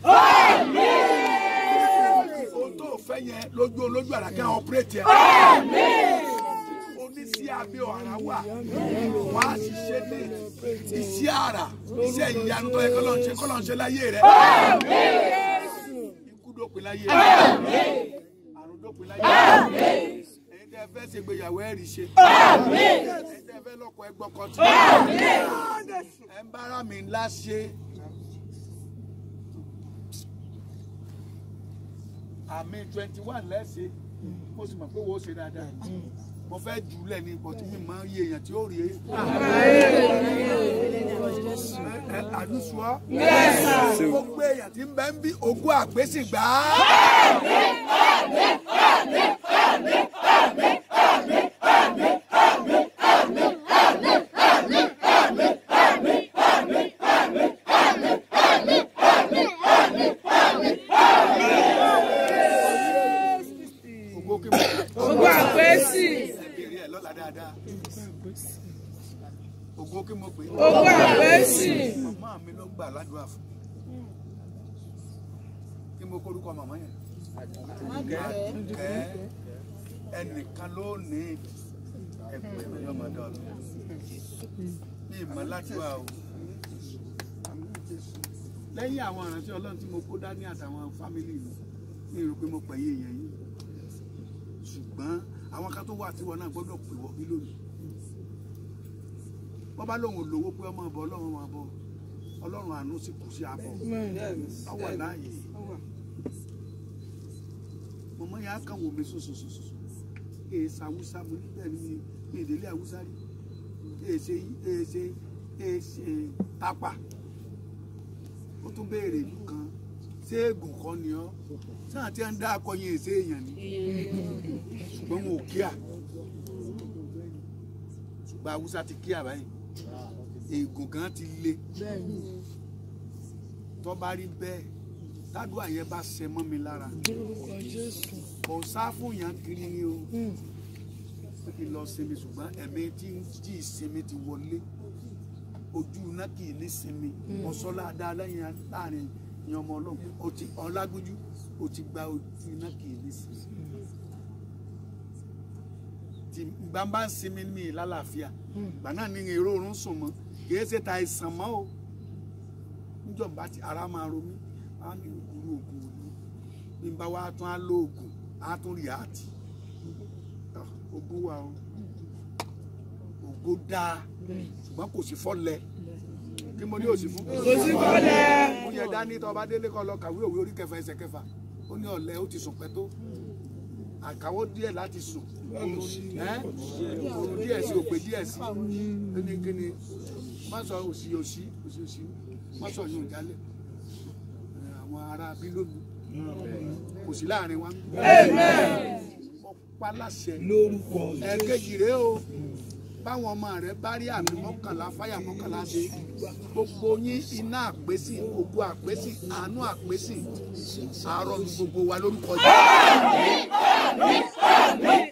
ohun tó fẹ́ yẹn lójú olójú àràkẹ́ ọ̀pẹ́rẹ́tì ẹ̀ abẹ́ ọ̀rá wà wọ́n á sì ṣe ní iṣẹ́ àrà iṣẹ́ ìyanu tó yẹ kọ́lọ́ọ̀ṣe kọ́lọ́ọ̀ṣe láyé rẹ̀. ikú dópin láyé rẹ̀ àrùn dópin láyé rẹ̀ ẹ̀yin tẹ́ fẹ́ ṣègbéyàwó ẹ̀rì ṣe ẹ̀yin tẹ́ fẹ́ lọ́kọ̀ ẹgbọ́ kan tí ẹ̀ ń bára mi ńlá ṣe. àmì twenty one lẹ́sẹ̀ mo sì mọ̀ pé wo ṣe dáadáa mo fẹ́ jù ní ipò tí mi máa ń èèyàn tí ó rí e. àdúsùọ́ gbogbo èèyàn tí ń bẹ ń bí ogún àgbésìgbà. àmín àmín àmín. màmá mi ló gbà ládùúgbà fún kí mo kórúkọ màmá yẹn kẹ ẹnìkan ló ní ẹgbẹ́ mi lọ́mọdé ọ̀la ní ìmọ̀ládùúgbà o lẹ́yìn àwọn ìránṣẹ́ ọlọ́run tí mo kó dání àtàwọn fámìlì mi ní ìrò pé mo pẹ̀yẹ èèyàn yìí ṣùgbọ́n àwọn kan tó wà tiwọn náà gbọ́dọ̀ pè wọ́n bí lónìí bọ́ bá lóun lówó pé ọmọ ọ̀bọ ọlọ́run máa bọ̀ ọ́ ọlọ́run àánú sì kù sí abọ́ ọwọ́ láàyè mọ̀mọ́ yà á kàn wò mí sòsòsòsò èsì awúsá mo nígbà ní mi ìdílé awúsá rí èsì èsì èsì tápá ó tún béèrè ìlú kan ṣé ègùn kọ́ ni ọ́ sáà tí a ń dá akọyin èsì èèyàn ni ṣùgbọ́n wọn ò kíà ṣùgbọ́n awúsá ti kíà báyìí eegun gan ti le tó bá rí bẹ́ẹ̀ tádùá yẹn bá ṣe mọ́ mi lára kò sá fún yàn kiri ni o hmm. lọ sinmi ṣùgbọ́n ẹ̀mí tí ń jí ìsinmi ti wọlé ojú iná kì í ní sinmi ọ̀sọ́lá hmm. adáláyìn láàrin ìyẹn ọmọ ọlọ́run ọtí ọlágbójú ó ti gba ojú iná kì í ní sinmi gbàǹbà ń sinmi mi lálàáfíà gbà ní èrò oorun sùn mọ́ kìí ṣe ta ìsàn mọ́ o níjọba tí ara máa ro mí máa ní ògùrú ògùn òní bí n bá wá tún á lo ògùn á tún rí àtì ògùn wa o ògùn dáa ṣùgbọ́n kò sí fọ́lẹ̀ kí mo ní òsì fún kò sí fọ́lẹ̀ mo yẹ dání tó ọba délé kọ́ lọ kàwé òwe orí kẹfà ẹsẹ̀ kẹfà ó ní ọ̀lẹ ó ti sùn pẹ́ tó àkàwọ́ díẹ̀ láti sùn òrùn díẹ̀ sí òpè díẹ̀ sí ó kíni má òsì òsì òsì òsì má yóò jálẹ̀ àwọn ará bílómi kò sí láàrin wa. ọ̀pá láṣẹ lórúkọ ẹ̀ẹ́dẹ́gì rèé o báwọn ọmọ rẹ bá rí àmì mọ́kànlá fáyà mọ́kànlá ṣe gbogbo yín iná àpèsè ògo àpèsè àánú àpèsè àárọ̀ gbogbo wa lórúkọ yìí.